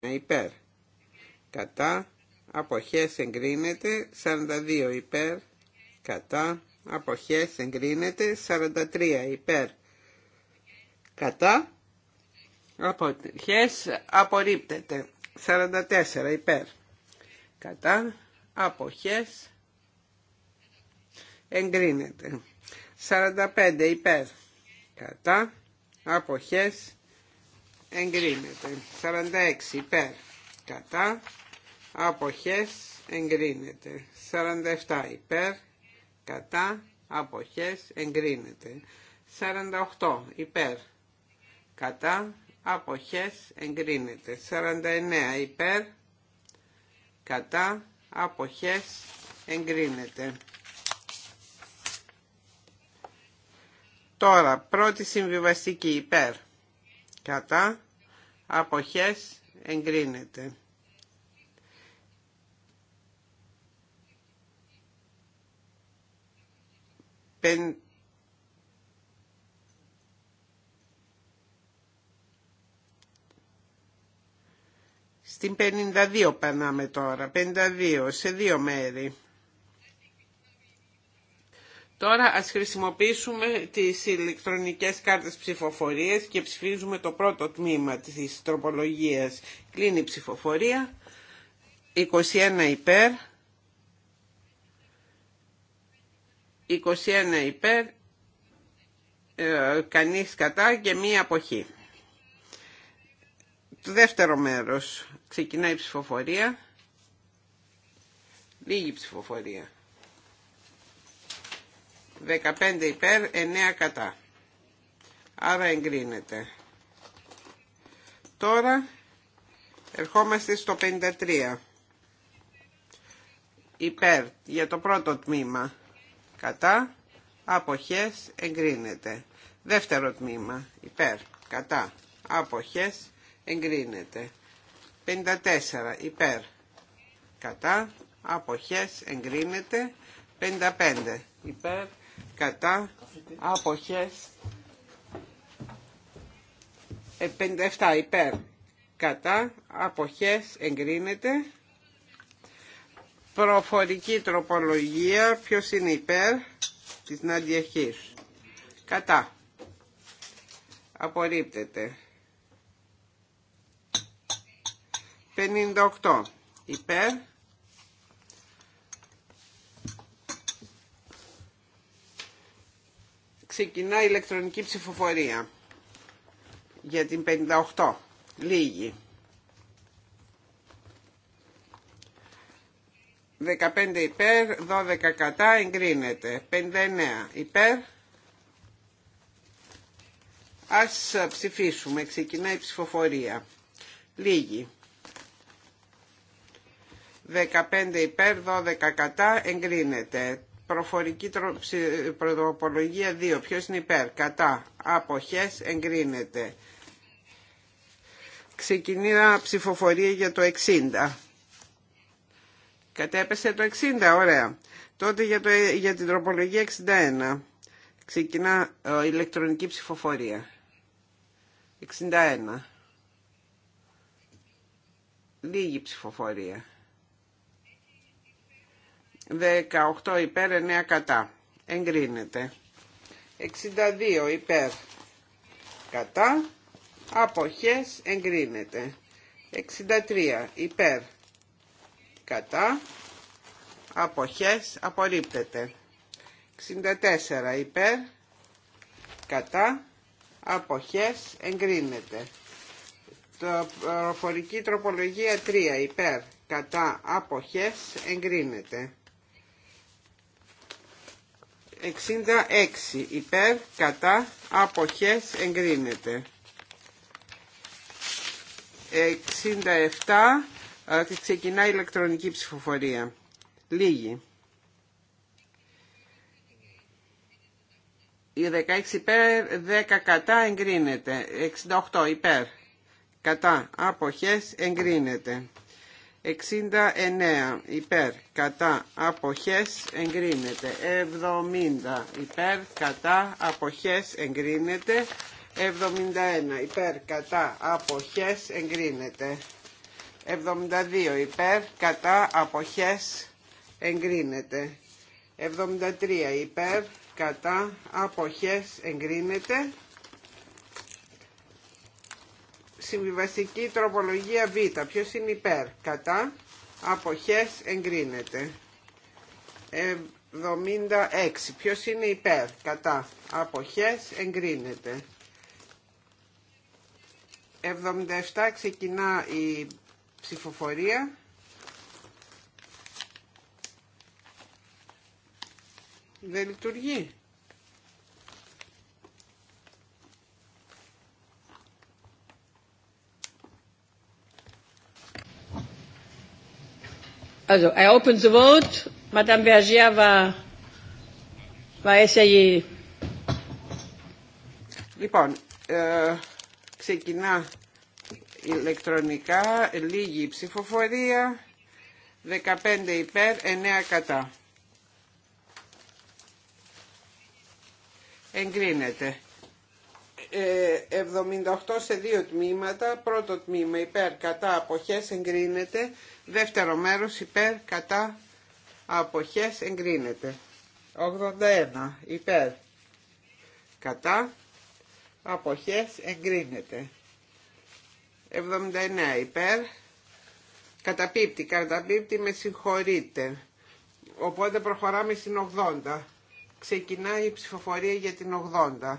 υπέρ. Κατά αποχές εγκρίνεται 42 υπέρ. Κατά αποχές εγκρίνεται 43 υπέρ. Κατά αποχές απορρίπτεται 44 υπέρ. Κατά αποχές εγκρίνεται 45 υπέρ. Κατά αποχές εγκρίνεται. 46 υπέρ κατά αποχές εγκρίνεται. 47 υπέρ κατά αποχές εγκρίνεται. 48 υπέρ κατά αποχές εγκρίνεται. 49 υπέρ κατά αποχές εγκρίνεται. Τώρα, πρώτη συμβιβαστική υπέρ κατά αποχές εγκρίνεται. Στην 52 περνάμε τώρα. 52 σε δύο μέρη. Τώρα ας χρησιμοποιήσουμε τις ηλεκτρονικές κάρτες ψηφοφορίας και ψηφίζουμε το πρώτο τμήμα της τροπολογίας. Κλείνει η ψηφοφορία. 21 υπέρ. 21 υπέρ. Ε, κανείς κατά και μία αποχή. Το δεύτερο μέρος. Ξεκινάει η ψηφοφορία. Λίγη ψηφοφορία. 15 υπέρ, 9 κατά. Άρα εγκρίνεται. Τώρα ερχόμαστε στο 53. Υπέρ για το πρώτο τμήμα. Κατά. Αποχές εγκρίνεται. Δεύτερο τμήμα. Υπέρ. Κατά. Αποχές εγκρίνεται. 54. Υπέρ. Κατά. Αποχές εγκρίνεται. 55. Υπέρ κατά αποχές 57 υπέρ κατά αποχές εγκρίνεται προφορική τροπολογία ποιος είναι υπέρ της Ναντιαχής κατά απορρίπτεται 58 υπέρ Ξεκινά η ηλεκτρονική ψηφοφορία για την 58. Λίγη. 15 υπέρ, 12 κατά, εγκρίνεται. 59 υπέρ. Ας ψηφίσουμε. Ξεκινά η ψηφοφορία. Λίγη. 15 υπέρ, 12 κατά, εγκρίνεται. Προφορική τροπολογία 2. Ποιος είναι υπέρ. Κατά. Αποχές εγκρίνεται. Ξεκινήρα ψηφοφορία για το 60. Κατέπεσε το 60. Ωραία. Τότε για, το, για την τροπολογία 61. Ξεκινά ε, ηλεκτρονική ψηφοφορία. 61. Λίγη ψηφοφορία. 18 υπέρ 9 κατά. Εγκρίνεται. 62 υπέρ κατά. Αποχές εγκρίνεται. 63 υπέρ κατά. Αποχές απορρίπτεται. 64 υπέρ κατά. Αποχές εγκρίνεται. Προφορική τροπολογία 3 υπέρ κατά αποχές εγκρίνεται. 66 υπέρ κατά αποχές εγκρίνεται 67 ε, ξεκινά ηλεκτρονική ψηφοφορία λίγη η 16 υπέρ 10 κατά εγκρίνεται 68 υπέρ κατά αποχές εγκρίνεται 69 υπέρ κατά αποχές εγκρίνεται 70 υπέρ κατά αποχές εγκρίνεται 71 υπέρ κατά αποχές εγκρίνεται 72 υπέρ κατά αποχές εγκρίνεται 73 υπέρ κατά αποχές εγκρίνεται Συμβιβαστική τροπολογία Β. Ποιο είναι υπέρ. Κατά. Αποχές εγκρίνεται. 76. Ποιο είναι υπέρ. Κατά. Αποχές εγκρίνεται. 77 ξεκινά η ψηφοφορία. Δεν λειτουργεί. Also, I open the vote. Madame Λοιπόν, ε, ξεκινά ηλεκτρονικά, λίγη ψηφοφορία, 15 υπέρ, 9 κατά. Εγκρίνεται. Ε, 78 σε δύο τμήματα, πρώτο τμήμα υπέρ, κατά, αποχές, εγκρίνεται Δεύτερο μέρος υπέρ κατά αποχές εγκρίνεται. 81 υπέρ κατά αποχές εγκρίνεται. 79 υπέρ καταπίπτει, καταπίπτει με συγχωρείτε. Οπότε προχωράμε στην 80. Ξεκινάει η ψηφοφορία για την 80.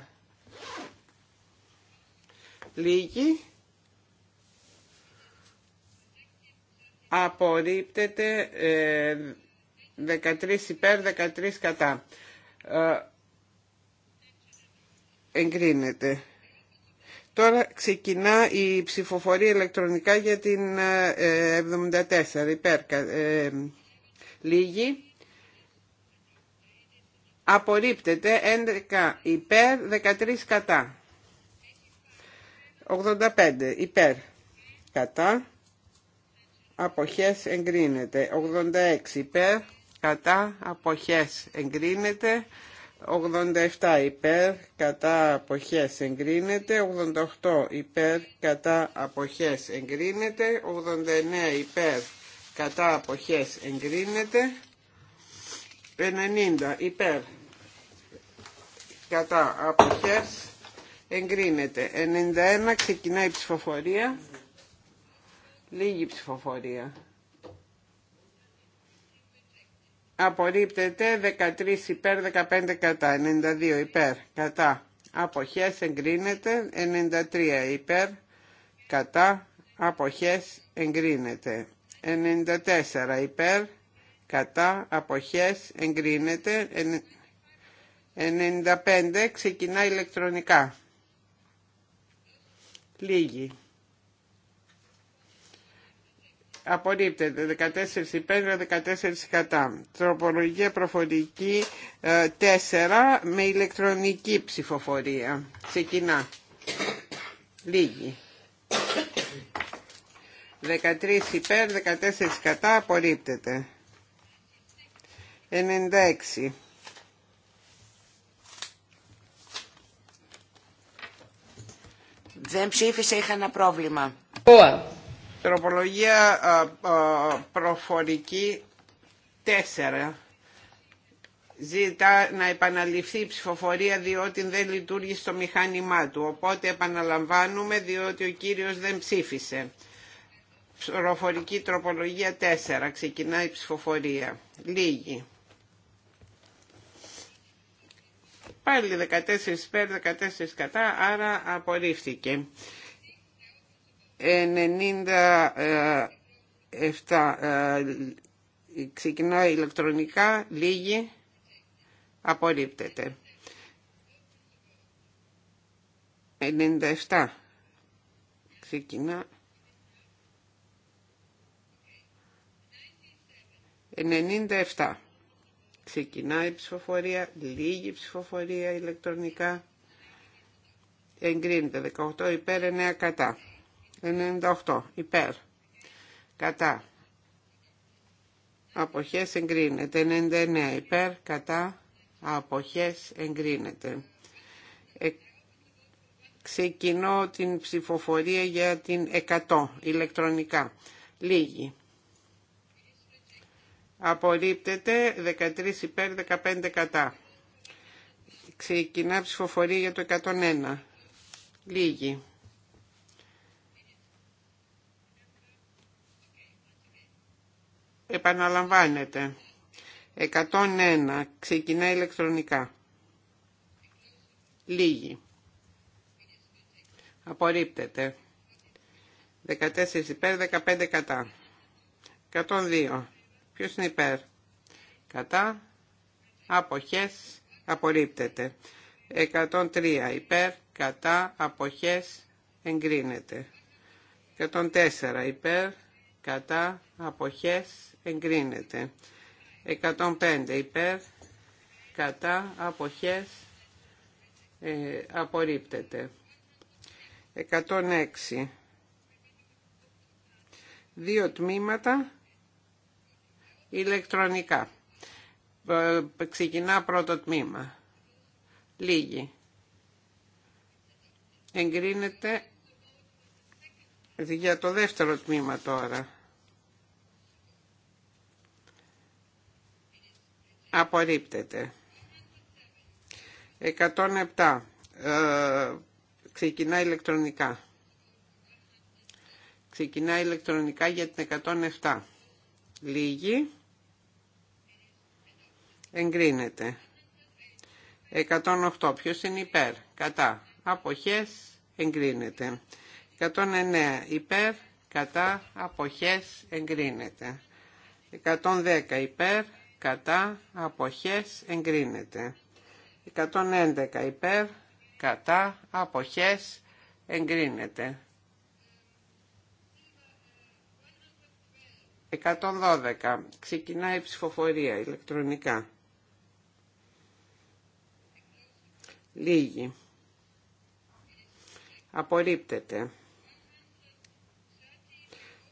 Λίγη. απορρίπτεται 13 ε, υπέρ 13 κατά ε, εγκρίνεται Τώρα ξεκινά η ψηφοφορία ηλεκτρονικά για την 74 ε, υπέρ ε, λίγη απορρίπτεται 11 υπέρ 13 κατά 85 υπέρ κατά αποχές εγκρίνεται 86 υπέρ κατά αποχές εγκρίνεται 87 υπέρ κατά αποχές εγκρίνεται 88 υπέρ κατά αποχές εγκρίνεται 89 υπέρ κατά αποχές εγκρίνεται 90 υπέρ κατά αποχές εγκρίνεται 91 ξεκινάει η ψηφοφορία Λίγη ψηφοφορία. Απορρίπτεται 13 υπέρ 15 κατά. 92 υπέρ κατά. Αποχές εγκρίνεται 93 υπέρ κατά. Αποχές εγκρίνεται 94 υπέρ κατά. Αποχές εγκρίνεται 95 ξεκινά ηλεκτρονικά. Λίγη. Απορρίπτεται 14 υπέρ, 14 κατά. Τροπολογία προφορική 4 ε, με ηλεκτρονική ψηφοφορία. Ξεκινά. Λίγη. 13 υπέρ, 14 κατά. Απορρίπτεται. 96. Δεν ψήφισε, είχα ένα πρόβλημα. Τροπολογία προφορική 4 ζητά να επαναληφθεί η ψηφοφορία διότι δεν λειτουργεί στο μηχάνημά του. Οπότε επαναλαμβάνουμε διότι ο κύριος δεν ψήφισε. Προφορική τροπολογία 4. Ξεκινάει η ψηφοφορία. Λίγη. Πάλι 14 πέρα 14 κατά, άρα απορρίφθηκε. 97 ε, Ξεκινάει ηλεκτρονικά, λίγη, απορρίπτεται. 97 ξεκινά. 97 ξεκινάει η ψηφοφορία, λίγη ψηφοφορία ηλεκτρονικά. Εγκρίνεται 18 υπέρ 9 κατά. 98 υπέρ κατά αποχές εγκρίνεται 99 υπέρ κατά αποχές εγκρίνεται ε, ξεκινώ την ψηφοφορία για την 100 ηλεκτρονικά λίγη απορρίπτεται 13 υπέρ 15 κατά ξεκινά ψηφοφορία για το 101 λίγη επαναλαμβάνεται. 101. Ξεκινά ηλεκτρονικά. Λίγη. Απορρίπτεται. 14 υπέρ, 15 κατά. 102. Ποιος είναι υπέρ. Κατά. Αποχές. Απορρίπτεται. 103. Υπέρ. Κατά. Αποχές. Εγκρίνεται. 104. Υπέρ. Κατά. Αποχές εγκρίνεται. 105 υπέρ, κατά, αποχές, ε, απορρίπτεται. 106. Δύο τμήματα ηλεκτρονικά. Ε, ξεκινά πρώτο τμήμα. Λίγη. Εγκρίνεται για το δεύτερο τμήμα τώρα. απορρίπτεται. 107. Ε, ξεκινά ηλεκτρονικά. Ξεκινά ηλεκτρονικά για την 107. Λίγη. Εγκρίνεται. 108. Ποιος είναι υπέρ. Κατά. Αποχές. Εγκρίνεται. 109. Υπέρ. Κατά. Αποχές. Εγκρίνεται. 110. Υπέρ κατά αποχές εγκρίνεται. 111 υπέρ κατά αποχές εγκρίνεται. 112. Ξεκινάει η ψηφοφορία ηλεκτρονικά. Λίγη. Απορρίπτεται.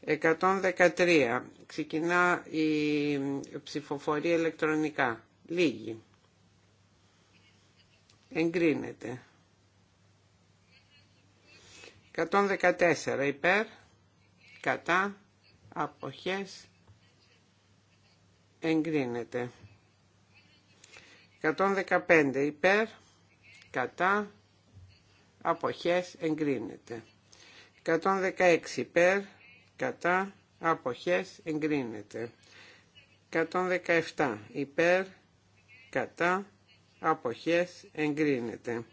113. Ξεκινά η ψηφοφορία ηλεκτρονικά. Λίγη. Εγκρίνεται. 114 υπέρ, κατά, αποχές, εγκρίνεται. 115 υπέρ, κατά, αποχές, εγκρίνεται. 116 υπέρ, κατά, αποχές εγκρίνεται. 117 υπέρ, κατά, αποχές εγκρίνεται.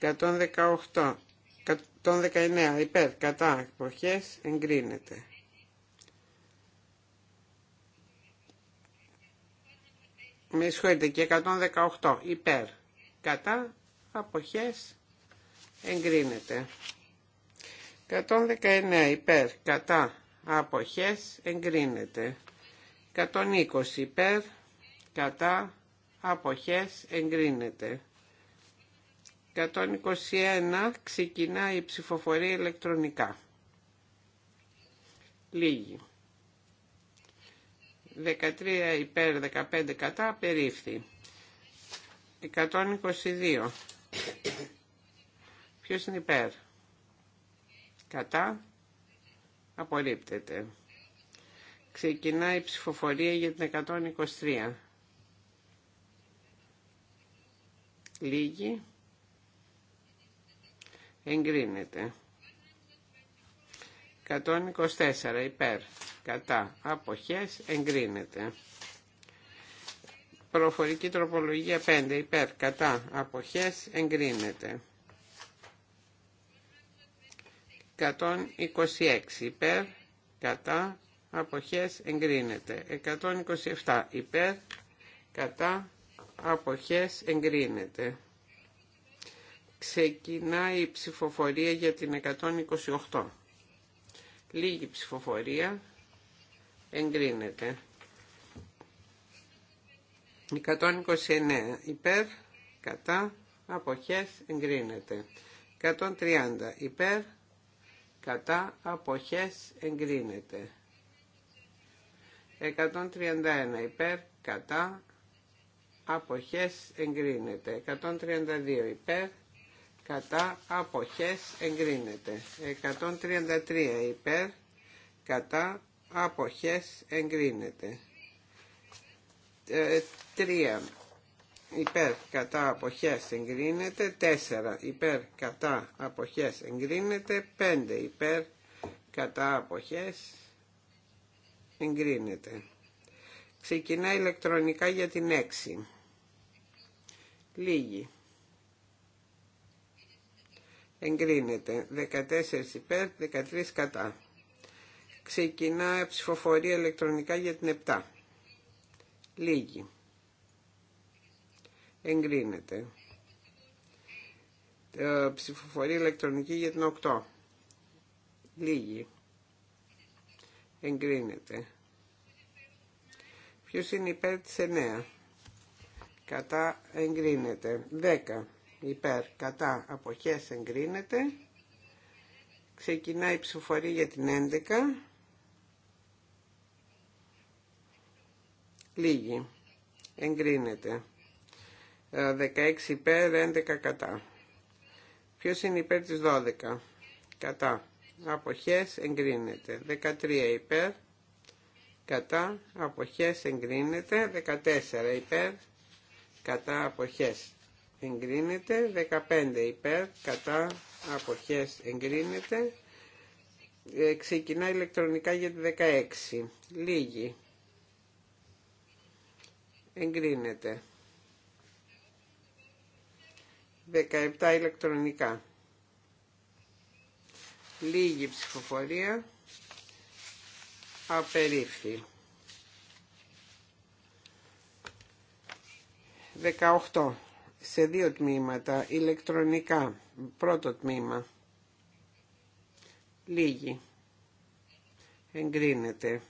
118, 119 υπέρ, κατά, αποχές εγκρίνεται. 118 και 118 υπέρ, κατά, αποχές εγκρίνεται. 119 υπέρ, κατά, αποχές εγκρίνεται. 120 υπέρ, κατά, αποχές εγκρίνεται. 121 ξεκινά η ψηφοφορία ηλεκτρονικά. Λίγοι. 13 υπέρ, 15 κατά, περίφθη. 122. Ποιος είναι υπέρ. Κατά. Απορρίπτεται. Ξεκινάει η ψηφοφορία για την 123. Λίγη. Εγκρίνεται. 124 υπέρ. Κατά. Αποχές. Εγκρίνεται. Προφορική τροπολογία 5 υπέρ. Κατά. Αποχές. Εγκρίνεται. 126 υπέρ, κατά, αποχές εγκρίνεται. 127 υπέρ, κατά, αποχές εγκρίνεται. Ξεκινάει η ψηφοφορία για την 128. Λίγη ψηφοφορία εγκρίνεται. 129 υπέρ, κατά, αποχές εγκρίνεται. 130 υπέρ, κατά αποχές εγκρίνεται. 131 υπέρ κατά αποχές εγκρίνεται. 132 υπέρ κατά αποχές εγκρίνεται. 133 υπέρ κατά αποχές εγκρίνεται. 3 ε, υπέρ κατά αποχές εγκρίνεται 4 υπέρ κατά αποχές εγκρίνεται 5 υπέρ κατά αποχές εγκρίνεται ξεκινά ηλεκτρονικά για την 6 λίγη εγκρίνεται 14 υπέρ 13 κατά ξεκινά ψηφοφορία ηλεκτρονικά για την 7 λίγη εγκρίνεται. Ε, ψηφοφορία ηλεκτρονική για την 8. Λίγη. Εγκρίνεται. Ποιος είναι υπέρ της 9. Κατά εγκρίνεται. 10. Υπέρ. Κατά αποχές εγκρίνεται. Ξεκινάει η ψηφοφορία για την 11. Λίγη. Εγκρίνεται. 16 υπέρ, 11 κατά. Ποιο είναι υπέρ τη 12. Κατά. Αποχές εγκρίνεται. 13 υπέρ. Κατά. Αποχές εγκρίνεται. 14 υπέρ. Κατά. Αποχές εγκρίνεται. 15 υπέρ. Κατά. Αποχές εγκρίνεται. Ε, ξεκινά ηλεκτρονικά για τη 16. Λίγη. Εγκρίνεται. 17 ηλεκτρονικά. Λίγη ψηφοφορία. Απερίφθη. 18. Σε δύο τμήματα ηλεκτρονικά. Πρώτο τμήμα. Λίγη. Εγκρίνεται.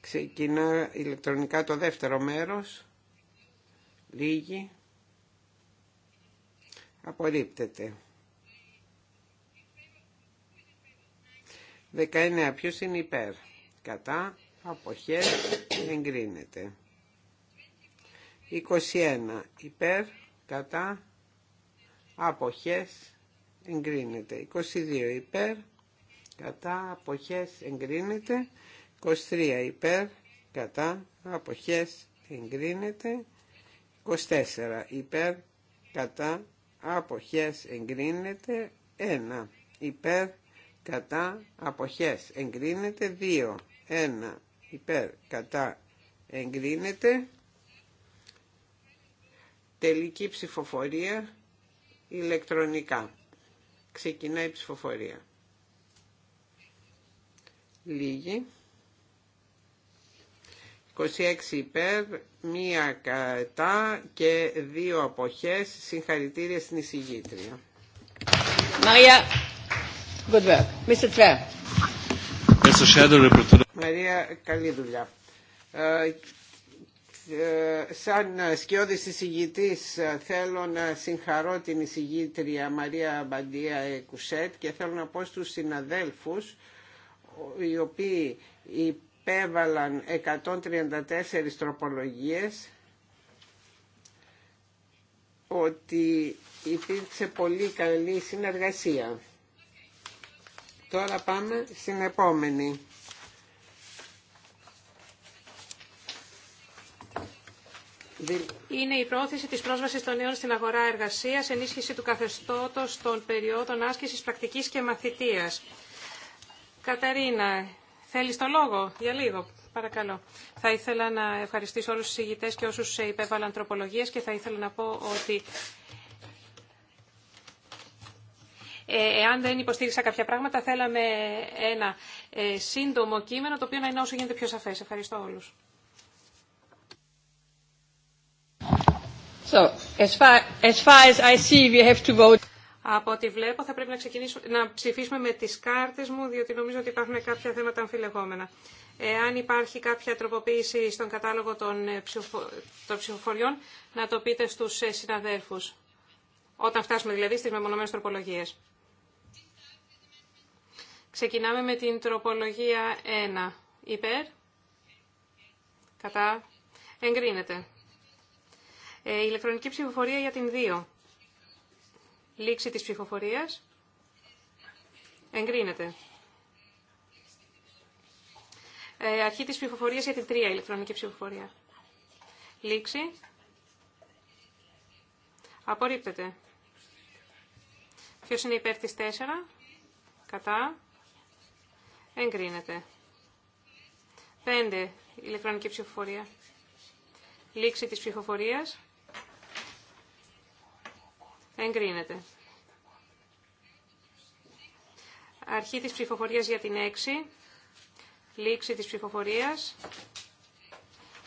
Ξεκινά ηλεκτρονικά το δεύτερο μέρος. Λίγη. Απορρίπτεται. 19. Ποιος είναι υπέρ. Κατά. Αποχές. Εγκρίνεται. 21. Υπέρ. Κατά. Αποχές. Εγκρίνεται. 22. Υπέρ. Κατά. Αποχές. Εγκρίνεται. 23. Υπέρ. Κατά. Αποχές. Εγκρίνεται. 24. Υπέρ. Κατά αποχές εγκρίνεται 1 υπέρ κατά αποχές εγκρίνεται 2 1 υπέρ κατά εγκρίνεται τελική ψηφοφορία ηλεκτρονικά ξεκινάει η ψηφοφορία λίγη 26 υπέρ μία κατά και δύο αποχές. Συγχαρητήρια στην εισηγήτρια. Μαρία, good work. Mr. Μαρία, καλή δουλειά. Ε, ε, σαν σκιώδης εισηγητής ε, θέλω να συγχαρώ την εισηγήτρια Μαρία Μπαντία Κουσέτ και θέλω να πω στους συναδέλφους οι οποίοι Πέβαλαν 134 τροπολογίες ότι υπήρξε πολύ καλή συνεργασία. Τώρα πάμε στην επόμενη. Είναι η πρόθεση της πρόσβασης των νέων στην αγορά εργασίας, ενίσχυση του καθεστώτος των περιόδων άσκησης πρακτικής και μαθητείας. Καταρίνα, Θέλεις το λόγο για λίγο. Παρακαλώ. Θα ήθελα να ευχαριστήσω όλους τους ηγητές και όσους υπέβαλαν τροπολογίες και θα ήθελα να πω ότι ε, εάν δεν υποστήριξα κάποια πράγματα θέλαμε ένα ε, σύντομο κείμενο το οποίο να είναι όσο γίνεται πιο σαφές. Ευχαριστώ όλους. So, as far, as far as I see, have to vote. Από ό,τι βλέπω θα πρέπει να, ξεκινήσουμε, να ψηφίσουμε με τις κάρτες μου, διότι νομίζω ότι υπάρχουν κάποια θέματα αμφιλεγόμενα. Εάν υπάρχει κάποια τροποποίηση στον κατάλογο των, ε, ψηφοφοριών, να το πείτε στους ε, συναδέρφους. Όταν φτάσουμε δηλαδή στις μεμονωμένες τροπολογίες. Ξεκινάμε με την τροπολογία 1. Υπέρ. Κατά. Εγκρίνεται. Ε, ηλεκτρονική ψηφοφορία για την 2. Λήξη της ψηφοφορίας. Εγκρίνεται. Ε, αρχή της ψηφοφορίας για την τρία ηλεκτρονική ψηφοφορία. Λήξη. Απορρίπτεται. Ποιος είναι υπέρ της 4. Κατά. Εγκρίνεται. 5. Ηλεκτρονική ψηφοφορία. Λήξη της ψηφοφορίας. Εγκρίνεται. Αρχή της ψηφοφορίας για την 6. Λήξη της ψηφοφορίας.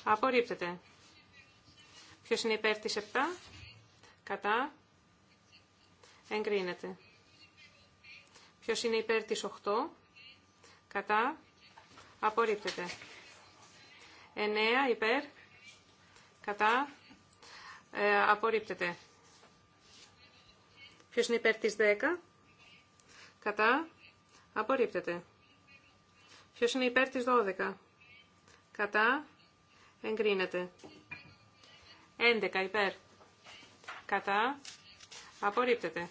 Απορρίπτεται. Ποιος είναι υπέρ της 7. Κατά. Εγκρίνεται. Ποιος είναι υπέρ της 8. Κατά. Απορρίπτεται. 9 υπέρ. Κατά. Ε, απορρίπτεται. Ποιος είναι υπέρ της 10. Κατά. Απορρίπτεται. Ποιος είναι υπέρ της 12. Κατά. Εγκρίνεται. 11 υπέρ. Κατά. Απορρίπτεται.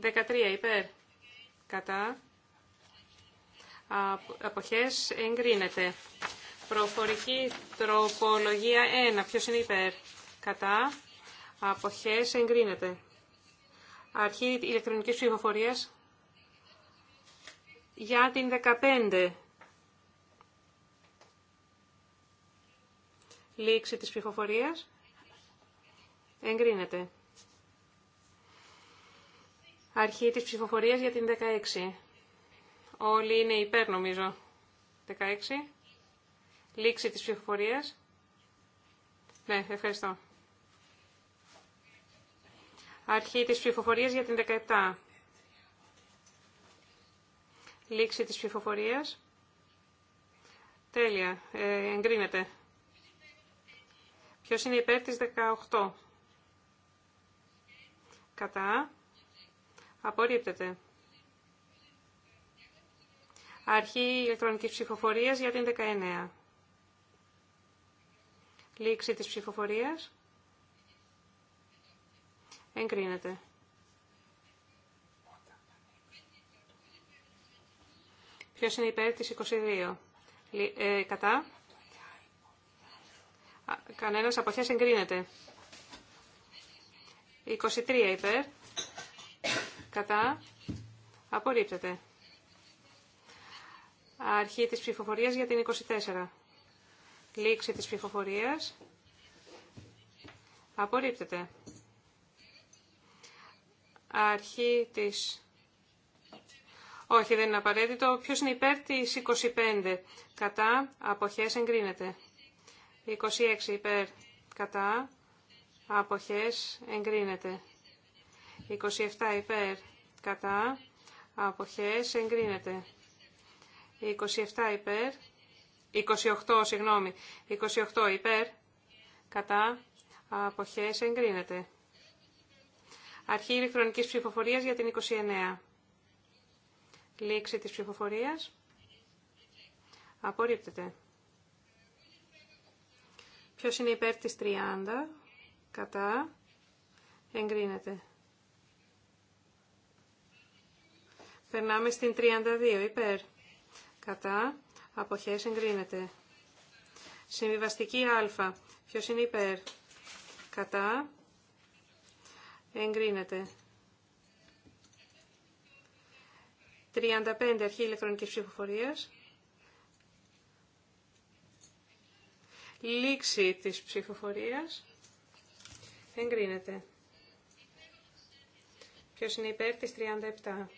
13 υπέρ. Κατά. Αποχές εγκρίνεται. Προφορική τροπολογία 1. Ποιος είναι υπέρ. Κατά. Αποχές εγκρίνεται. Αρχή ηλεκτρονικής ψηφοφορίας για την 15. Λήξη της ψηφοφορίας. Εγκρίνεται. Αρχή της ψηφοφορίας για την 16. Όλοι είναι υπέρ νομίζω. 16. Λήξη της ψηφοφορίας. Ναι, ευχαριστώ. Αρχή της ψηφοφορίας για την 17. Λήξη της ψηφοφορίας. Τέλεια. Ε, εγκρίνεται. Ποιος είναι υπέρ της 18. Κατά. Απορρίπτεται. Αρχή ηλεκτρονικής ψηφοφορίας για την 19. Λήξη της ψηφοφορίας. Εγκρίνεται. Ποιο Ποιος είναι υπέρ της 22. Ε, κατά. Κανένας εσάς εγκρίνεται. 23 υπέρ. Κατά. Απορρίπτεται. Αρχή της ψηφοφορίας για την 24. Λήξη της ψηφοφορίας. Απορρίπτεται αρχή της... Όχι, δεν είναι απαραίτητο. Ποιος είναι υπέρ της 25. Κατά, αποχές εγκρίνεται. 26 υπέρ, κατά, αποχές εγκρίνεται. 27 υπέρ, κατά, αποχές εγκρίνεται. 27 υπέρ, 28, συγγνώμη, 28 υπέρ, κατά, αποχές εγκρίνεται. Αρχή ηλεκτρονικής ψηφοφορίας για την 29. Λήξη της ψηφοφορίας. Απορρίπτεται. Ποιος είναι υπέρ της 30. Κατά. Εγκρίνεται. Περνάμε στην 32. Υπέρ. Κατά. Αποχές εγκρίνεται. Συμβιβαστική α. Ποιος είναι υπέρ. Κατά. Εγκρίνεται. 35 αρχή ηλεκτρονικής ψηφοφορίας. Λήξη της ψηφοφορίας. Εγκρίνεται. Ποιος είναι υπέρ της 37.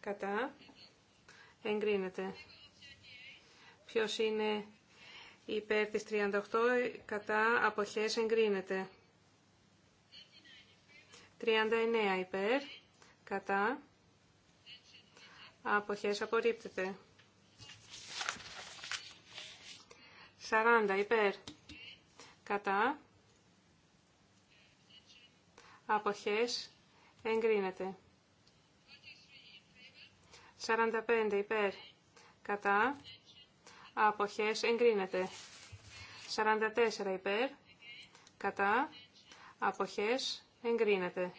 Κατά. Εγκρίνεται. Ποιος είναι υπέρ της 38. Κατά. Αποχές. Εγκρίνεται. 39 υπέρ, κατά, αποχές απορρίπτεται. 40 υπέρ, κατά, αποχές εγκρίνεται. 45 υπέρ, κατά, αποχές εγκρίνεται. 44 υπέρ, κατά, αποχές εγκρίνεται.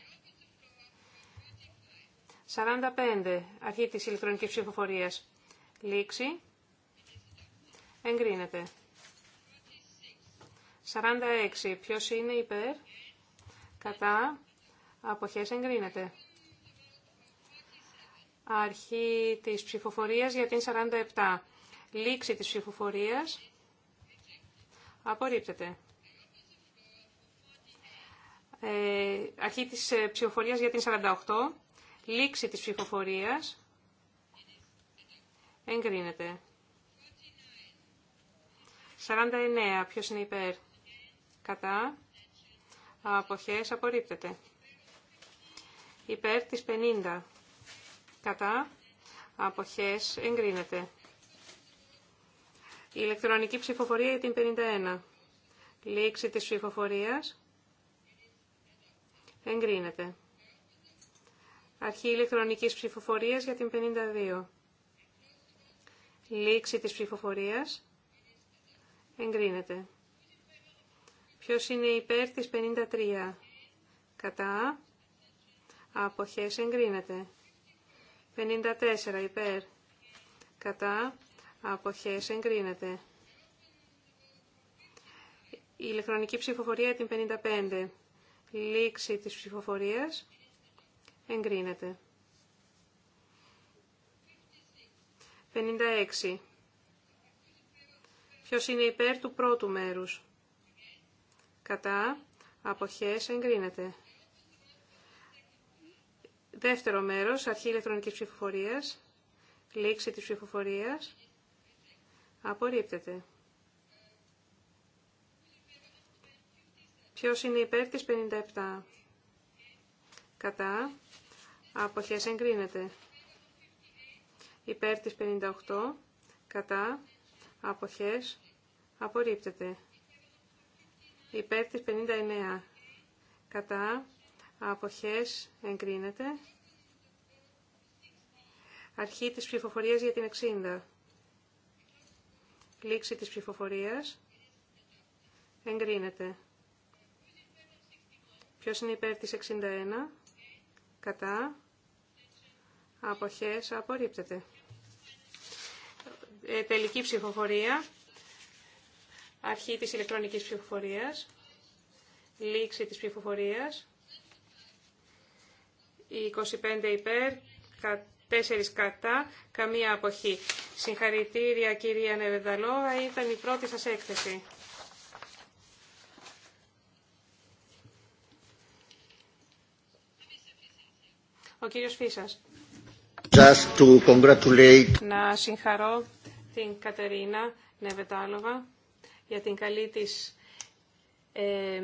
45. Αρχή της ηλεκτρονικής ψηφοφορίας. Λήξη. Εγκρίνεται. 46. Ποιος είναι υπέρ. Κατά. Αποχές εγκρίνεται. Αρχή της ψηφοφορίας για την 47. Λήξη της ψηφοφορίας. Απορρίπτεται. Ε, αρχή της ε, ψηφοφορίας για την 48, λήξη της ψηφοφορίας, εγκρίνεται. 49, ποιος είναι υπέρ, κατά, αποχές, απορρίπτεται. Υπέρ της 50, κατά, αποχές, εγκρίνεται. Η ηλεκτρονική ψηφοφορία για την 51. Λήξη της ψηφοφορίας. Εγκρίνεται. Αρχή ηλεκτρονικής ψηφοφορίας για την 52. Λήξη της ψηφοφορίας. Εγκρίνεται. Ποιος είναι υπέρ της 53. Κατά. Αποχές εγκρίνεται. 54 υπέρ. Κατά. Αποχές εγκρίνεται. Η ηλεκτρονική ψηφοφορία την 55. Λήξη της ψηφοφορίας. Εγκρίνεται. 56. Ποιος είναι υπέρ του πρώτου μέρους. Κατά. Αποχές. Εγκρίνεται. Δεύτερο μέρος. Αρχή ηλεκτρονικής ψηφοφορίας. Λήξη της ψηφοφορίας. Απορρίπτεται. Ποιος είναι υπέρ της 57. Κατά. Αποχές εγκρίνεται. Υπέρ της 58. Κατά. Αποχές απορρίπτεται. Υπέρ της 59. Κατά. Αποχές εγκρίνεται. Αρχή της ψηφοφορίας για την 60. Λήξη της ψηφοφορίας. Εγκρίνεται. Ποιο είναι υπέρ τη 61. Κατά. Αποχέ. Απορρίπτεται. Ε, τελική ψηφοφορία. Αρχή της ηλεκτρονικής ψηφοφορίας. Λήξη της ψηφοφορίας. 25 υπέρ, 4 κατά, καμία αποχή. Συγχαρητήρια κυρία Νερεδαλόα, ήταν η πρώτη σας έκθεση. Ο κύριος Φίσας. Just to congratulate. Να συγχαρώ την Κατερίνα Νεβετάλοβα για την καλή της ε,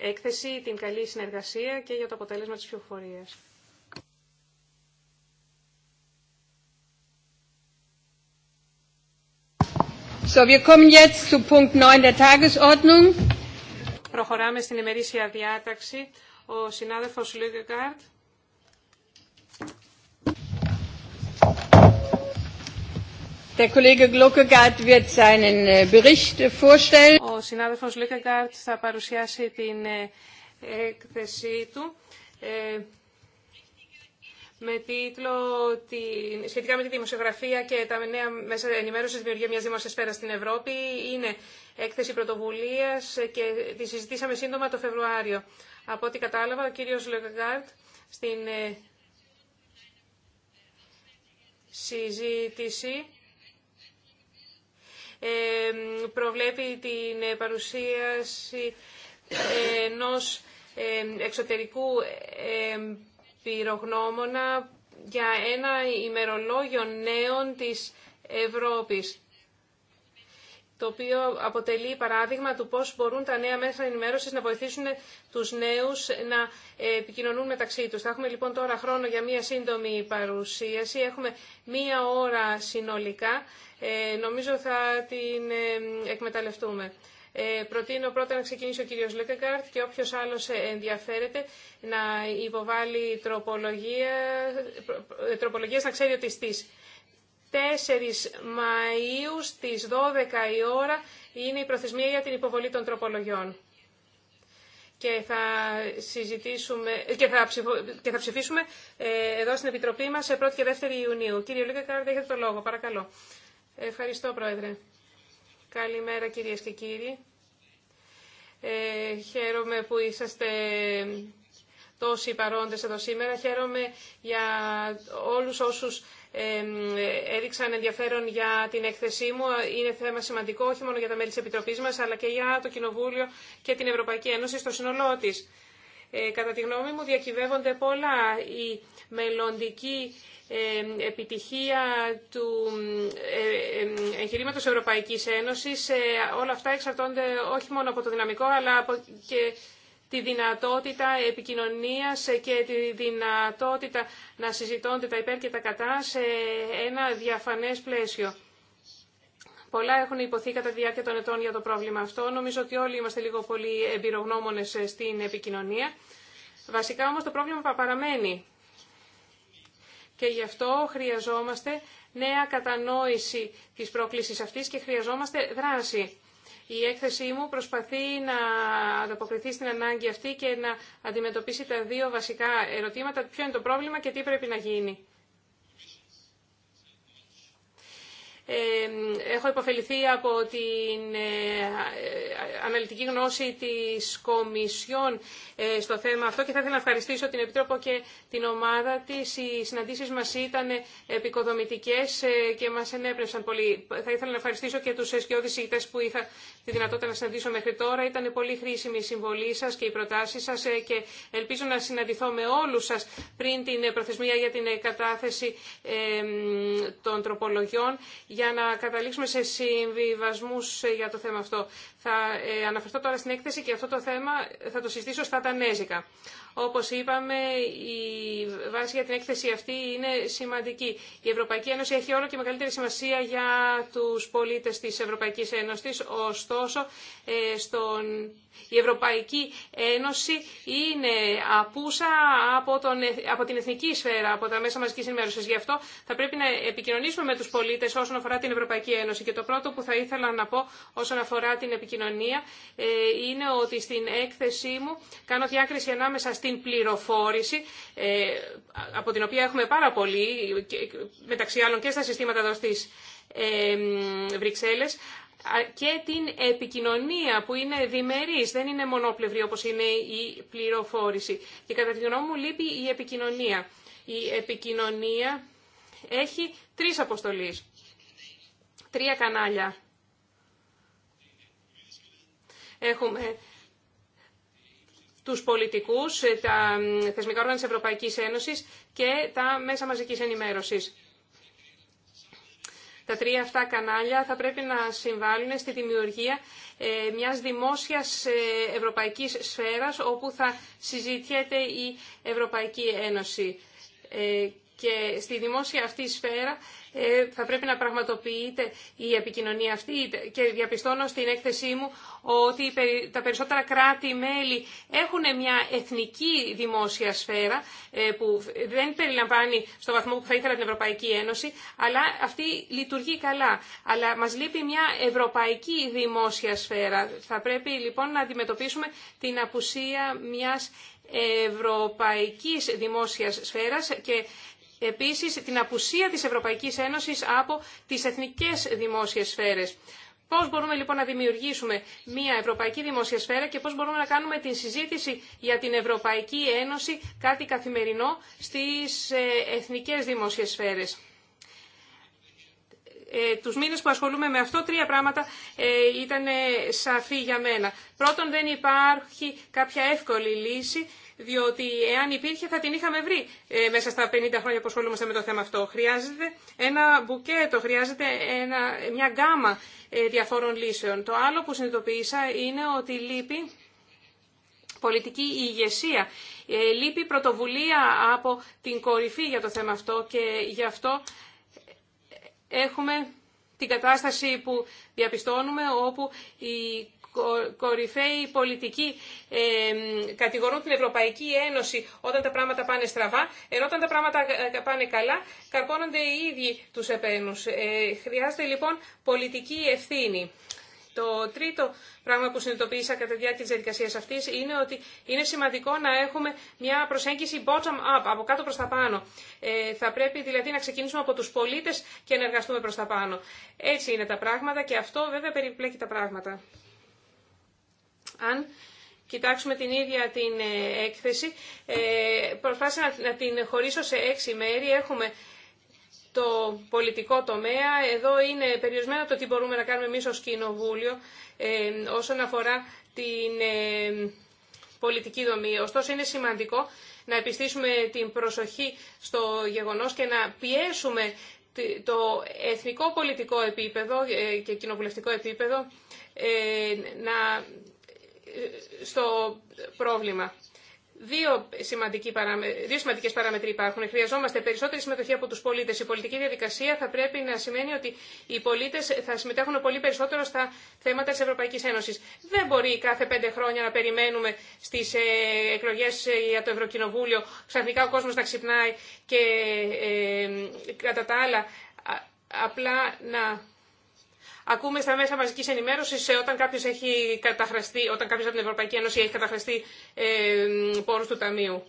έκθεση, την καλή συνεργασία και για το αποτέλεσμα της ψηφοφορίας. So, wir kommen jetzt zu Punkt 9 der Tagesordnung. Προχωράμε στην ημερήσια διάταξη. Ο συνάδελφος Λίγκεκαρτ Äh, ο συνάδελφος Λούκεγκάρτ θα παρουσιάσει την ε, έκθεσή του ε, με τίτλο σχετικά με τη δημοσιογραφία και τα νέα μέσα ενημέρωση δημιουργία μια δημόσια σφαίρα στην Ευρώπη. Είναι έκθεση πρωτοβουλία και τη συζητήσαμε σύντομα το Φεβρουάριο. Από ό,τι κατάλαβα, ο κύριο Λεγκάρτ στην ε, συζήτηση προβλέπει την παρουσίαση ενός εξωτερικού πυρογνώμονα για ένα ημερολόγιο νέων της Ευρώπης το οποίο αποτελεί παράδειγμα του πώς μπορούν τα νέα μέσα ενημέρωσης να βοηθήσουν τους νέους να ε, επικοινωνούν μεταξύ τους. Θα έχουμε λοιπόν τώρα χρόνο για μία σύντομη παρουσίαση. Έχουμε μία ώρα συνολικά. Ε, νομίζω θα την ε, εκμεταλλευτούμε. Ε, προτείνω πρώτα να ξεκινήσει ο κύριος Λέκεγκαρτ και όποιος άλλος ενδιαφέρεται να υποβάλει τροπολογία, ε, τροπολογίες να ξέρει ότι 4 Μαΐου στις 12 η ώρα είναι η προθεσμία για την υποβολή των τροπολογιών. Και θα, συζητήσουμε, και θα, ψηφίσουμε ε, εδώ στην Επιτροπή μας σε 1η και 2η Ιουνίου. Κύριε Λίγα Κάρντ, έχετε το λόγο, παρακαλώ. Ευχαριστώ, Πρόεδρε. Καλημέρα, κυρίες και κύριοι. Ε, χαίρομαι που είσαστε τόσοι παρόντες εδώ σήμερα. Χαίρομαι για όλους όσους έδειξαν ενδιαφέρον για την έκθεσή μου. Είναι θέμα σημαντικό όχι μόνο για τα μέλη της Επιτροπής μας, αλλά και για το Κοινοβούλιο και την Ευρωπαϊκή Ένωση στο σύνολό της. Ε, κατά τη γνώμη μου διακυβεύονται πολλά. Η μελλοντική επιτυχία του ε, εγχειρήματος Ευρωπαϊκής Ένωσης, ε, όλα αυτά εξαρτώνται όχι μόνο από το δυναμικό, αλλά και τη δυνατότητα επικοινωνίας και τη δυνατότητα να συζητώνται τα υπέρ και τα κατά σε ένα διαφανές πλαίσιο. Πολλά έχουν υποθεί κατά τη διάρκεια των ετών για το πρόβλημα αυτό. Νομίζω ότι όλοι είμαστε λίγο πολύ εμπειρογνώμονε στην επικοινωνία. Βασικά όμως το πρόβλημα παραμένει. Και γι' αυτό χρειαζόμαστε νέα κατανόηση της πρόκλησης αυτής και χρειαζόμαστε δράση. Η έκθεσή μου προσπαθεί να ανταποκριθεί στην ανάγκη αυτή και να αντιμετωπίσει τα δύο βασικά ερωτήματα. Ποιο είναι το πρόβλημα και τι πρέπει να γίνει. έχω υποφεληθεί από την ε, ε, αναλυτική γνώση της Κομισιόν ε, στο θέμα αυτό και θα ήθελα να ευχαριστήσω την Επιτρόπο και την ομάδα της. Οι συναντήσεις μας ήταν επικοδομητικές και μας ενέπνευσαν πολύ. Θα ήθελα να ευχαριστήσω και τους εσκιώδης ηγητές που είχα τη δυνατότητα να συναντήσω μέχρι τώρα. Ήταν πολύ χρήσιμη η συμβολή σας και οι προτάσεις σας και ελπίζω να συναντηθώ με όλους σας πριν την προθεσμία για την κατάθεση των τροπολογιών για να καταλήξουμε σε συμβιβασμούς ε, για το θέμα αυτό. Θα ε, αναφερθώ τώρα στην έκθεση και αυτό το θέμα θα το συζητήσω στα τανέζικα. Όπως είπαμε, η βάση για την έκθεση αυτή είναι σημαντική. Η Ευρωπαϊκή Ένωση έχει όλο και μεγαλύτερη σημασία για τους πολίτες της Ευρωπαϊκής Ένωσης. Ωστόσο, ε, στον... η Ευρωπαϊκή Ένωση είναι απούσα από, τον... από την εθνική σφαίρα, από τα μέσα μαζικής ενημέρωσης. Γι' αυτό θα πρέπει να επικοινωνήσουμε με τους πολίτες όσον αφορά την Ευρωπαϊκή Ένωση. Και το πρώτο που θα ήθελα να πω όσον αφορά την επικοινωνία ε, είναι ότι στην έκθεσή μου κάνω διάκριση ανάμεσα στην την πληροφόρηση ε, από την οποία έχουμε πάρα πολύ, μεταξύ άλλων και στα συστήματα εδώ στις ε, Βρυξέλλες, και την επικοινωνία που είναι διμερής, δεν είναι μονοπλευρή όπως είναι η πληροφόρηση. Και κατά τη γνώμη μου λείπει η επικοινωνία. Η επικοινωνία έχει τρεις αποστολείς, τρία κανάλια. Έχουμε τους πολιτικούς, ε, τα θεσμικά όργανα της Ευρωπαϊκής Ένωσης και τα μέσα μαζικής ενημέρωσης. Τα τρία αυτά κανάλια θα πρέπει να συμβάλλουν στη δημιουργία ε, μιας δημόσιας ε, ευρωπαϊκής σφαίρας όπου θα συζητιέται η Ευρωπαϊκή Ένωση. Και στη δημόσια αυτή σφαίρα ε, θα πρέπει να πραγματοποιείται η επικοινωνία αυτή και διαπιστώνω στην έκθεσή μου ότι τα περισσότερα κράτη-μέλη έχουν μια εθνική δημόσια σφαίρα ε, που δεν περιλαμβάνει στο βαθμό που θα ήθελα την Ευρωπαϊκή Ένωση, αλλά αυτή λειτουργεί καλά. Αλλά μας λείπει μια ευρωπαϊκή δημόσια σφαίρα. Θα πρέπει λοιπόν να αντιμετωπίσουμε την απουσία μιας ευρωπαϊκής δημόσιας σφαίρας και επίσης την απουσία της Ευρωπαϊκής Ένωσης από τις εθνικές δημόσιες σφαίρες. Πώς μπορούμε λοιπόν να δημιουργήσουμε μια ευρωπαϊκή δημόσια σφαίρα και πώς μπορούμε να κάνουμε την συζήτηση για την Ευρωπαϊκή Ένωση κάτι καθημερινό στις ε, εθνικές δημόσιες σφαίρες. Ε, τους μήνες που ασχολούμαι με αυτό, τρία πράγματα ε, ήταν σαφή για μένα. Πρώτον, δεν υπάρχει κάποια εύκολη λύση διότι εάν υπήρχε θα την είχαμε βρει ε, μέσα στα 50 χρόνια που ασχολούμαστε με το θέμα αυτό. Χρειάζεται ένα μπουκέτο, χρειάζεται ένα, μια γκάμα ε, διαφόρων λύσεων. Το άλλο που συνειδητοποίησα είναι ότι λείπει πολιτική ηγεσία. Ε, λείπει πρωτοβουλία από την κορυφή για το θέμα αυτό και γι' αυτό έχουμε την κατάσταση που διαπιστώνουμε όπου η κορυφαίοι πολιτικοί κατηγορούν την Ευρωπαϊκή Ένωση όταν τα πράγματα πάνε στραβά, ενώ όταν τα πράγματα ε, πάνε καλά καρπώνονται οι ίδιοι τους επένους. Ε, χρειάζεται λοιπόν πολιτική ευθύνη. Το τρίτο πράγμα που συνειδητοποίησα κατά τη διάρκεια τη διαδικασία αυτή είναι ότι είναι σημαντικό να έχουμε μια προσέγγιση bottom-up, από κάτω προ τα πάνω. Ε, θα πρέπει δηλαδή να ξεκινήσουμε από του πολίτε και να εργαστούμε προ τα πάνω. Έτσι είναι τα πράγματα και αυτό βέβαια περιπλέκει τα πράγματα. Αν κοιτάξουμε την ίδια την ε, έκθεση, ε, προσπάθησα να την χωρίσω σε έξι μέρη. Έχουμε το πολιτικό τομέα. Εδώ είναι περιορισμένο το τι μπορούμε να κάνουμε εμείς ως κοινοβούλιο ε, όσον αφορά την πολιτική δομή. Ωστόσο είναι σημαντικό να επιστήσουμε την προσοχή στο γεγονός και να πιέσουμε το εθνικό πολιτικό επίπεδο και κοινοβουλευτικό επίπεδο να στο πρόβλημα. Δύο, σημαντικοί δύο σημαντικές παράμετροι υπάρχουν. Χρειαζόμαστε περισσότερη συμμετοχή από τους πολίτες. Η πολιτική διαδικασία θα πρέπει να σημαίνει ότι οι πολίτες θα συμμετέχουν πολύ περισσότερο στα θέματα της Ευρωπαϊκής Ένωσης. Δεν μπορεί κάθε πέντε χρόνια να περιμένουμε στις ε, εκλογές ε, για το Ευρωκοινοβούλιο ξαφνικά ο κόσμος να ξυπνάει και ε, κατά τα άλλα απλά να ακούμε στα μέσα μαζικής ενημέρωσης όταν κάποιος, έχει καταχραστεί, όταν κάποιος από την Ευρωπαϊκή Ένωση έχει καταχραστεί ε, πόρους του Ταμείου.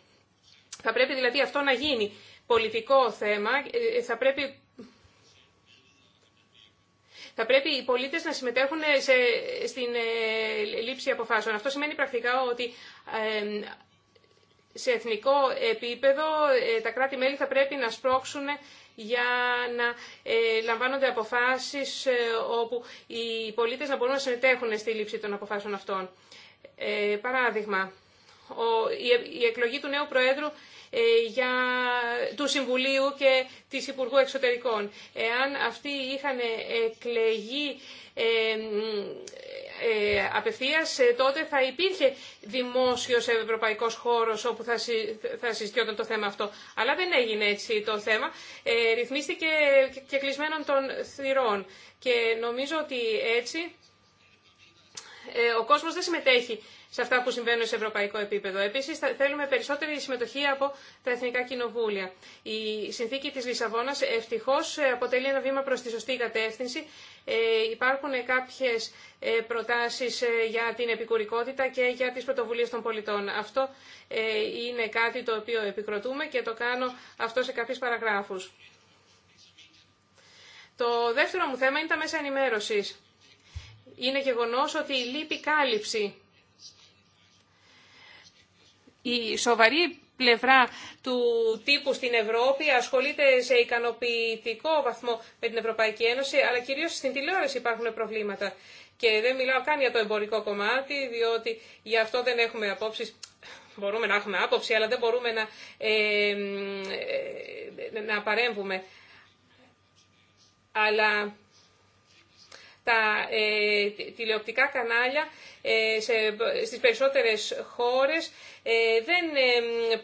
Θα πρέπει δηλαδή αυτό να γίνει πολιτικό θέμα. Ε, θα πρέπει θα πρέπει οι πολίτε να συμμετέχουν σε, στην ε, λήψη αποφάσεων. Αυτό σημαίνει πρακτικά ότι ε, σε εθνικό επίπεδο τα κράτη-μέλη θα πρέπει να σπρώξουν για να ε, λαμβάνονται αποφάσεις ε, όπου οι πολίτες να μπορούν να συμμετέχουν στη λήψη των αποφάσεων αυτών. Ε, παράδειγμα, η εκλογή του νέου Προέδρου ε, για, του Συμβουλίου και της Υπουργού Εξωτερικών. Εάν αυτοί είχαν εκλεγεί ε, ε απευθείας, ε, τότε θα υπήρχε δημόσιος ευρωπαϊκός χώρος όπου θα, συ, συζητιόταν το θέμα αυτό. Αλλά δεν έγινε έτσι το θέμα. ρυθμίστηκε και κλεισμένον των θυρών. Και νομίζω ότι έτσι ε, ο κόσμο δεν συμμετέχει σε αυτά που συμβαίνουν σε ευρωπαϊκό επίπεδο. Επίση θέλουμε περισσότερη συμμετοχή από τα εθνικά κοινοβούλια. Η συνθήκη τη Λισαβόνα ευτυχώ ε, αποτελεί ένα βήμα προ τη σωστή κατεύθυνση. Ε, υπάρχουν κάποιες προτάσεις για την επικουρικότητα και για τι πρωτοβουλίε των πολιτών. Αυτό είναι κάτι το οποίο επικροτούμε και το κάνω αυτό σε κάποιε παραγράφου. Το δεύτερο μου θέμα είναι τα μέσα ενημέρωσης είναι γεγονός ότι λείπει κάλυψη. Η σοβαρή πλευρά του τύπου στην Ευρώπη ασχολείται σε ικανοποιητικό βαθμό με την Ευρωπαϊκή Ένωση, αλλά κυρίως στην τηλεόραση υπάρχουν προβλήματα. Και δεν μιλάω καν για το εμπορικό κομμάτι, διότι γι' αυτό δεν έχουμε απόψεις. Μπορούμε να έχουμε άποψη, αλλά δεν μπορούμε να, ε, να παρέμβουμε. Αλλά τα ε, τηλεοπτικά κανάλια ε, σε, στις περισσότερες χώρες ε, δεν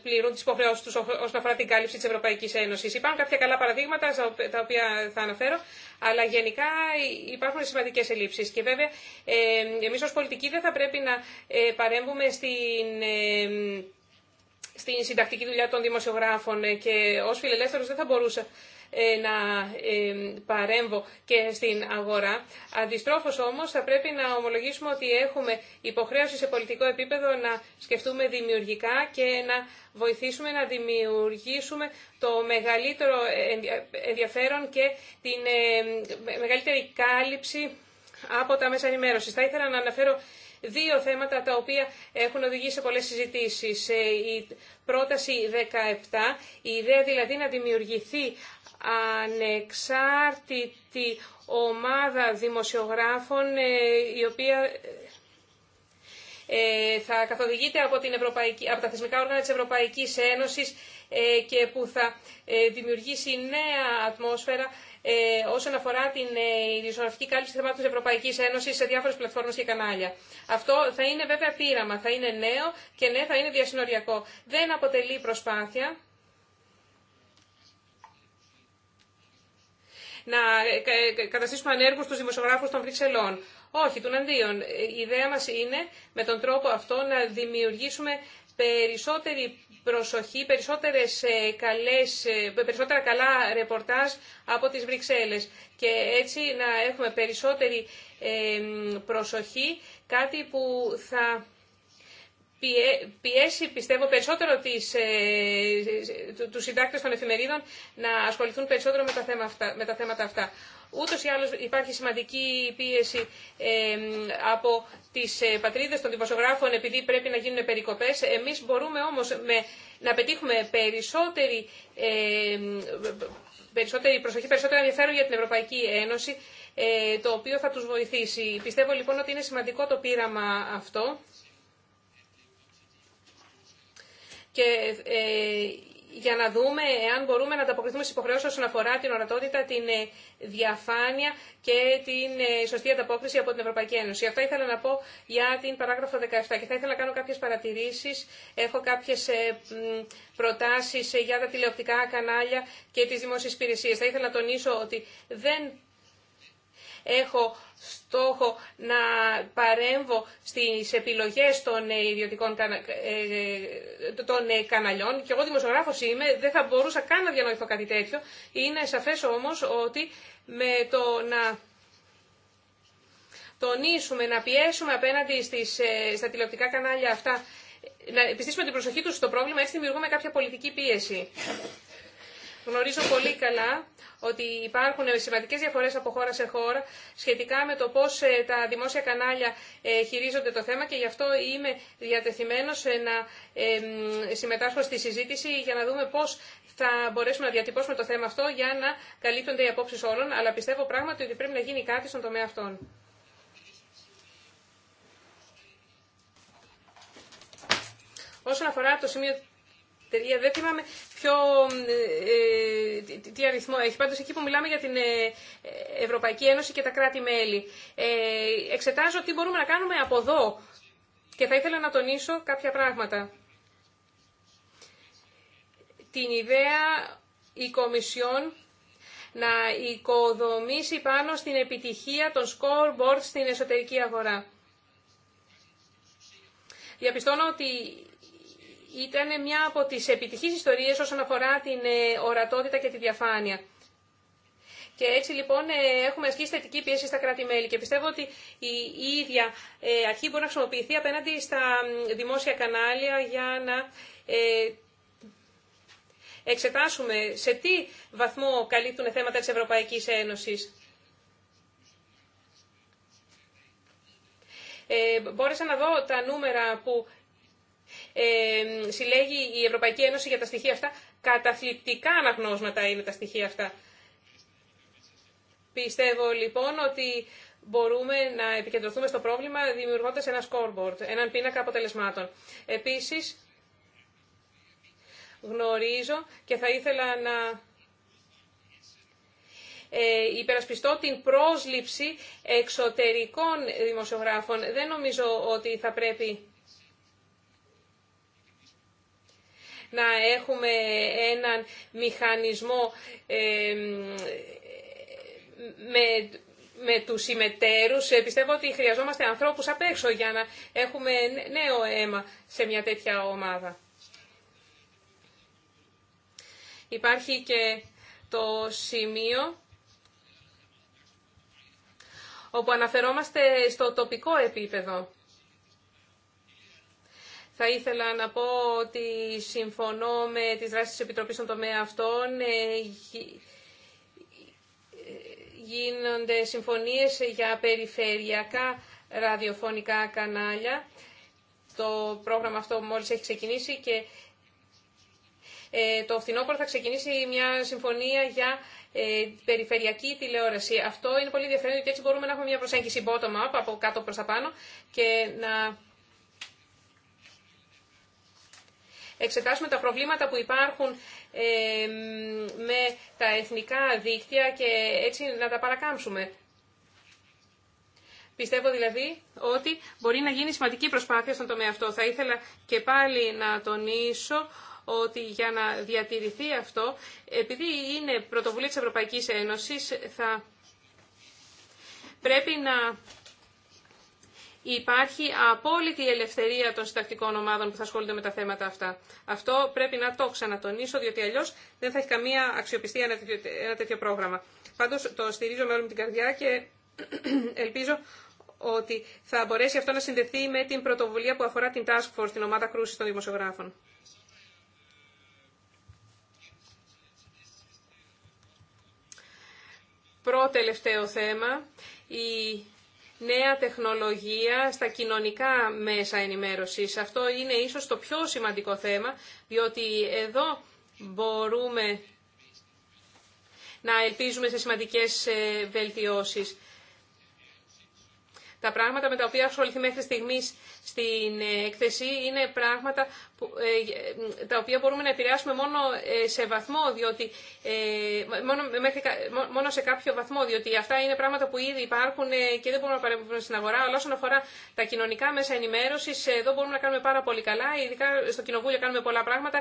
πληρούν τις υποχρεώσεις τους όσον αφορά την κάλυψη της Ευρωπαϊκής Ένωσης. Υπάρχουν κάποια καλά παραδείγματα τα οποία θα αναφέρω, αλλά γενικά υπάρχουν σημαντικές ελλείψεις. Και βέβαια εμείς ως πολιτικοί δεν θα πρέπει να παρέμβουμε στην στην συντακτική δουλειά των δημοσιογράφων και ως φιλελεύθερος δεν θα μπορούσα ε, να ε, παρέμβω και στην αγορά. Αντιστρόφως όμως θα πρέπει να ομολογήσουμε ότι έχουμε υποχρέωση σε πολιτικό επίπεδο να σκεφτούμε δημιουργικά και να βοηθήσουμε να δημιουργήσουμε το μεγαλύτερο ενδιαφέρον και την ε, μεγαλύτερη κάλυψη από τα μέσα ενημέρωσης. Θα ήθελα να αναφέρω δύο θέματα τα οποία έχουν οδηγήσει σε πολλές συζητήσεις. Η πρόταση 17, η ιδέα δηλαδή να δημιουργηθεί ανεξάρτητη ομάδα δημοσιογράφων ε, η οποία ε, θα καθοδηγείται από, την Ευρωπαϊκή, από τα θεσμικά όργανα της Ευρωπαϊκής Ένωσης ε, και που θα δημιουργήσει νέα ατμόσφαιρα όσον αφορά την ειδησογραφική κάλυψη θεμάτων της Ευρωπαϊκής Ένωσης σε διάφορες πλατφόρμες και κανάλια. Αυτό θα είναι βέβαια πείραμα, θα είναι νέο και ναι θα είναι διασυνοριακό. Δεν αποτελεί προσπάθεια να ε, ε, καταστήσουμε ανέργους τους δημοσιογράφους των Βρυξελών. Όχι, του αντίον. Η ιδέα μας είναι με τον τρόπο αυτό να δημιουργήσουμε περισσότερη προσοχή, περισσότερες ε, καλές, περισσότερα καλά ρεπορτάζ από τις Βρυξέλλες και έτσι να έχουμε περισσότερη προσοχή, κάτι που θα πιέσει, πιστεύω, περισσότερο τις, ε, ε, τους συντάκτες των εφημερίδων να ασχοληθούν περισσότερο με τα, θέμα αυτά, με τα θέματα αυτά. Ούτως ή άλλως υπάρχει σημαντική πίεση από τις ε, πατρίδες των δημοσιογράφων επειδή πρέπει να γίνουν περικοπές. Εμείς μπορούμε όμως να πετύχουμε περισσότερη, περισσότερη προσοχή, περισσότερο ενδιαφέρον για την Ευρωπαϊκή Ένωση το οποίο θα τους βοηθήσει. Πιστεύω λοιπόν ότι είναι σημαντικό το πείραμα αυτό και ε, για να δούμε αν μπορούμε να ανταποκριθούμε στις υποχρεώσει όσον αφορά την ορατότητα, την ε, διαφάνεια και την ε, σωστή ανταπόκριση από την Ευρωπαϊκή Ένωση. Αυτά ήθελα να πω για την παράγραφο 17 και θα ήθελα να κάνω κάποιες παρατηρήσεις, Έχω κάποιες προτάσεις για τα τηλεοπτικά κανάλια και τις δημόσιες υπηρεσίες. Θα ήθελα να τονίσω ότι δεν έχω στόχο να παρέμβω στις επιλογές των ε, ιδιωτικών ε, ε, των καναλιών και εγώ δημοσιογράφος είμαι, δεν θα μπορούσα καν να διανοηθώ κάτι τέτοιο. Είναι σαφές όμως ότι με το να τονίσουμε, να πιέσουμε απέναντι στις, στα τηλεοπτικά κανάλια αυτά, να επιστήσουμε την προσοχή τους στο πρόβλημα, έτσι δημιουργούμε κάποια πολιτική πίεση. Γνωρίζω πολύ καλά ότι υπάρχουν σημαντικές διαφορές από χώρα σε χώρα σχετικά με το πώς ε, τα δημόσια κανάλια ε, χειρίζονται το θέμα και γι' αυτό είμαι διατεθειμένος ε, να συμμετάσχω στη συζήτηση για να δούμε πώς θα μπορέσουμε να διατυπώσουμε το θέμα αυτό για να καλύπτονται οι απόψεις όλων, αλλά πιστεύω πράγματι ότι πρέπει να γίνει κάτι στον τομέα αυτόν. Όσον αφορά το σημείο δεν θυμάμαι ποιο, ε, ε, τι, αριθμό έχει. Πάντως εκεί που μιλάμε για την ε, Ευρωπαϊκή Ένωση και τα κράτη-μέλη. Ε, εξετάζω τι μπορούμε να κάνουμε από εδώ. Και θα ήθελα να τονίσω κάποια πράγματα. Την ιδέα η Κομισιόν να οικοδομήσει πάνω στην επιτυχία των Scoreboards στην εσωτερική αγορά. Διαπιστώνω ότι ήταν μια από τις επιτυχείς ιστορίες όσον αφορά την ε, ορατότητα και τη διαφάνεια. Και έτσι λοιπόν ε, έχουμε ασκήσει θετική πίεση στα κράτη-μέλη και πιστεύω ότι η ίδια ε, αρχή μπορεί να χρησιμοποιηθεί απέναντι στα δημόσια κανάλια για να εξετάσουμε σε τι βαθμό καλύπτουν θέματα της Ευρωπαϊκής Ένωσης. Ε, μπόρεσα να δω τα νούμερα που συλλέγει η Ευρωπαϊκή Ένωση για τα στοιχεία αυτά. Καταθλιπτικά αναγνώσματα είναι τα στοιχεία αυτά. Πιστεύω λοιπόν ότι μπορούμε να επικεντρωθούμε στο πρόβλημα δημιουργώντας ένα scoreboard, έναν πίνακα αποτελεσμάτων. Επίσης, γνωρίζω και θα ήθελα να ε, υπερασπιστώ την πρόσληψη εξωτερικών δημοσιογράφων. Δεν νομίζω ότι θα πρέπει να έχουμε έναν μηχανισμό με με τους συμμετέρους. Ε, πιστεύω ότι χρειαζόμαστε ανθρώπους απ' έξω για να έχουμε νέο αίμα σε μια τέτοια ομάδα. Υπάρχει και το σημείο όπου αναφερόμαστε στο τοπικό επίπεδο. Θα ήθελα να πω ότι συμφωνώ με τις δράσεις της Επιτροπής στον τομέα αυτών. Ε, γίνονται συμφωνίες για περιφερειακά ραδιοφωνικά κανάλια. Το πρόγραμμα αυτό μόλις έχει ξεκινήσει και ε, το φθινόπωρο θα ξεκινήσει μια συμφωνία για ε, περιφερειακή τηλεόραση. Αυτό είναι πολύ ενδιαφέρον και έτσι μπορούμε να έχουμε μια προσέγγιση bottom-up από κάτω προς τα πάνω και να εξετάσουμε τα προβλήματα που υπάρχουν με τα εθνικά δίκτυα και έτσι να τα παρακάμψουμε. Πιστεύω δηλαδή ότι μπορεί να γίνει σημαντική προσπάθεια στον τομέα αυτό. Θα ήθελα και πάλι να τονίσω ότι για να διατηρηθεί αυτό, επειδή είναι πρωτοβουλία της Ευρωπαϊκής Ένωσης, θα πρέπει να υπάρχει απόλυτη ελευθερία των συντακτικών ομάδων που θα ασχολούνται με τα θέματα αυτά. Αυτό πρέπει να το ξανατονίσω, διότι αλλιώ δεν θα έχει καμία αξιοπιστία ένα τέτοιο, πρόγραμμα. Πάντω το στηρίζω με όλη μου την καρδιά και ελπίζω ότι θα μπορέσει αυτό να συνδεθεί με την πρωτοβουλία που αφορά την Task Force, την ομάδα κρούση των δημοσιογράφων. Πρώτο θέμα, η νέα τεχνολογία στα κοινωνικά μέσα ενημέρωσης. Αυτό είναι ίσως το πιο σημαντικό θέμα, διότι εδώ μπορούμε να ελπίζουμε σε σημαντικές ε, βελτιώσεις. Τα πράγματα με τα οποία έχω ασχοληθεί μέχρι στιγμή στην ε, έκθεση είναι πράγματα που, ε, ε, τα οποία μπορούμε να επηρεάσουμε μόνο ε, σε βαθμό, διότι, ε, μόνο, μέχρι, μόνο σε κάποιο βαθμό, διότι αυτά είναι πράγματα που ήδη υπάρχουν και δεν μπορούμε να παρέμβουμε στην αγορά. Αλλά όσον αφορά τα κοινωνικά μέσα ενημέρωση, εδώ μπορούμε να κάνουμε πάρα πολύ καλά. Ειδικά στο Κοινοβούλιο κάνουμε πολλά πράγματα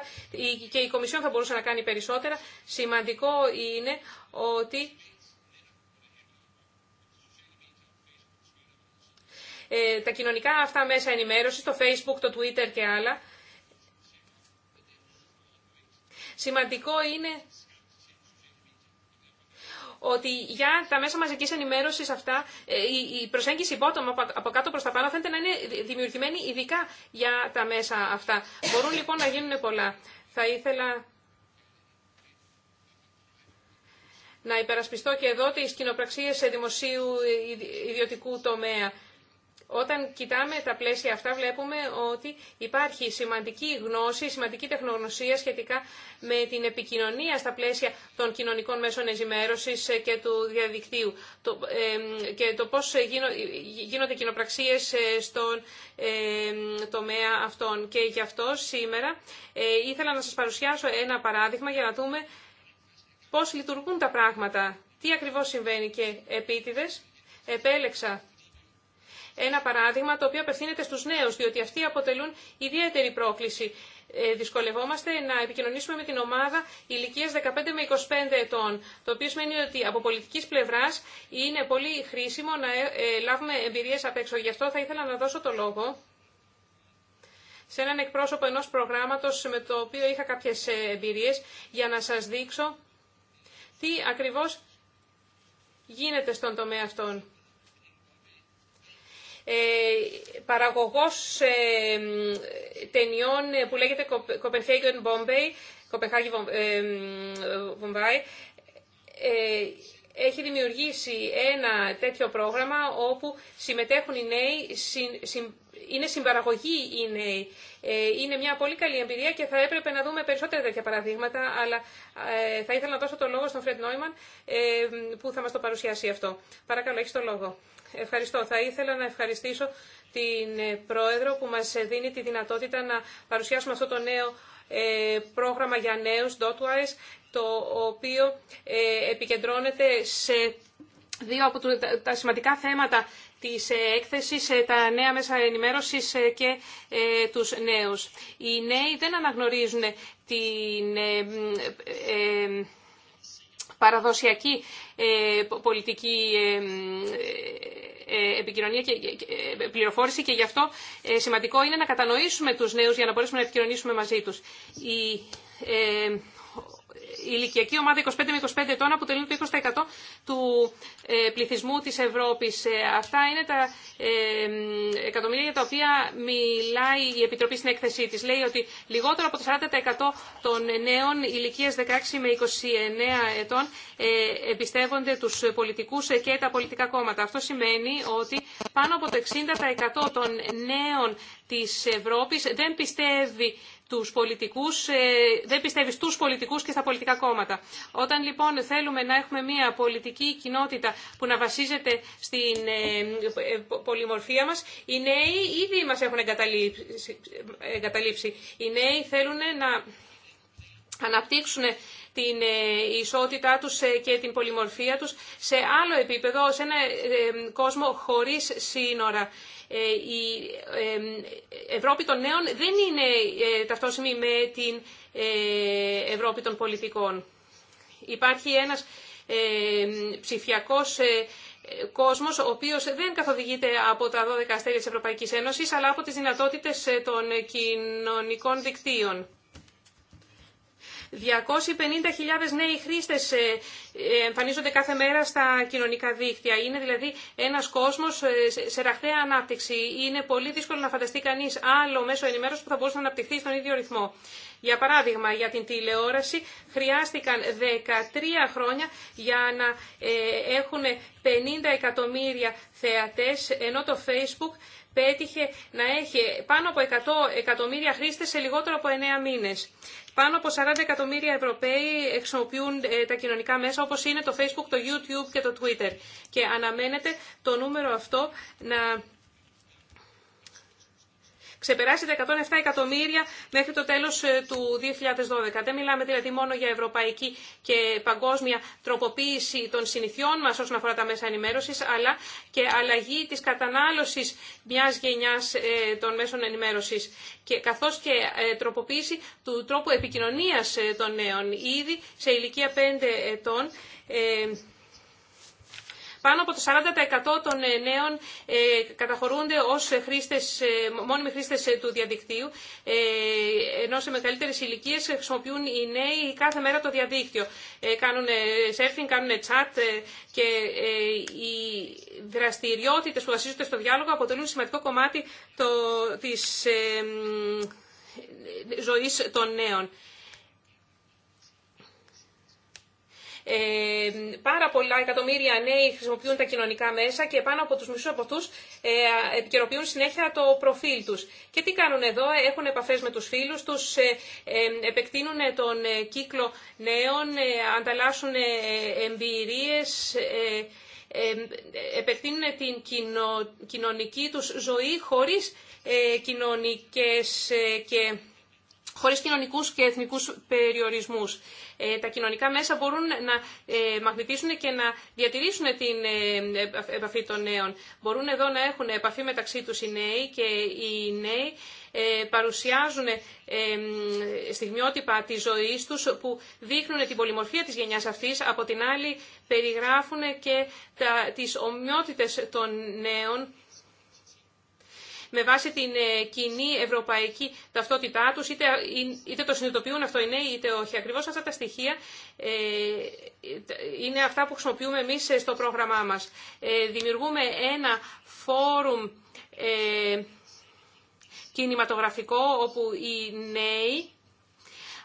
και η Κομισιόν θα μπορούσε να κάνει περισσότερα. Σημαντικό είναι ότι Ε, τα κοινωνικά αυτά μέσα ενημέρωσης, το Facebook, το Twitter και άλλα. Σημαντικό είναι ότι για τα μέσα μαζικής ενημέρωσης αυτά ε, η προσέγγιση bottom από κάτω προς τα πάνω φαίνεται να είναι δημιουργημένη ειδικά για τα μέσα αυτά. Μπορούν λοιπόν να γίνουν πολλά. Θα ήθελα να υπερασπιστώ και εδώ τις κοινοπραξίες σε δημοσίου ε, ιδιωτικού τομέα. Όταν κοιτάμε τα πλαίσια αυτά βλέπουμε ότι υπάρχει σημαντική γνώση, σημαντική τεχνογνωσία σχετικά με την επικοινωνία στα πλαίσια των κοινωνικών μέσων ενημέρωση και του διαδικτύου το, και το πώς γίνονται κοινοπραξίες ε, στον τομέα αυτών. Και γι' αυτό σήμερα ε, ήθελα να σας παρουσιάσω ένα παράδειγμα για να δούμε πώς λειτουργούν τα πράγματα, τι ακριβώς συμβαίνει και επίτηδες επέλεξα ένα παράδειγμα το οποίο απευθύνεται στους νέους, διότι αυτοί αποτελούν ιδιαίτερη πρόκληση. Ε, δυσκολευόμαστε να επικοινωνήσουμε με την ομάδα ηλικίας 15 με 25 ετών, το οποίο σημαίνει ότι από πολιτικής πλευράς είναι πολύ χρήσιμο να ε, ε, λάβουμε εμπειρίες απ' έξω. Γι' αυτό θα ήθελα να δώσω το λόγο σε έναν εκπρόσωπο ενός προγράμματος με το οποίο είχα κάποιες εμπειρίες για να σας δείξω τι ακριβώς γίνεται στον τομέα αυτόν. Ε, παραγωγός ε, ταινιών που λέγεται Copenhagen Bombay, ε, Bombay, ε, έχει δημιουργήσει ένα τέτοιο πρόγραμμα όπου συμμετέχουν οι νέοι, είναι συμπαραγωγή οι νέοι. Είναι μια πολύ καλή εμπειρία και θα έπρεπε να δούμε περισσότερα τέτοια παραδείγματα, αλλά θα ήθελα να δώσω το λόγο στον Φρεντ Νόιμαν που θα μας το παρουσιάσει αυτό. Παρακαλώ, έχεις το λόγο. Ευχαριστώ. Θα ήθελα να ευχαριστήσω την ε, Πρόεδρο που μας ε, δίνει τη δυνατότητα να παρουσιάσουμε αυτό το νέο ε, πρόγραμμα για νέους, DotWise, το οποίο επικεντρώνεται σε δύο από τα σημαντικά θέματα της έκθεσης, τα νέα μέσα ενημέρωσης και τους νέους. Οι νέοι δεν αναγνωρίζουν την παραδοσιακή ε, πολιτική ε, ε, επικοινωνία και πληροφόρηση και γι' αυτό σημαντικό είναι να κατανοήσουμε τους νέους για να μπορέσουμε να επικοινωνήσουμε μαζί τους ηλικιακή ομάδα 25 με 25 ετών αποτελούν το 20% του ε, πληθυσμού της Ευρώπης. Ε, αυτά είναι τα ε, εκατομμύρια για τα οποία μιλάει η Επιτροπή στην έκθεσή της. Λέει ότι λιγότερο από το 40% των νέων ηλικίας 16 με 29 ετών εμπιστεύονται τους πολιτικούς και τα πολιτικά κόμματα. Αυτό σημαίνει ότι πάνω από το 60% των νέων της Ευρώπης δεν πιστεύει τους πολιτικούς, δεν πιστεύει στους πολιτικούς και στα πολιτικά κόμματα. Όταν λοιπόν θέλουμε να έχουμε μια πολιτική κοινότητα που να βασίζεται στην ε, ε, πολυμορφία μας, οι νέοι ήδη μας έχουν εγκαταλείψει. Οι νέοι θέλουν να αναπτύξουν την ε, ισότητά τους και την πολυμορφία τους σε άλλο επίπεδο, σε ένα κόσμο χωρίς σύνορα. Η Ευρώπη των νέων δεν είναι ταυτόσιμη με την ε, Ευρώπη των πολιτικών. Υπάρχει ένας ε, ψηφιακός ε, κόσμος ο οποίος δεν καθοδηγείται από τα 12 αστέρια της Ευρωπαϊκής Ένωσης αλλά από τις δυνατότητες των κοινωνικών δικτύων. 250.000 νέοι χρήστες εμφανίζονται κάθε μέρα στα κοινωνικά δίκτυα. Είναι δηλαδή ένας κόσμος σε ραχταία ανάπτυξη. Είναι πολύ δύσκολο να φανταστεί κανείς άλλο μέσο ενημέρωση που θα μπορούσε να αναπτυχθεί στον ίδιο ρυθμό. Για παράδειγμα, για την τηλεόραση χρειάστηκαν 13 χρόνια για να ε, έχουν 50 εκατομμύρια θεατές, ενώ το Facebook πέτυχε να έχει πάνω από 100 εκατομμύρια χρήστες σε λιγότερο από 9 μήνες. Πάνω από 40 εκατομμύρια Ευρωπαίοι χρησιμοποιούν ε, τα κοινωνικά μέσα όπως είναι το Facebook, το YouTube και το Twitter. Και αναμένεται το νούμερο αυτό να ξεπεράσει τα 107 εκατομμύρια μέχρι το τέλος ε, του 2012. Δεν μιλάμε δηλαδή μόνο για ευρωπαϊκή και παγκόσμια τροποποίηση των συνηθιών μας όσον αφορά τα μέσα ενημέρωση, αλλά και αλλαγή της κατανάλωσης μιας γενιάς ε, των μέσων ενημέρωση, και, καθώς και ε, τροποποίηση του τρόπου επικοινωνία των νέων. Ήδη σε ηλικία 5 ετών πάνω από το 40% των ε, νέων ε, καταχωρούνται ως ε, χρήστες, μόνιμοι χρήστες του διαδικτύου, ενώ σε μεγαλύτερες ηλικίε χρησιμοποιούν οι νέοι κάθε μέρα το διαδίκτυο. Κάνουν surfing, κάνουν chat και οι δραστηριότητες που βασίζονται στο διάλογο αποτελούν σημαντικό κομμάτι το, της ζωής των νέων. πάρα πολλά εκατομμύρια νέοι χρησιμοποιούν τα κοινωνικά μέσα και πάνω από τους μισούς από ε, επικαιροποιούν συνέχεια το προφίλ τους. Και τι κάνουν εδώ, έχουν επαφέ με τους φίλους τους, ε, επεκτείνουν τον ε, κύκλο νέων, ε, ανταλλάσσουν ε, επεκτείνουν την κοινωνική τους ζωή χωρίς κοινωνικές και χωρίς κοινωνικούς και εθνικούς περιορισμούς. Ε, τα κοινωνικά μέσα μπορούν να ε, μαγνητήσουν και να διατηρήσουν την ε, επαφή των νέων. Μπορούν εδώ να έχουν επαφή μεταξύ τους οι νέοι και οι νέοι παρουσιάζουν στιγμιότυπα της ζωής τους που δείχνουν την πολυμορφία της γενιάς αυτής, από την άλλη περιγράφουν και τα, τις ομοιότητες των νέων με βάση την ε, κοινή ευρωπαϊκή ταυτότητά του, είτε, ε, είτε το συνειδητοποιούν αυτό οι νέοι είτε όχι. Ακριβώ αυτά τα στοιχεία ε, είναι αυτά που χρησιμοποιούμε εμεί στο πρόγραμμά μας. Δημιουργούμε ένα φόρουμ κινηματογραφικό όπου οι νέοι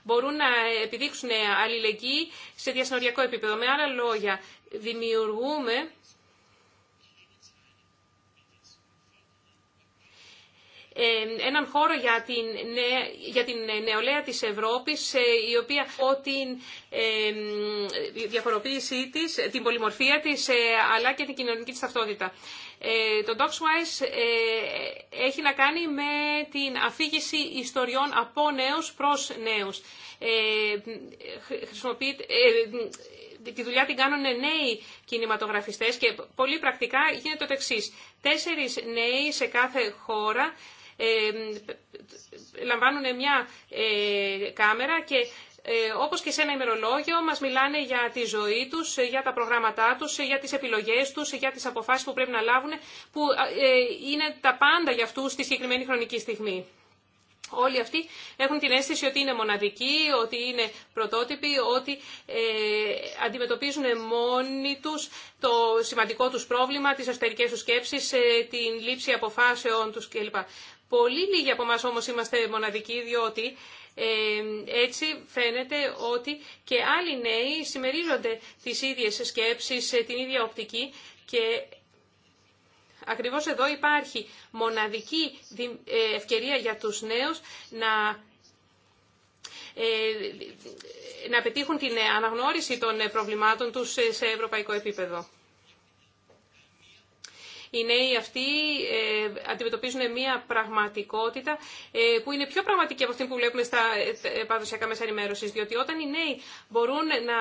μπορούν να επιδείξουν αλληλεγγύη σε διασυνοριακό επίπεδο. Με άλλα λόγια, δημιουργούμε Ε, έναν χώρο για την, για την νεολαία της Ευρώπης, ε, η οποία από την ε, διαφοροποίησή της, την πολυμορφία της, αλλά και την κοινωνική της ταυτότητα. Το DocsWise έχει να κάνει με την αφήγηση ιστοριών από νέους προς νέους. Τη δουλειά την κάνουν νέοι κινηματογραφιστές και πολύ πρακτικά γίνεται το εξής Τέσσερις νέοι σε κάθε χώρα λαμβάνουν μια ε, κάμερα και ε, όπως και σε ένα ημερολόγιο μας μιλάνε για τη ζωή τους, ε, για τα προγράμματά τους, για τις επιλογές τους, για τις αποφάσεις που πρέπει να λάβουν, που είναι τα πάντα για αυτούς στη συγκεκριμένη χρονική στιγμή. Όλοι αυτοί έχουν την αίσθηση ότι είναι μοναδικοί, ότι είναι πρωτότυποι, ότι αντιμετωπίζουν μόνοι τους το σημαντικό τους πρόβλημα, τις εσωτερικές τους σκέψεις, την λήψη αποφάσεων τους κλπ. Πολύ λίγοι από εμά όμως είμαστε μοναδικοί, διότι ε, έτσι φαίνεται ότι και άλλοι νέοι συμμερίζονται τις ίδιες σκέψεις, ε, την ίδια οπτική και ακριβώς εδώ υπάρχει μοναδική ε, ευκαιρία για τους νέους να ε, να πετύχουν την αναγνώριση των προβλημάτων τους σε ευρωπαϊκό επίπεδο οι νέοι αυτοί ε, αντιμετωπίζουν μια πραγματικότητα ε, που είναι πιο πραγματική από αυτή που βλέπουμε στα ε, παραδοσιακά μέσα ενημέρωση. Διότι όταν οι νέοι μπορούν να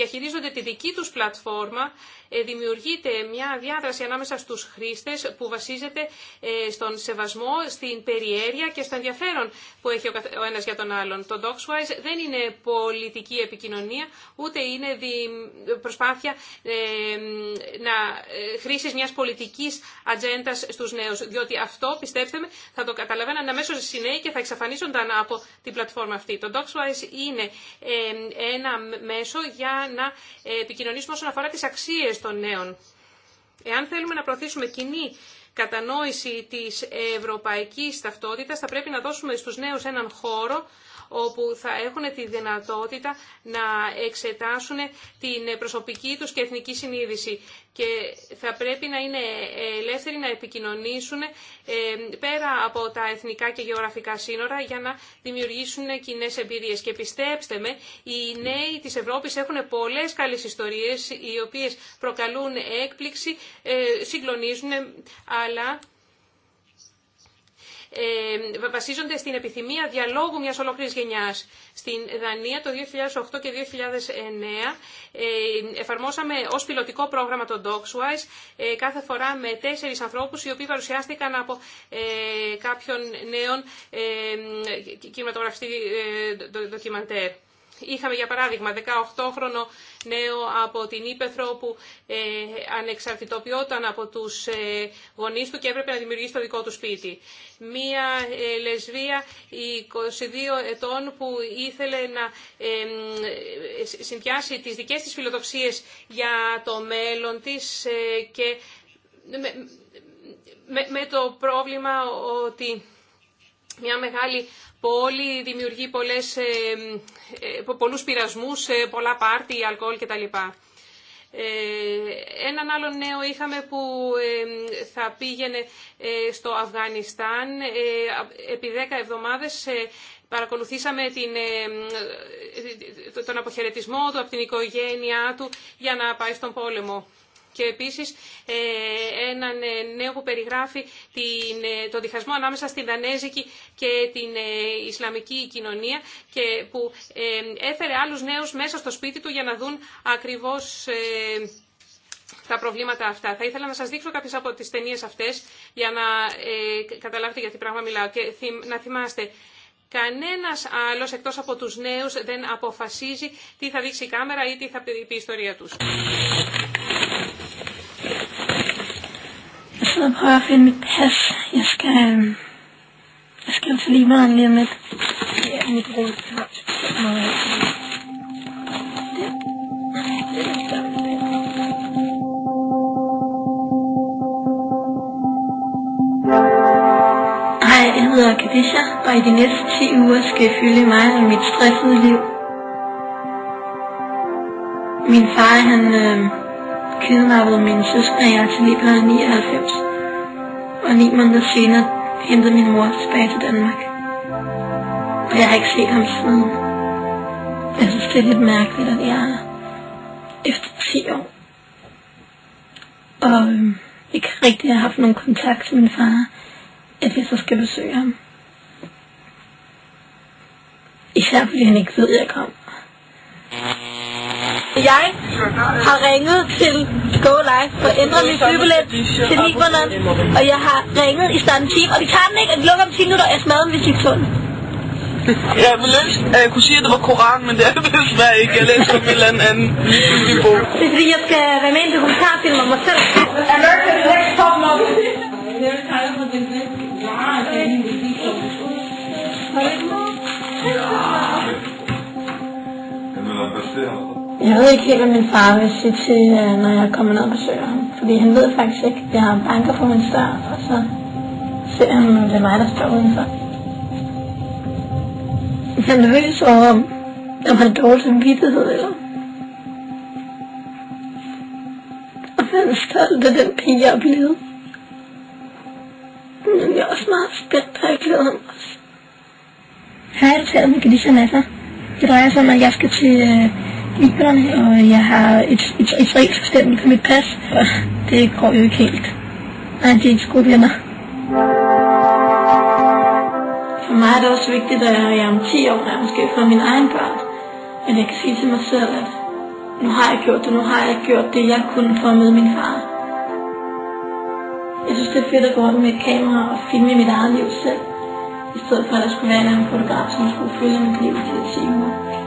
διαχειρίζονται τη δική τους πλατφόρμα, ε, δημιουργείται μια διάδραση ανάμεσα στους χρήστες που βασίζεται ε, στον σεβασμό, στην περιέργεια και στο ενδιαφέρον που έχει ο ένας για τον άλλον. Το DocsWise δεν είναι πολιτική επικοινωνία, ούτε είναι προσπάθεια ε, να χρήσεις μιας πολιτικής ατζέντα στους νέους, διότι αυτό, πιστέψτε με, θα το καταλαβαίναν αμέσω οι νέοι και θα εξαφανίζονταν από την πλατφόρμα αυτή. Το DocsWise είναι ένα μέσο για να ε, επικοινωνήσουμε όσον αφορά τις αξίες των νέων. Εάν θέλουμε να προωθήσουμε κοινή κατανόηση της ευρωπαϊκής ταυτότητας, θα πρέπει να δώσουμε στους νέους έναν χώρο όπου θα έχουν τη δυνατότητα να εξετάσουν την προσωπική τους και εθνική συνείδηση και θα πρέπει να είναι ελεύθεροι να επικοινωνήσουν ε, πέρα από τα εθνικά και γεωγραφικά σύνορα για να δημιουργήσουν κοινέ εμπειρίες. Και πιστέψτε με, οι νέοι τη Ευρώπης έχουν πολλές καλές ιστορίες οι οποίες προκαλούν έκπληξη, ε, συγκλονίζουν, αλλά ε, βασίζονται στην επιθυμία διαλόγου μιας ολόκληρης γενιάς. Στην Δανία το 2008 και 2009 ε, εφαρμόσαμε ως πιλωτικό πρόγραμμα το DocsWise ε, κάθε φορά με τέσσερις ανθρώπους οι οποίοι παρουσιάστηκαν από κάποιον νέον κινηματογραφιστή ντοκιμαντέρ. Είχαμε για παράδειγμα 18χρονο νέο από την Ήπεθρο που ε, ανεξαρτητοποιόταν από τους ε, γονείς του και έπρεπε να δημιουργήσει το δικό του σπίτι. Μία ε, λεσβία 22 ετών που ήθελε να ε, συνδυάσει τις δικές της φιλοδοξίες για το μέλλον της ε, και με το πρόβλημα ότι μια μεγάλη πόλη δημιουργεί πολλές, ε, ε, πολλούς πειρασμούς, ε, πολλά πάρτι, αλκοόλ κτλ. Έναν άλλο νέο είχαμε που θα πήγαινε στο Αφγανιστάν. Επί 10 εβδομάδες παρακολουθήσαμε την, τον αποχαιρετισμό του από την οικογένειά του για να πάει στον πόλεμο και επίσης ε, έναν ε, νέο που περιγράφει την, ε, το διχασμό ανάμεσα στην Δανέζικη και την Ισλαμική κοινωνία και που έφερε άλλους νέους μέσα στο σπίτι του για να δουν ακριβώς τα προβλήματα αυτά. Θα ήθελα να σας δείξω κάποιες από τις ταινίες αυτές για να καταλάβετε για τι πράγμα μιλάω και να θυμάστε Κανένας άλλος εκτός από τους νέους δεν αποφασίζει τι θα δείξει η κάμερα ή τι θα πει η ιστορία τους. lyssna på varför mitt häss. Jag ska, jag ska meget anledningen med mitt rum. Hej, jeg hedder Kadisha, og i de næste 10 uger skal jeg fylde mig med mit stressede liv. Min far, han øh, kidnappede min søster, og jeg er til 99 og ni måneder senere hentede min mor tilbage til Danmark. Og jeg har ikke set ham siden. Jeg synes, det er lidt mærkeligt, at jeg er efter 10 år. Og øh, ikke rigtig har haft nogen kontakt til min far, at jeg så skal besøge ham. Især fordi han ikke ved, at jeg kommer. Jeg har ringet til Go Live for at ændre min flybillet til 9 og jeg har ringet i starten time, og de kan den ikke, og de lukker om 10 minutter, og jeg smadrer dem, hvis de er tåler. Jeg ville ønske, at jeg kunne sige, at det var Koran, men det er det desværre ikke. Jeg læser om et eller andet andet ligegyldig bog. Det er fordi, jeg skal være med i en dokumentarfilm om mig selv. America's Next Top Model. Ja. Kan du lade mig se her? jeg ved ikke helt, hvad min far vil sige til, når jeg kommer ned og besøger ham. Fordi han ved faktisk ikke, at jeg har banker på min dør, og så ser han, om det er mig, der står udenfor. Jeg er nervøs over, om han har dårlig samvittighed, eller Og han er stolt af den pige, jeg er blevet. Men jeg er også meget spændt, og jeg glæder mig også. Hej, jeg taler med Galicia Nasser. Det drejer sig om, at jeg skal til Ikram, og jeg har et, et, et israelsk stempel på mit pas, og det går jo ikke helt. Nej, det er ikke gode venner. For mig er det også vigtigt, at jeg om 10 år jeg måske for min egen børn, at jeg kan sige til mig selv, at nu har jeg gjort det, nu har jeg gjort det, jeg kunne for at møde min far. Jeg synes, det er fedt at gå rundt med et kamera og filme mit eget liv selv, i stedet for at der skulle være en anden fotograf, som skulle følge mit liv til 10 år.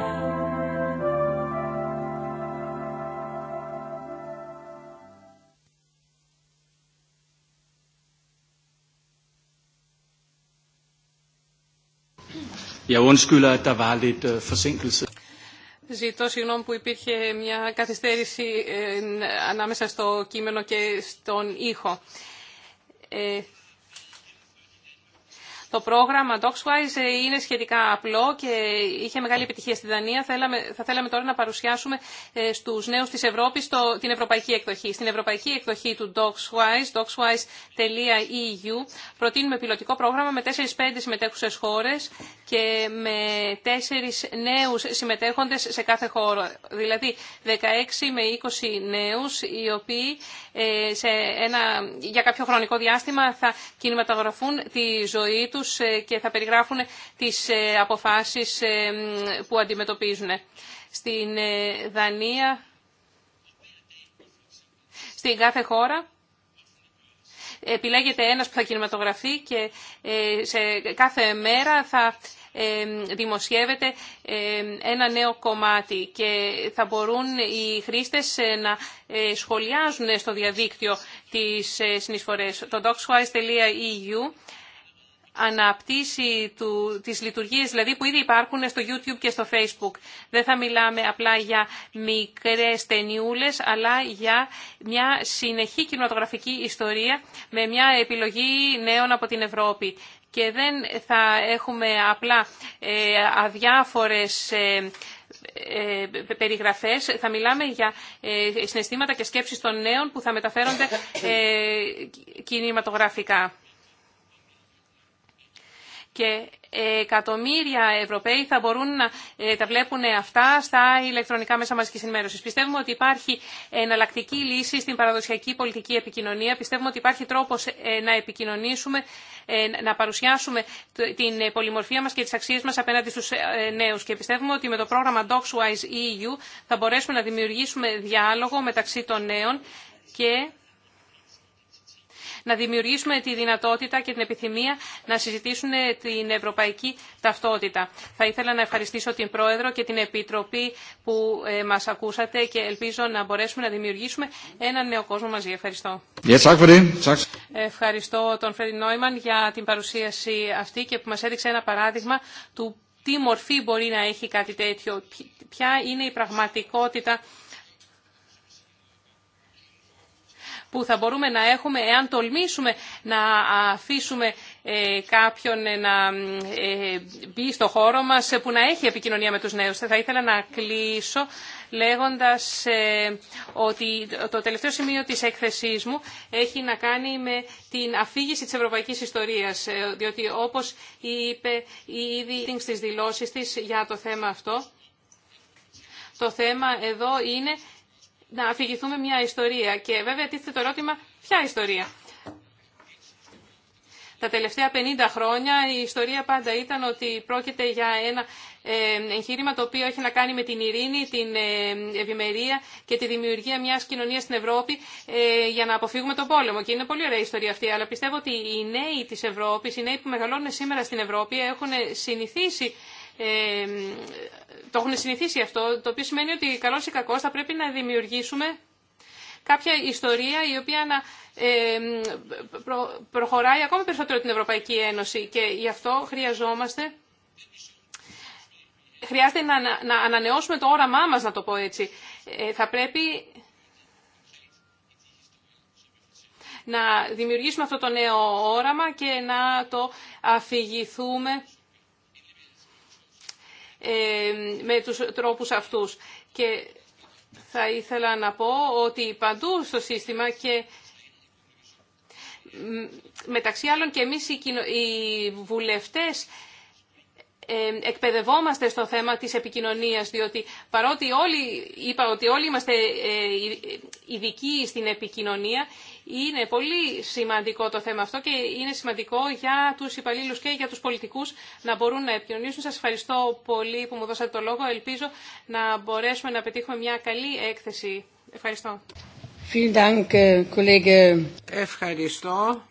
Øh, Ζητώ συγγνώμη που υπήρχε μια καθυστέρηση ε, ανάμεσα στο κείμενο και στον ήχο. Ε, το πρόγραμμα DocsWise ε, είναι σχετικά απλό και είχε μεγάλη επιτυχία στη Δανία. Θα θέλαμε τώρα να παρουσιάσουμε ε, στους νέους της Ευρώπης την ευρωπαϊκή εκδοχή. Στην ευρωπαϊκή εκδοχή του DocsWise, docswise.eu, προτείνουμε πιλωτικό πρόγραμμα με 4-5 συμμετέχουσες χώρες και με 4 νέους συμμετέχοντες σε κάθε χώρο. Δηλαδή 16 με 20 νέους οι οποίοι ε, σε ένα, για κάποιο χρονικό διάστημα θα κινηματογραφούν τη ζωή τους ε, και θα περιγράφουν τις ε, αποφάσεις ε, που αντιμετωπίζουν. Στην Δανία, στην κάθε χώρα, επιλέγεται ένας που θα κινηματογραφεί και σε κάθε μέρα θα δημοσιεύεται ένα νέο κομμάτι και θα μπορούν οι χρήστες να σχολιάζουν στο διαδίκτυο τις συνεισφορές. Το docswise.eu αναπτύσσει του, τις λειτουργίες δηλαδή που ήδη υπάρχουν στο YouTube και στο Facebook. Δεν θα μιλάμε απλά για μικρές ταινιούλες, αλλά για μια συνεχή κινηματογραφική ιστορία με μια επιλογή νέων από την Ευρώπη. Και δεν θα έχουμε απλά ε, αδιάφορες ε, ε, περιγραφές, θα μιλάμε για ε, συναισθήματα και σκέψεις των νέων που θα μεταφέρονται κινηματογραφικά και εκατομμύρια Ευρωπαίοι θα μπορούν να ε, τα βλέπουν αυτά στα ηλεκτρονικά μέσα μαζικής ενημέρωσης. Πιστεύουμε ότι υπάρχει εναλλακτική λύση στην παραδοσιακή πολιτική επικοινωνία. Πιστεύουμε ότι υπάρχει τρόπος ε, να επικοινωνήσουμε, ε, να παρουσιάσουμε την πολυμορφία μας και τις αξίες μας απέναντι στους νέους. Και πιστεύουμε ότι με το πρόγραμμα DocsWise EU θα μπορέσουμε να δημιουργήσουμε διάλογο μεταξύ των νέων και να δημιουργήσουμε τη δυνατότητα και την επιθυμία να συζητήσουν την ευρωπαϊκή ταυτότητα. Θα ήθελα να ευχαριστήσω την Πρόεδρο και την Επιτροπή που ε, μας ακούσατε και ελπίζω να μπορέσουμε να δημιουργήσουμε έναν νέο κόσμο μαζί. Ευχαριστώ. Ευχαριστώ τον Φρέντι Νόιμαν για την παρουσίαση αυτή και που μας έδειξε ένα παράδειγμα του τι μορφή μπορεί να έχει κάτι τέτοιο, ποια είναι η πραγματικότητα που θα μπορούμε να έχουμε εάν τολμήσουμε να αφήσουμε ε, κάποιον ε, να ε, μπει στο χώρο μας που να έχει επικοινωνία με τους νέους. Θα ήθελα να κλείσω λέγοντας ότι το τελευταίο σημείο της έκθεσής μου έχει να κάνει με την αφήγηση της ευρωπαϊκής ιστορίας, διότι όπως είπε ήδη στις δηλώσεις της για το θέμα αυτό, το θέμα εδώ είναι να αφηγηθούμε μια ιστορία. Και βέβαια τίθεται το ερώτημα ποια ιστορία. Τα τελευταία 50 χρόνια η ιστορία πάντα ήταν ότι πρόκειται για ένα ε, εγχείρημα το οποίο έχει να κάνει με την ειρήνη, την ε, ευημερία και τη δημιουργία μιας κοινωνίας στην Ευρώπη ε, για να αποφύγουμε τον πόλεμο. Και είναι πολύ ωραία η ιστορία αυτή, αλλά πιστεύω ότι οι νέοι της Ευρώπης, οι νέοι που μεγαλώνουν σήμερα στην Ευρώπη έχουν συνηθίσει το έχουν συνηθίσει αυτό, το οποίο σημαίνει ότι καλός ή κακός θα πρέπει να καλό η κακό θα πρεπει να προχωράει ακόμα περισσότερο την Ευρωπαϊκή Ένωση και γι' αυτό χρειαζόμαστε χρειάζεται να, να ανανεώσουμε το όραμά μας, να το πω έτσι. Ε, θα πρέπει να δημιουργήσουμε αυτό το νέο όραμα και να το αφηγηθούμε με τους τρόπους αυτούς. Και θα ήθελα να πω ότι παντού στο σύστημα και μεταξύ άλλων και εμείς οι βουλευτές εκπαιδευόμαστε στο θέμα της επικοινωνίας, διότι παρότι όλοι, είπα ότι όλοι είμαστε ε, ειδικοί στην επικοινωνία, είναι πολύ σημαντικό το θέμα αυτό και είναι σημαντικό για τους υπαλλήλου και για τους πολιτικούς να μπορούν να επικοινωνήσουν. Σα ευχαριστώ πολύ που μου δώσατε το λόγο. Ελπίζω να μπορέσουμε να πετύχουμε μια καλή έκθεση. Ευχαριστώ. Äh, ευχαριστώ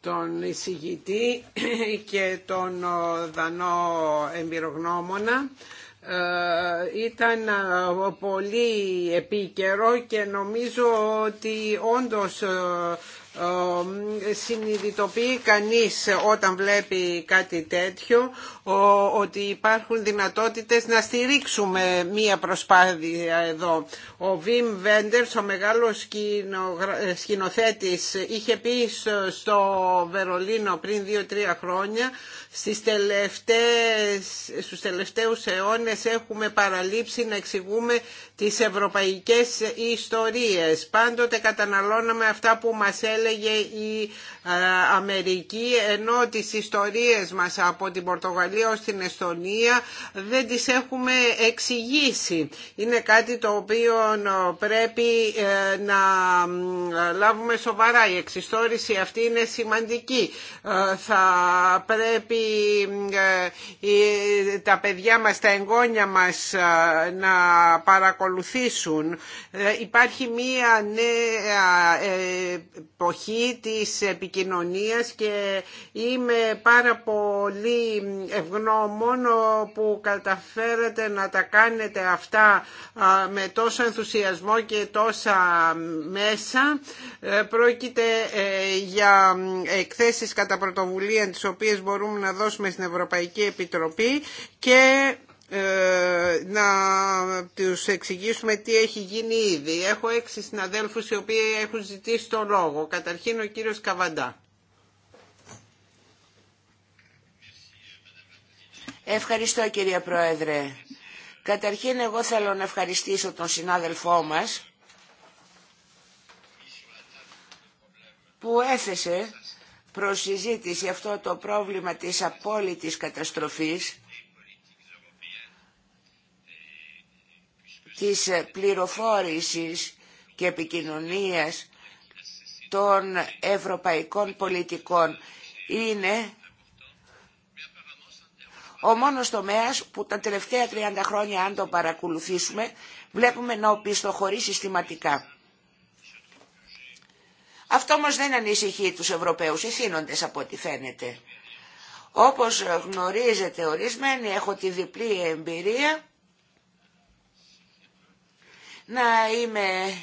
τον εισηγητή και τον δανό εμπειρογνώμονα. Ε, ήταν ε, πολύ επίκαιρο και νομίζω ότι όντως ε, συνειδητοποιεί κανείς όταν βλέπει κάτι τέτοιο ότι υπάρχουν δυνατότητες να στηρίξουμε μία προσπάθεια εδώ. Ο Βιμ Βέντερς, ο μεγάλος σκηνοθέτης, είχε πει στο Βερολίνο πριν δύο-τρία χρόνια στις τελευταίες, στους τελευταίους αιώνες έχουμε παραλείψει να εξηγούμε τις ευρωπαϊκές ιστορίες. Πάντοτε καταναλώναμε αυτά που μας έλεγε η Αμερική ενώ τις ιστορίες μας από την Πορτογαλία ως την Εστονία δεν τις έχουμε εξηγήσει. Είναι κάτι το οποίο ε, πρέπει ε, να λάβουμε σοβαρά. Η εξιστόρηση αυτή είναι σημαντική. Ε, θα πρέπει τα παιδιά μας, τα εγγόνια μας να παρακολουθήσουν. Υπάρχει μία νέα εποχή της επικοινωνίας επικοινωνίας και είμαι πάρα πολύ ευγνώμων που καταφέρετε να τα κάνετε αυτά με τόσο ενθουσιασμό και τόσα μέσα. Ε, πρόκειται ε, για εκθέσεις κατά πρωτοβουλία τις οποίες μπορούμε να δώσουμε στην Ευρωπαϊκή Επιτροπή και ε, να τους εξηγήσουμε τι έχει γίνει ήδη. Έχω έξι συναδέλφους οι οποίοι έχουν ζητήσει τον λόγο. Καταρχήν ο κύριος Καβαντά. Ευχαριστώ κυρία Πρόεδρε. Καταρχήν εγώ θέλω να ευχαριστήσω τον συνάδελφό μας που έθεσε προς συζήτηση αυτό το πρόβλημα της απόλυτης καταστροφής της ε, πληροφόρησης και επικοινωνίας των ευρωπαϊκών πολιτικών. Είναι ο μόνος τομέας που τα τελευταία 30 χρόνια, αν το παρακολουθήσουμε, βλέπουμε να οπισθοχωρεί συστηματικά. Αυτό όμως δεν ανησυχεί τους Ευρωπαίους ηθήνοντες από ό,τι φαίνεται. Όπως γνωρίζετε ορισμένοι, έχω τη διπλή εμπειρία να είμαι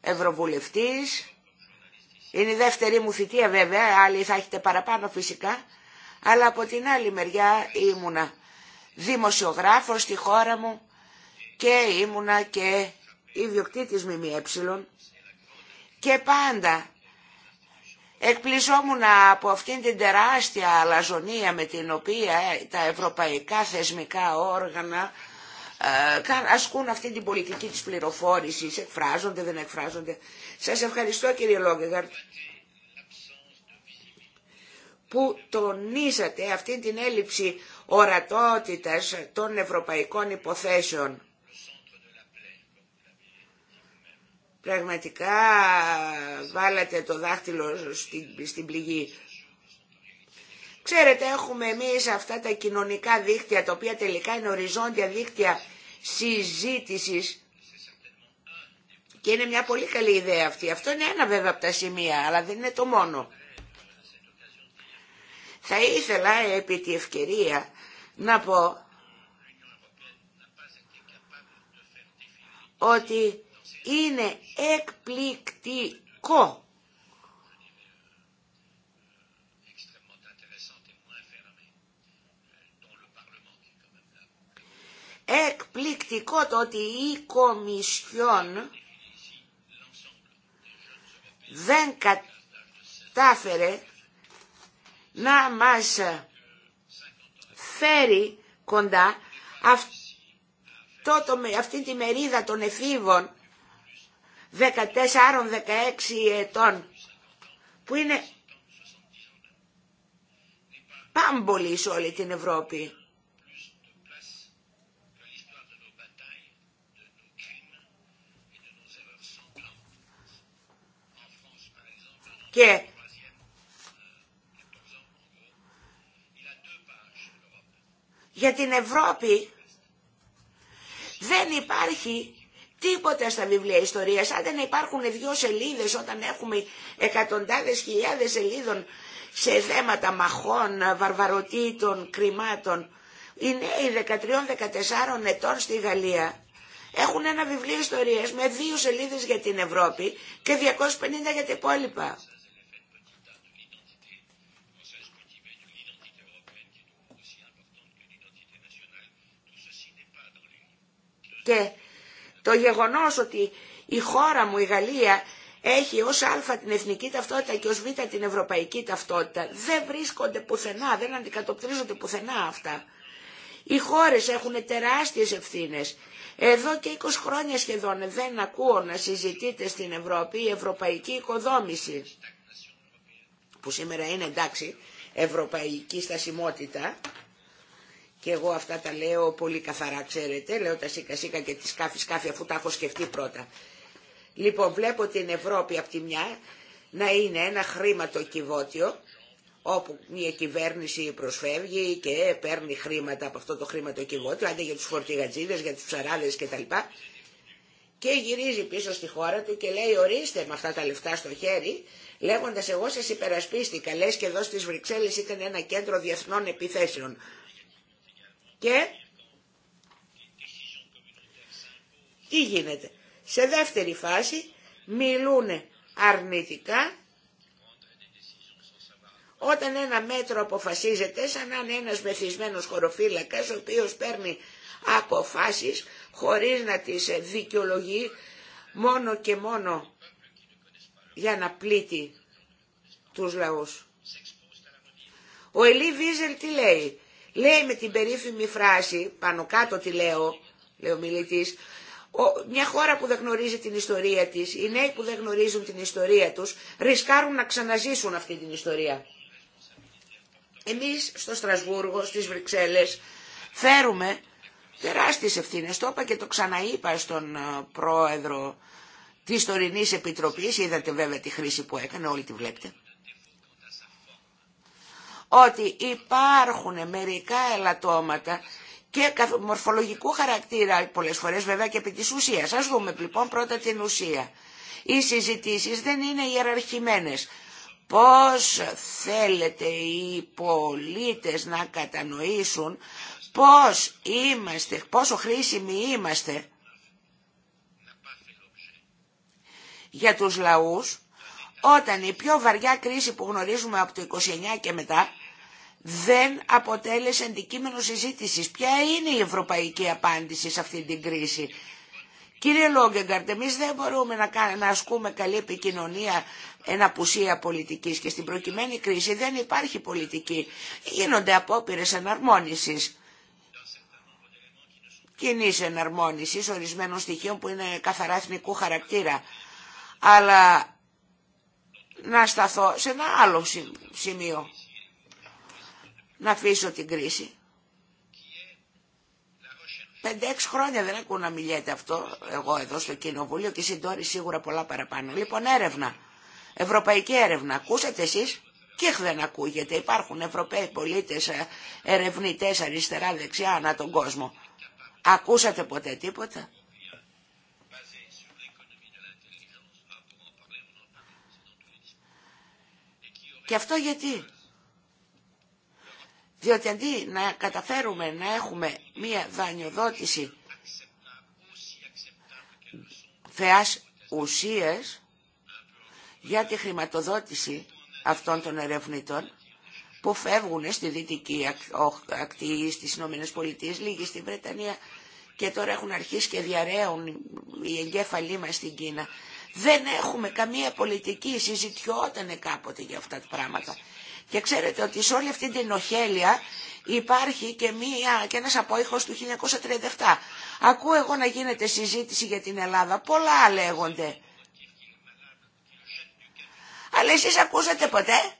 ευρωβουλευτής. Είναι η δεύτερη μου θητεία βέβαια, άλλοι θα έχετε παραπάνω φυσικά. Αλλά από την άλλη μεριά ήμουνα δημοσιογράφος στη χώρα μου και ήμουνα και ιδιοκτήτης ΜΜΕ και πάντα εκπληζόμουν από αυτήν την τεράστια αλαζονία με την οποία τα ευρωπαϊκά θεσμικά όργανα ε, ασκούν αυτή την πολιτική της πληροφόρησης, εκφράζονται, δεν εκφράζονται. Σας ευχαριστώ κύριε Λόγκεγαρτ που τονίσατε αυτή την έλλειψη ορατότητας των ευρωπαϊκών υποθέσεων. Πραγματικά βάλατε το δάχτυλο στην, στην πληγή. Ξέρετε, έχουμε εμείς αυτά τα κοινωνικά δίκτυα, τα οποία τελικά είναι οριζόντια δίκτυα Συζήτηση και είναι μια πολύ καλή ιδέα αυτή. Αυτό είναι ένα βέβαια από τα σημεία, αλλά δεν είναι το μόνο. Θα ήθελα επί τη ευκαιρία να πω ότι είναι εκπληκτικό εκπληκτικό το ότι η Κομισιόν δεν κατάφερε να μας φέρει κοντά αυτό το, αυτή τη μερίδα των εφήβων 14-16 ετών που είναι πάμπολοι σε όλη την Ευρώπη. Και για την Ευρώπη δεν υπάρχει τίποτα στα βιβλία ιστορίας, αν δεν υπάρχουν δυο σελίδες όταν έχουμε εκατοντάδες χιλιάδες σελίδων σε θέματα μαχών, βαρβαροτήτων, κρυμάτων. Οι νέοι 13-14 ετών στη Γαλλία έχουν ένα βιβλίο ιστορίας με δύο σελίδες για την Ευρώπη και 250 για τα υπόλοιπα. Και το γεγονός ότι η χώρα μου, η Γαλλία, έχει ως α την εθνική ταυτότητα και ως β την ευρωπαϊκή ταυτότητα. Δεν βρίσκονται πουθενά, δεν αντικατοπτρίζονται πουθενά αυτά. Οι χώρες έχουν τεράστιες ευθύνες. Εδώ και 20 χρόνια σχεδόν δεν ακούω να συζητείτε στην Ευρώπη η ευρωπαϊκή οικοδόμηση, που σήμερα είναι εντάξει, ευρωπαϊκή στασιμότητα, και εγώ αυτά τα λέω πολύ καθαρά, ξέρετε. Λέω τα σίκα σίκα και τη σκάφη σκάφη αφού τα έχω σκεφτεί πρώτα. Λοιπόν, βλέπω την Ευρώπη από τη μια να είναι ένα χρήματο κυβότιο όπου μια κυβέρνηση προσφεύγει και παίρνει χρήματα από αυτό το χρήματο κυβότιο, αντί για τους φορτηγατζίδες, για τους ψαράδες κτλ. Και γυρίζει πίσω στη χώρα του και λέει ορίστε με αυτά τα λεφτά στο χέρι, λέγοντας εγώ σας υπερασπίστηκα, λες και εδώ στις Βρυξέλλες ήταν ένα κέντρο διεθνών επιθέσεων. Και τι γίνεται. Σε δεύτερη φάση μιλούν αρνητικά όταν ένα μέτρο αποφασίζεται σαν να είναι ένας μεθυσμένος χωροφύλακας ο οποίος παίρνει αποφάσεις χωρίς να τις δικαιολογεί μόνο και μόνο για να πλήττει τους λαούς. Ο Ελί Βίζελ τι λέει, Λέει με την περίφημη φράση, πάνω κάτω τη λέω, λέει ο μιλητής, μια χώρα που δεν γνωρίζει την ιστορία της, οι νέοι που δεν γνωρίζουν την ιστορία τους, ρισκάρουν να ξαναζήσουν αυτή την ιστορία. Εμείς στο Στρασβούργο, στις Βρυξέλλες, φέρουμε τεράστιες ευθύνες. Το είπα και το ξαναείπα στον ε, πρόεδρο της τωρινής επιτροπής, είδατε βέβαια τη χρήση που έκανε, όλοι τη βλέπετε ότι υπάρχουν μερικά ελαττώματα και μορφολογικού χαρακτήρα πολλές φορές βέβαια και επί της ουσίας. Ας δούμε λοιπόν πρώτα την ουσία. Οι συζητήσεις δεν είναι ιεραρχημένες. Πώς θέλετε οι πολίτες να κατανοήσουν πώς είμαστε, πόσο χρήσιμοι είμαστε για τους λαούς όταν η πιο βαριά κρίση που γνωρίζουμε από το 29 και μετά δεν αποτέλεσε αντικείμενο συζήτησης. Ποια είναι η ευρωπαϊκή απάντηση σε αυτή την κρίση. Κύριε Λόγκεγκαρτ, εμεί δεν μπορούμε να, ασκούμε καλή επικοινωνία εν απουσία πολιτικής και στην προκειμένη κρίση δεν υπάρχει πολιτική. Γίνονται απόπειρες εναρμόνισης κοινή εναρμόνιση ορισμένων στοιχείων που είναι καθαρά εθνικού χαρακτήρα. Αλλά να σταθώ σε ένα άλλο σημείο να αφήσω την κρίση. Πέντε-έξι χρόνια δεν ακούω να μιλιέται αυτό εγώ εδώ στο Κοινοβούλιο και συντόρι σίγουρα πολλά παραπάνω. Λοιπόν έρευνα, ευρωπαϊκή έρευνα, ακούσατε εσείς και δεν ακούγεται. Υπάρχουν Ευρωπαίοι πολίτες, ε, ερευνητές αριστερά, δεξιά, ανά τον κόσμο. Ακούσατε ποτέ τίποτα. Και αυτό γιατί. Διότι αντί να καταφέρουμε να έχουμε μία δανειοδότηση θεάς ουσίες για τη χρηματοδότηση αυτών των ερευνητών που φεύγουν στη Δυτική Ακτή, στις Ηνωμένες Πολιτείες, λίγοι στην Βρετανία και τώρα έχουν αρχίσει και διαραίουν οι εγκέφαλοί μας στην Κίνα. Δεν έχουμε καμία πολιτική, συζητιότανε κάποτε για αυτά τα πράγματα. Και ξέρετε ότι σε όλη αυτή την οχέλεια υπάρχει και, μία, και ένας απόϊχος του 1937. Ακούω εγώ να γίνεται συζήτηση για την Ελλάδα. Πολλά λέγονται. Αλλά εσείς ακούσατε ποτέ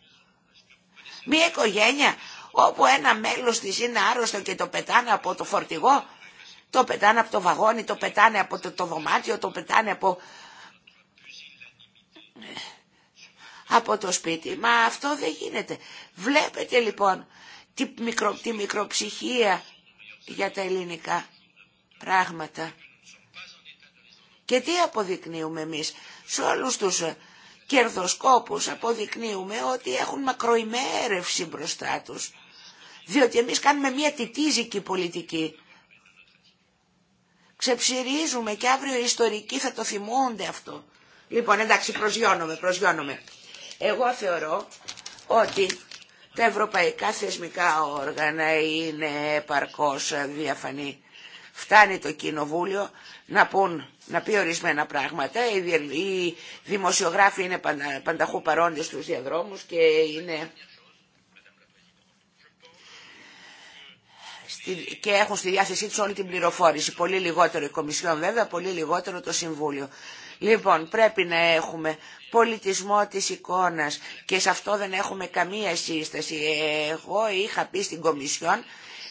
μία οικογένεια όπου ένα μέλος της είναι άρρωστο και το πετάνε από το φορτηγό, το πετάνε από το βαγόνι, το πετάνε από το, το δωμάτιο, το πετάνε από από το σπίτι. Μα αυτό δεν γίνεται. Βλέπετε λοιπόν τη, μικρο, μικροψυχία για τα ελληνικά πράγματα. Και τι αποδεικνύουμε εμείς σε όλους τους κερδοσκόπους αποδεικνύουμε ότι έχουν μακροημέρευση μπροστά τους. Διότι εμείς κάνουμε μια τιτίζικη πολιτική. Ξεψυρίζουμε και αύριο οι ιστορικοί θα το θυμούνται αυτό. Λοιπόν, εντάξει, προσγειώνομαι, προσγειώνομαι. Εγώ θεωρώ ότι τα ευρωπαϊκά θεσμικά όργανα είναι επαρκώς διαφανή. Φτάνει το κοινοβούλιο να, πούν, να πει ορισμένα πράγματα. Οι δημοσιογράφοι είναι πανταχού παρόντες στους διαδρόμους και είναι... και έχουν στη διάθεσή τους όλη την πληροφόρηση. Πολύ λιγότερο η Κομισιόν βέβαια, πολύ λιγότερο το Συμβούλιο. Λοιπόν, πρέπει να έχουμε πολιτισμό της εικόνας και σε αυτό δεν έχουμε καμία σύσταση. Εγώ είχα πει στην Κομισιόν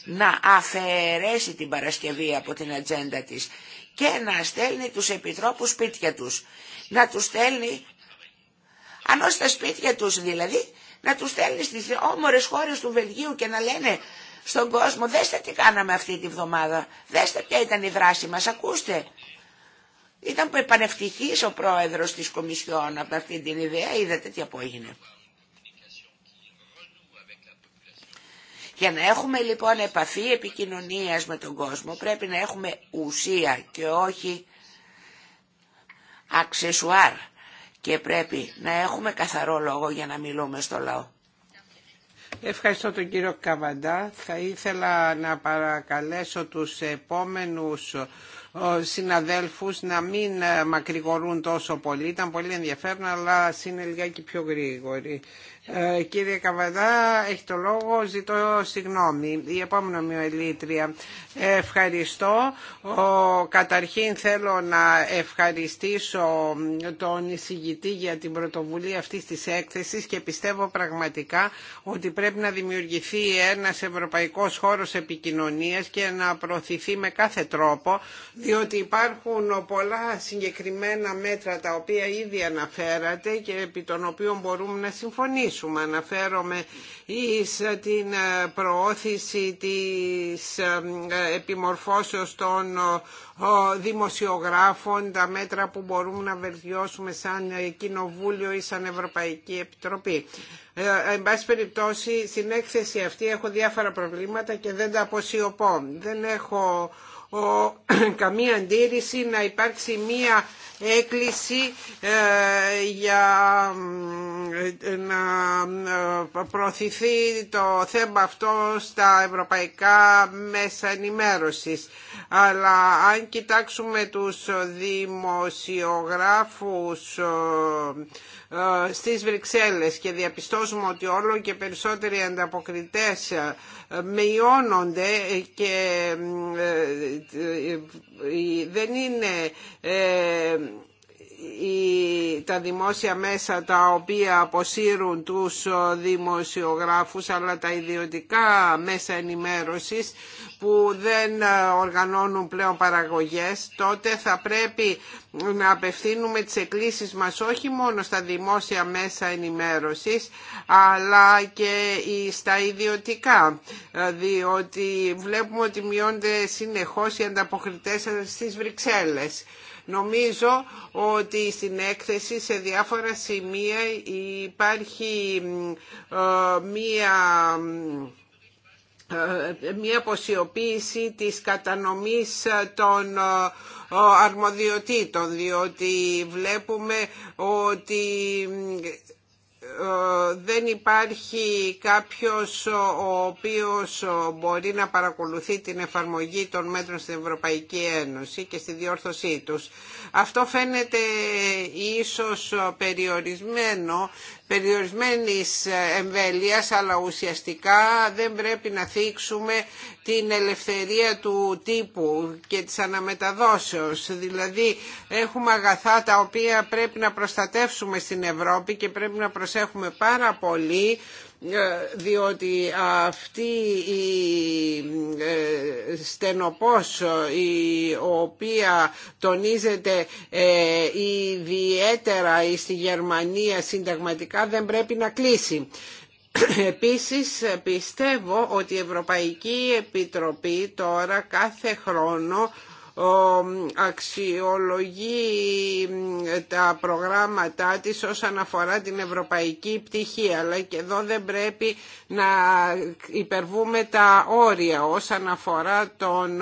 να αφαιρέσει την Παρασκευή από την ατζέντα της και να στέλνει τους επιτρόπους σπίτια τους. Να τους στέλνει, αν όχι στα σπίτια τους δηλαδή, να τους στέλνει στις όμορες χώρες του Βελγίου και να λένε στον κόσμο δέστε τι κάναμε αυτή τη βδομάδα, δέστε ποια ήταν η δράση μας, ακούστε. Ήταν επανευτυχής ο πρόεδρος της Κομισιόν από αυτή την ιδέα, είδατε τι απόγεινε. Για να έχουμε λοιπόν επαφή επικοινωνίας με τον κόσμο πρέπει να έχουμε ουσία και όχι αξεσουάρ και πρέπει να έχουμε καθαρό λόγο για να μιλούμε στο λαό. Ευχαριστώ τον κύριο Καβαντά. Θα ήθελα να παρακαλέσω τους επόμενους συναδέλφους να μην ε, μακρηγορούν τόσο πολύ. Ήταν πολύ ενδιαφέρον αλλά είναι λιγάκι πιο γρήγοροι. Ε, κύριε Καβαδά, έχει το λόγο, ζητώ συγγνώμη. Η επόμενη μειοελήτρια. Ευχαριστώ. Καταρχήν θέλω να ευχαριστήσω τον εισηγητή για την πρωτοβουλία αυτής της έκθεσης και πιστεύω πραγματικά ότι πρέπει να δημιουργηθεί ένας ευρωπαϊκός χώρος επικοινωνίας και να προωθηθεί με κάθε τρόπο, διότι υπάρχουν πολλά συγκεκριμένα μέτρα τα οποία ήδη αναφέρατε και επί των οποίων μπορούμε να συμφωνήσουμε. Αναφέρομαι εις ε, την ε, προώθηση της ε, επιμορφώσεως των δημοσιογράφων, τα μέτρα που μπορούμε να βελτιώσουμε σαν Κοινοβούλιο ή σαν Ευρωπαϊκή Επιτροπή. Ε, εν πάση περιπτώσει, στην έκθεση αυτή έχω διάφορα προβλήματα και δεν τα αποσιωπώ. Δεν έχω ο, καμία αντίρρηση να υπάρξει μία έκκληση ε, για να ε, προωθηθεί το θέμα αυτό στα ευρωπαϊκά μέσα Αλλά αν κοιτάξουμε τους δημοσιογράφους ε, στις Βρυξέλλες και διαπιστώσουμε ότι όλο και περισσότεροι ανταποκριτές μειώνονται και δεν είναι τα δημόσια μέσα τα οποία αποσύρουν τους ε, δημοσιογράφους αλλά τα ιδιωτικά μέσα ενημέρωσης που δεν ε, οργανώνουν πλέον παραγωγές τότε θα πρέπει να απευθύνουμε τις εκκλήσεις μας όχι μόνο στα δημόσια μέσα ενημέρωσης αλλά και στα ιδιωτικά ε, διότι βλέπουμε ότι μειώνται συνεχώς οι ανταποκριτές στις Βρυξέλλες. Νομίζω ότι στην έκθεση σε διάφορα σημεία υπάρχει ε, μία μια ε, αποσιοποίηση της κατανομής των ε, αρμοδιοτήτων διότι βλέπουμε ότι ε, δεν υπάρχει κάποιος ο οποίος ε, μπορεί να παρακολουθεί την εφαρμογή των μέτρων στην Ευρωπαϊκή Ένωση και στη διόρθωσή τους. Αυτό φαίνεται ίσως περιορισμένο, περιορισμένης εμβέλειας, αλλά ουσιαστικά δεν πρέπει να θίξουμε την ελευθερία του τύπου και της αναμεταδόσεως. Δηλαδή έχουμε αγαθά τα οποία πρέπει να προστατεύσουμε στην Ευρώπη και πρέπει να προσέχουμε πάρα πολύ ε, διότι αυτή η ε, στενοπός ε, η οποία τονίζεται ιδιαίτερα στη Γερμανία συνταγματικά δεν πρέπει να κλείσει. Επίσης πιστεύω ότι η Ευρωπαϊκή Επιτροπή τώρα κάθε χρόνο αξιολογεί τα προγράμματά της όσον αφορά την ευρωπαϊκή πτυχή αλλά και εδώ δεν πρέπει να υπερβούμε τα όρια όσον αφορά τον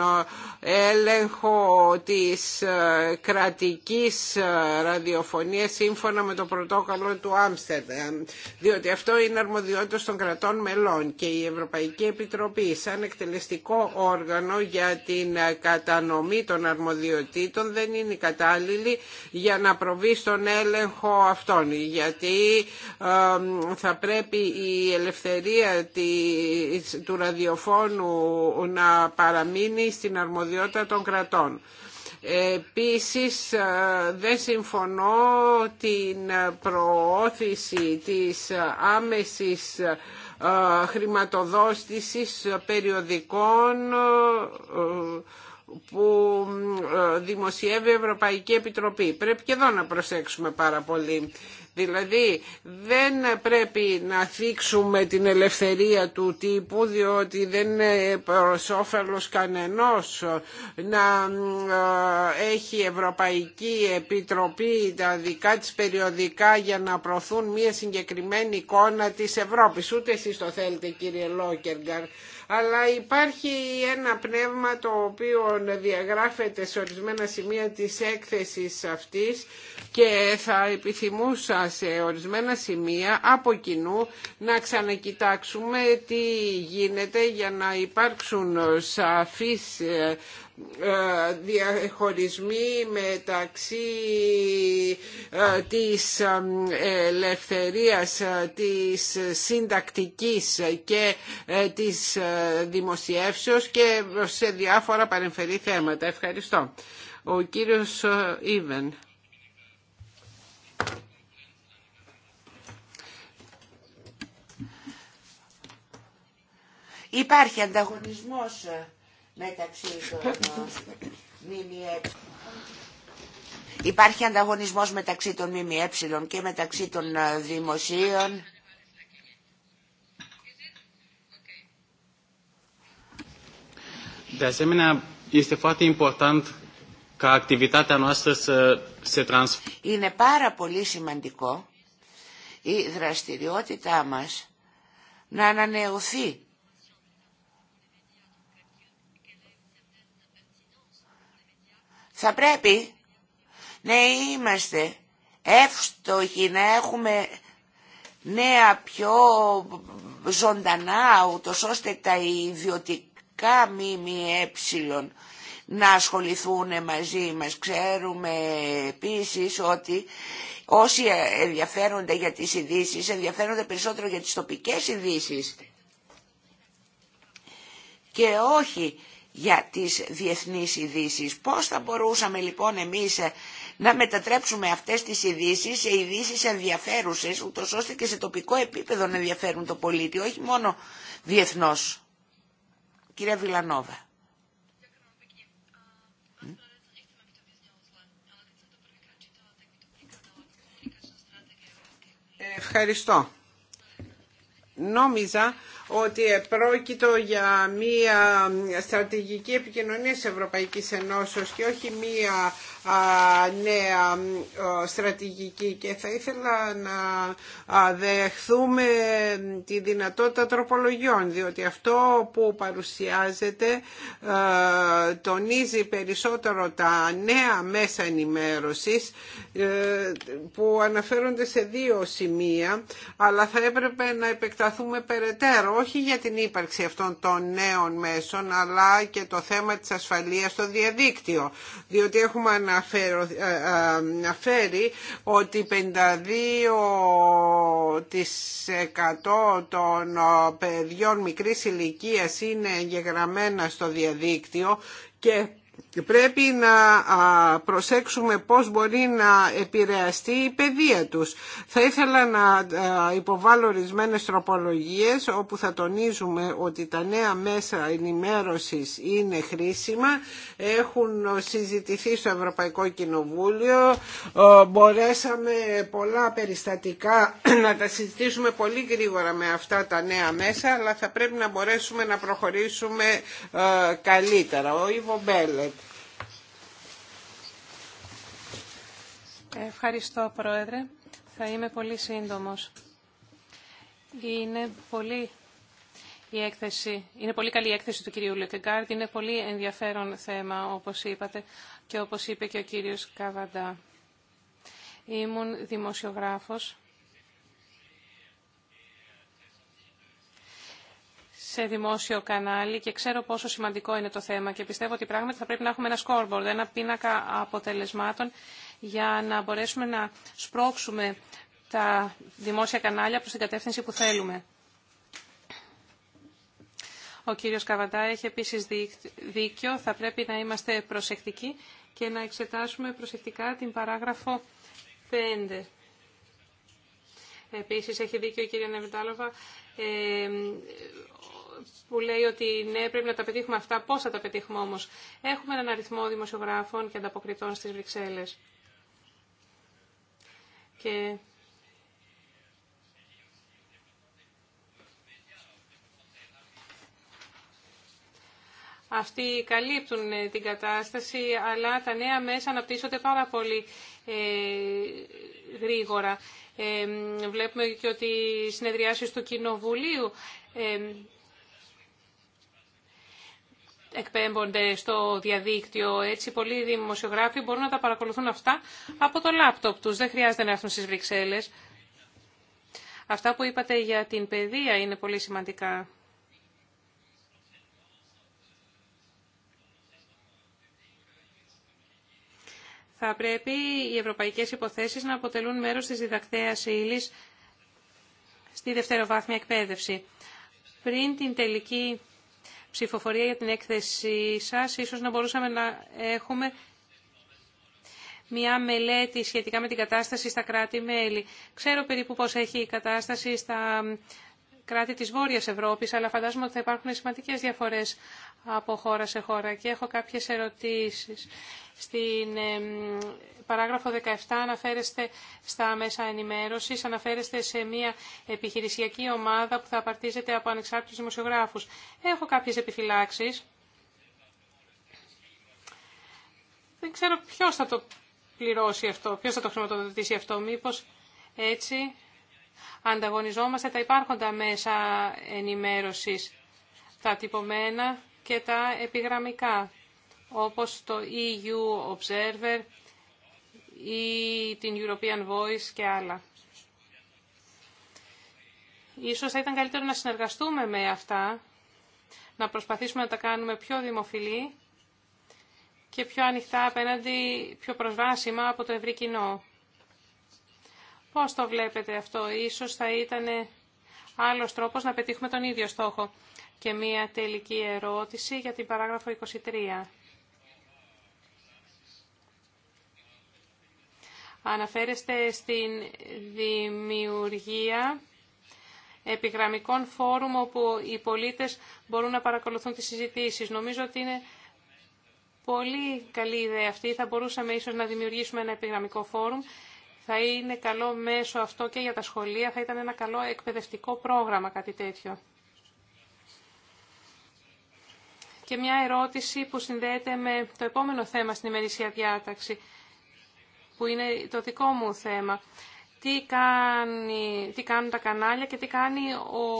ε, έλεγχο της ε, κρατικής ε, ραδιοφωνίας σύμφωνα με το πρωτόκολλο του Άμστερνταμ διότι αυτό είναι αρμοδιότητα των κρατών μελών και η Ευρωπαϊκή Επιτροπή σαν εκτελεστικό όργανο για την κατανομή των αρμοδιοτήτων δεν είναι κατάλληλη για να προβεί στον έλεγχο αυτών γιατί θα πρέπει η ελευθερία του ραδιοφώνου να παραμείνει στην αρμοδιότητα των κρατών. Επίσης ε, δεν συμφωνώ την προώθηση της άμεσης ε, χρηματοδότησης περιοδικών ε, που ε, δημοσιεύει η Ευρωπαϊκή Επιτροπή. Πρέπει και εδώ να προσέξουμε πάρα πολύ. Δηλαδή δεν πρέπει να θίξουμε την ελευθερία του τύπου διότι δεν είναι προς όφελος κανενός να ε, έχει η Ευρωπαϊκή Επιτροπή τα δικά της περιοδικά για να προωθούν μια συγκεκριμένη εικόνα της Ευρώπης. Ούτε εσείς το θέλετε κύριε Λόκεργκαρ αλλά υπάρχει ένα πνεύμα το οποίο διαγράφεται σε ορισμένα σημεία της έκθεσης αυτής και θα επιθυμούσα σε ορισμένα σημεία από κοινού να ξανακοιτάξουμε τι γίνεται για να υπάρξουν σαφείς ε, ε, διαχωρισμοί μεταξύ ε, της ε, ελευθερίας της συντακτικής και της δημοσιεύσεως και σε διάφορα παρεμφερή θέματα. Ευχαριστώ. Ο κύριος Ήβεν. Υπάρχει ανταγωνισμός ε, Υπάρχει ανταγωνισμός μεταξύ των ΜΜΕ και μεταξύ των δημοσίων. Είναι πάρα πολύ σημαντικό η δραστηριότητά μας να ανανεωθεί Θα πρέπει να είμαστε εύστοχοι, να έχουμε νέα πιο ζωντανά, ούτως ώστε τα ιδιωτικά ΜΜΕ να ασχοληθούν μαζί μας. Ξέρουμε επίσης ότι όσοι ενδιαφέρονται για τις ειδήσει, ενδιαφέρονται περισσότερο για τις τοπικές ειδήσει και όχι για τις διεθνείς ειδήσει. Πώς θα μπορούσαμε λοιπόν εμείς ε, να μετατρέψουμε αυτές τις ειδήσει σε ειδήσει ενδιαφέρουσες, ούτω ώστε και σε τοπικό επίπεδο να ενδιαφέρουν το πολίτη, όχι μόνο διεθνώς. Κυρία Βιλανόβα. Ευχαριστώ. Νόμιζα ότι πρόκειτο για μία στρατηγική επικοινωνία της Ευρωπαϊκής Ενώσεως και όχι μία νέα στρατηγική και θα ήθελα να δεχθούμε τη δυνατότητα τροπολογιών διότι αυτό που παρουσιάζεται τονίζει περισσότερο τα νέα μέσα ενημέρωσης ε, που αναφέρονται σε δύο σημεία αλλά θα έπρεπε να επεκταθούμε περαιτέρω όχι για την ύπαρξη αυτών των νέων μέσων αλλά και το θέμα της ασφαλείας στο διαδίκτυο διότι έχουμε ε, ε, αναφέρει ότι 52% των ε, παιδιών μικρής ηλικίας είναι εγγεγραμμένα στο διαδίκτυο και Πρέπει να προσέξουμε πώς μπορεί να επηρεαστεί η παιδεία τους. Θα ήθελα να υποβάλω ορισμένε τροπολογίες όπου θα τονίζουμε ότι τα νέα μέσα ενημέρωσης είναι χρήσιμα, έχουν συζητηθεί στο Ευρωπαϊκό Κοινοβούλιο, μπορέσαμε πολλά περιστατικά να τα συζητήσουμε πολύ γρήγορα με αυτά τα νέα μέσα, αλλά θα πρέπει να μπορέσουμε να προχωρήσουμε καλύτερα. Ο Ιβο Ευχαριστώ, Πρόεδρε. Θα είμαι πολύ σύντομος. Είναι πολύ, η έκθεση, είναι πολύ καλή η έκθεση του κυρίου Λεκεγκάρτ. Είναι πολύ ενδιαφέρον θέμα, όπως είπατε και όπως είπε και ο κύριος Καβαντά. Ήμουν δημοσιογράφος σε δημόσιο κανάλι και ξέρω πόσο σημαντικό είναι το θέμα και πιστεύω ότι πράγματι θα πρέπει να έχουμε ένα scoreboard, ένα πίνακα αποτελεσμάτων για να μπορέσουμε να σπρώξουμε τα δημόσια κανάλια προς την κατεύθυνση που θέλουμε. Ο κύριος Καβαντά έχει επίσης δίκιο. Θα πρέπει να είμαστε προσεκτικοί και να εξετάσουμε προσεκτικά την παράγραφο 5. Επίσης έχει δίκιο η κυρία Νεβιτάλοβα ε, που λέει ότι ναι, πρέπει να τα πετύχουμε αυτά. Πώς θα τα πετύχουμε όμως. Έχουμε έναν αριθμό δημοσιογράφων και ανταποκριτών στις Βρυξέλλες και Αυτοί καλύπτουν ε, την κατάσταση, αλλά τα νέα μέσα αναπτύσσονται πάρα πολύ ε, γρήγορα. Ε, βλέπουμε και ότι οι συνεδριάσεις του Κοινοβουλίου ε, εκπέμπονται στο διαδίκτυο. Έτσι, πολλοί δημοσιογράφοι μπορούν να τα παρακολουθούν αυτά από το λάπτοπ τους. Δεν χρειάζεται να έρθουν στις Βρυξέλλες. Αυτά που είπατε για την παιδεία είναι πολύ σημαντικά. Θα πρέπει οι ευρωπαϊκές υποθέσεις να αποτελούν μέρος της διδακτέας ύλη στη δευτεροβάθμια εκπαίδευση. Πριν την τελική ψηφοφορία για την έκθεσή σας. Ίσως να μπορούσαμε να έχουμε μια μελέτη σχετικά με την κατάσταση στα κράτη-μέλη. Ξέρω περίπου πώς έχει η κατάσταση στα κράτη της Βόρειας Ευρώπης, αλλά φαντάζομαι ότι θα υπάρχουν σημαντικές διαφορές από χώρα σε χώρα. Και έχω κάποιες ερωτήσεις. Στην παράγραφο 17 αναφέρεστε στα μέσα ενημέρωσης, αναφέρεστε σε μια επιχειρησιακή ομάδα που θα απαρτίζεται από ανεξάρτητους δημοσιογράφους. Έχω κάποιες επιφυλάξεις. Δεν ξέρω ποιος θα το πληρώσει αυτό, ποιος θα το χρηματοδοτήσει αυτό. Μήπως έτσι ανταγωνιζόμαστε τα υπάρχοντα μέσα ενημέρωσης, τα τυπωμένα και τα επιγραμμικά, όπως το EU Observer ή την European Voice και άλλα. Ίσως θα ήταν καλύτερο να συνεργαστούμε με αυτά, να προσπαθήσουμε να τα κάνουμε πιο δημοφιλή και πιο ανοιχτά απέναντι, πιο προσβάσιμα από το ευρύ κοινό. Πώς το βλέπετε αυτό, ίσως θα ήταν άλλος τρόπος να πετύχουμε τον ίδιο στόχο. Και μία τελική ερώτηση για την παράγραφο 23. Αναφέρεστε στην δημιουργία επιγραμμικών φόρουμ όπου οι πολίτες μπορούν να παρακολουθούν τις συζητήσεις. Νομίζω ότι είναι πολύ καλή ιδέα αυτή. Θα μπορούσαμε ίσως να δημιουργήσουμε ένα επιγραμμικό φόρουμ θα είναι καλό μέσο αυτό και για τα σχολεία, θα ήταν ένα καλό εκπαιδευτικό πρόγραμμα κάτι τέτοιο. Και μια ερώτηση που συνδέεται με το επόμενο θέμα στην ημερήσια διάταξη, που είναι το δικό μου θέμα. Τι, κάνει, τι κάνουν τα κανάλια και τι κάνει ο,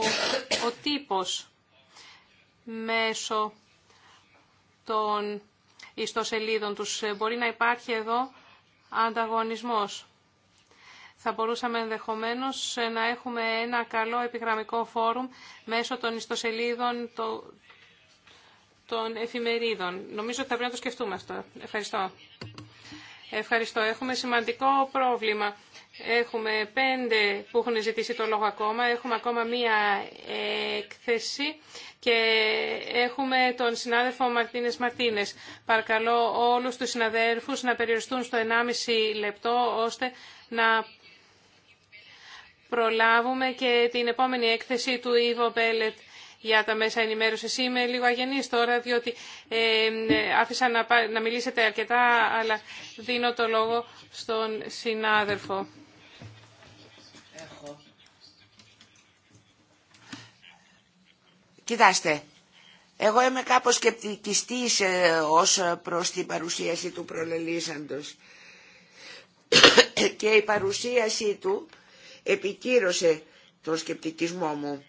ο τύπος μέσω των ιστοσελίδων τους. Μπορεί να υπάρχει εδώ ανταγωνισμός θα μπορούσαμε ενδεχομένως ε, να έχουμε ένα καλό επιγραμμικό φόρουμ μέσω των ιστοσελίδων των εφημερίδων. Νομίζω ότι θα πρέπει να το σκεφτούμε αυτό. Ευχαριστώ. Ευχαριστώ. Έχουμε σημαντικό πρόβλημα. Έχουμε πέντε που έχουν ζητήσει το λόγο ακόμα. Έχουμε ακόμα μία ε, έκθεση και έχουμε τον συνάδελφο Μαρτίνες Μαρτίνες. Παρακαλώ όλους τους συναδέρφους να περιοριστούν στο 1,5 λεπτό ώστε να προλάβουμε και την επόμενη έκθεση του Ιβο Μπέλετ για τα μέσα ενημέρωση. Είμαι λίγο αγενή τώρα, διότι άφησα να, μιλήσετε αρκετά, αλλά δίνω το λόγο στον συνάδελφο. Κοιτάστε, εγώ είμαι κάπως σκεπτικιστής ε, ως ε, προς την παρουσίαση του προλελήσαντος και η παρουσίαση του επικύρωσε τον σκεπτικισμό μου.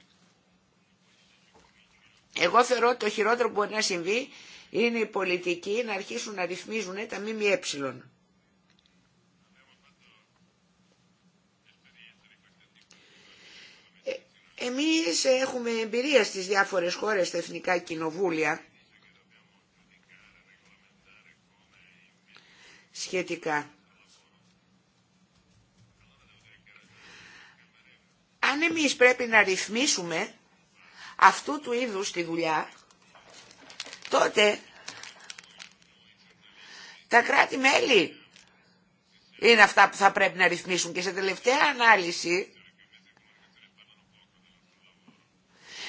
Εγώ θεωρώ ότι το χειρότερο που μπορεί να συμβεί είναι οι πολιτικοί να αρχίσουν να ρυθμίζουν τα ΜΜΕ. Ε, εμείς έχουμε εμπειρία στις διάφορες χώρες στα εθνικά κοινοβούλια σχετικά. αν εμείς πρέπει να ρυθμίσουμε αυτού του είδους τη δουλειά, τότε τα κράτη-μέλη είναι αυτά που θα πρέπει να ρυθμίσουν. Και σε τελευταία ανάλυση,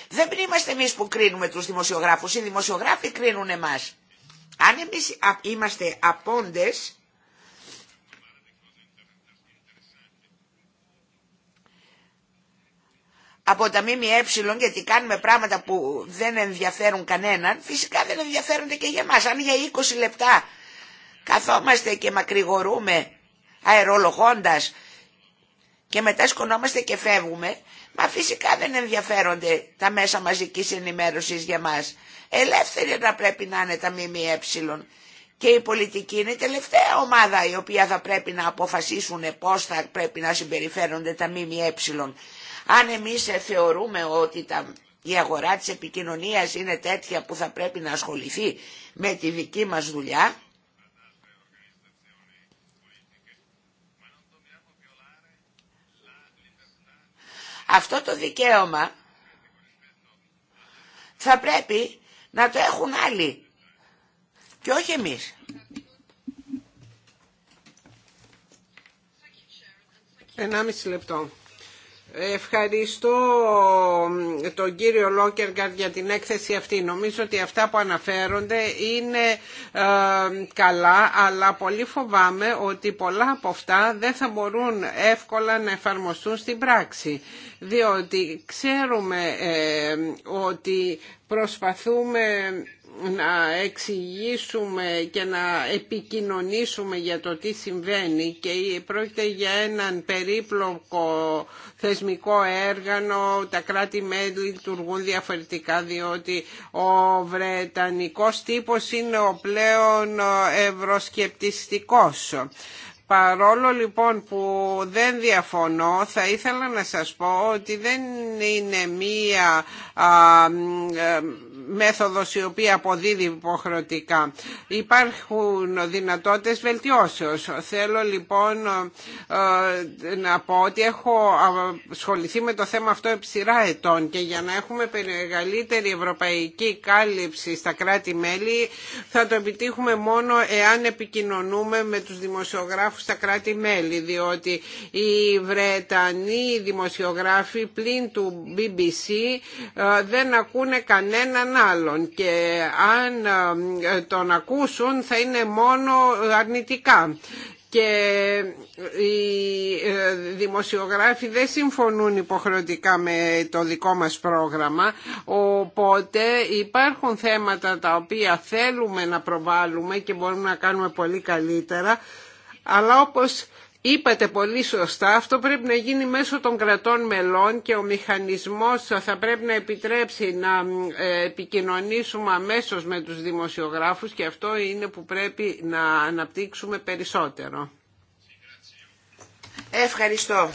δεν είμαστε εμείς που κρίνουμε τους δημοσιογράφους, οι δημοσιογράφοι κρίνουν εμάς. Αν εμείς είμαστε απόντες, από τα ΜΜΕ γιατί κάνουμε πράγματα που δεν ενδιαφέρουν κανέναν, φυσικά δεν ενδιαφέρονται και για μας. Αν για 20 λεπτά καθόμαστε και μακρηγορούμε αερολογώντας και μετά σκονόμαστε και φεύγουμε, μα φυσικά δεν ενδιαφέρονται τα μέσα μαζικής ενημέρωσης για μας. Ελεύθερη να πρέπει να είναι τα ΜΜΕ. Και η πολιτική είναι η τελευταία ομάδα η οποία θα πρέπει να αποφασίσουν πώς θα πρέπει να συμπεριφέρονται τα ΜΜΕ. Αν εμείς ε, θεωρούμε ότι τα, η αγορά της επικοινωνίας είναι τέτοια που θα πρέπει να ασχοληθεί με τη δική μας δουλειά, αυτό το δικαίωμα θα πρέπει να το έχουν άλλοι και όχι εμείς. Ενάμιση λεπτό. Ευχαριστώ τον κύριο Λόκεργαρτ για την έκθεση αυτή. Νομίζω ότι αυτά που αναφέρονται είναι ε, καλά, αλλά πολύ φοβάμαι ότι πολλά από αυτά δεν θα μπορούν εύκολα να εφαρμοστούν στην πράξη. Διότι ξέρουμε ε, ότι προσπαθούμε να εξηγήσουμε και να επικοινωνήσουμε για το τι συμβαίνει και πρόκειται για έναν περίπλοκο θεσμικό έργανο, τα κράτη-μέλη λειτουργούν διαφορετικά διότι ο Βρετανικός τύπος είναι ο πλέον ευρωσκεπτιστικός. Παρόλο λοιπόν που δεν διαφωνώ θα ήθελα να σας πω ότι δεν είναι μία ε, μέθοδος η οποία αποδίδει υποχρεωτικά. Υπάρχουν δυνατότητες βελτιώσεως. Θέλω λοιπόν ε, να πω ότι έχω ασχοληθεί με το θέμα αυτό επί ετών και για να έχουμε μεγαλύτερη ευρωπαϊκή κάλυψη στα κράτη-μέλη θα το επιτύχουμε μόνο εάν επικοινωνούμε με τους δημοσιογράφους στα κράτη-μέλη διότι οι Βρετανοί δημοσιογράφοι πλην του BBC ε, δεν ακούνε κανέναν άλλον και αν ε, τον ακούσουν θα είναι μόνο αρνητικά και οι ε, δημοσιογράφοι δεν συμφωνούν υποχρεωτικά με το δικό μας πρόγραμμα οπότε υπάρχουν θέματα τα οποία θέλουμε να προβάλλουμε και μπορούμε να κάνουμε πολύ καλύτερα αλλά όπως Είπατε πολύ σωστά, αυτό πρέπει να γίνει μέσω των κρατών μελών και ο μηχανισμός θα πρέπει να επιτρέψει να ε, επικοινωνήσουμε αμέσως με τους δημοσιογράφους και αυτό είναι που πρέπει να αναπτύξουμε περισσότερο. Ευχαριστώ.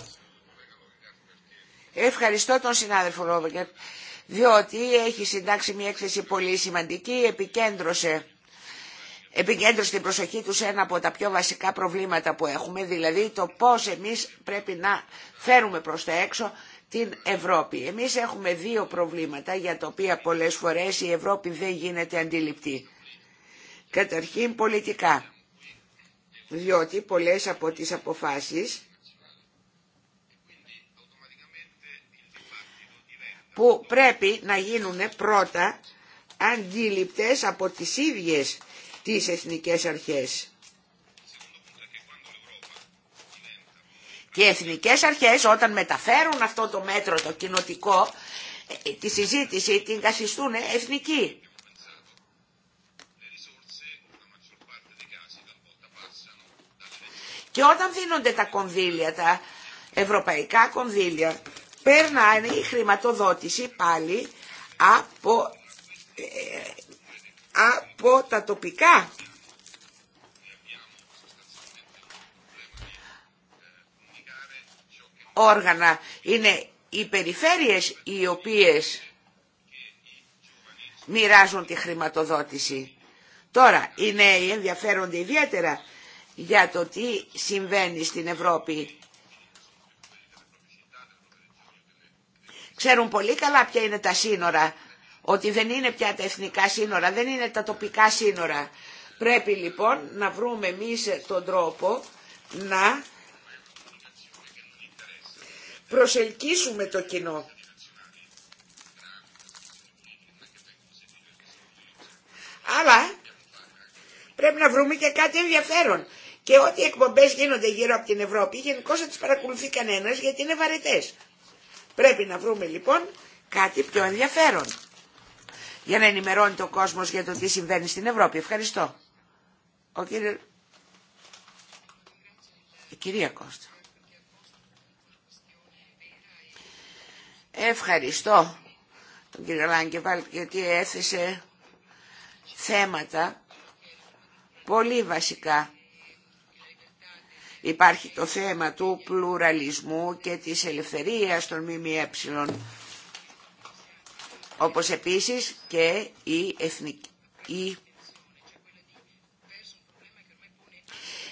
Ευχαριστώ τον συνάδελφο Ρόβεκερ, διότι έχει συντάξει μια έκθεση πολύ σημαντική, επικέντρωσε επικέντρωσε την προσοχή του σε ένα από τα πιο βασικά προβλήματα που έχουμε, δηλαδή το πώς εμείς πρέπει να φέρουμε προς τα έξω την Ευρώπη. Εμείς έχουμε δύο προβλήματα για τα οποία πολλές φορές η Ευρώπη δεν γίνεται αντιληπτή. Καταρχήν πολιτικά, διότι πολλές από τις αποφάσεις που πρέπει να γίνουν πρώτα αντιληπτές από τις ίδιες τις εθνικές αρχές. Και οι εθνικές αρχές όταν μεταφέρουν αυτό το μέτρο το κοινοτικό, ε, τη συζήτηση την καθιστούν εθνική. Και όταν δίνονται τα κονδύλια, τα ευρωπαϊκά κονδύλια, περνάνε η χρηματοδότηση πάλι από ε, από τα τοπικά. Όργανα. Είναι οι περιφέρειες οι οποίες μοιράζουν τη χρηματοδότηση. Τώρα, οι νέοι ενδιαφέρονται ιδιαίτερα για το τι συμβαίνει στην Ευρώπη. Ξέρουν πολύ καλά ποια είναι τα σύνορα ότι δεν είναι πια τα εθνικά σύνορα, δεν είναι τα τοπικά σύνορα. Πρέπει λοιπόν να βρούμε εμεί τον τρόπο να προσελκύσουμε το κοινό. Αλλά πρέπει να βρούμε και κάτι ενδιαφέρον. Και ό,τι εκπομπές γίνονται γύρω από την Ευρώπη, γενικώ θα τις παρακολουθεί κανένας γιατί είναι βαρετές. Πρέπει να βρούμε λοιπόν κάτι πιο ενδιαφέρον για να ενημερώνει το κόσμο για το τι συμβαίνει στην Ευρώπη. Ευχαριστώ. Ο κύριε... Ευχαριστώ τον κύριο Λάγκεβαλτ γιατί έθεσε θέματα πολύ βασικά. Υπάρχει το θέμα του πλουραλισμού και της ελευθερίας των ΜΜΕ όπως επίσης και οι εθνικοί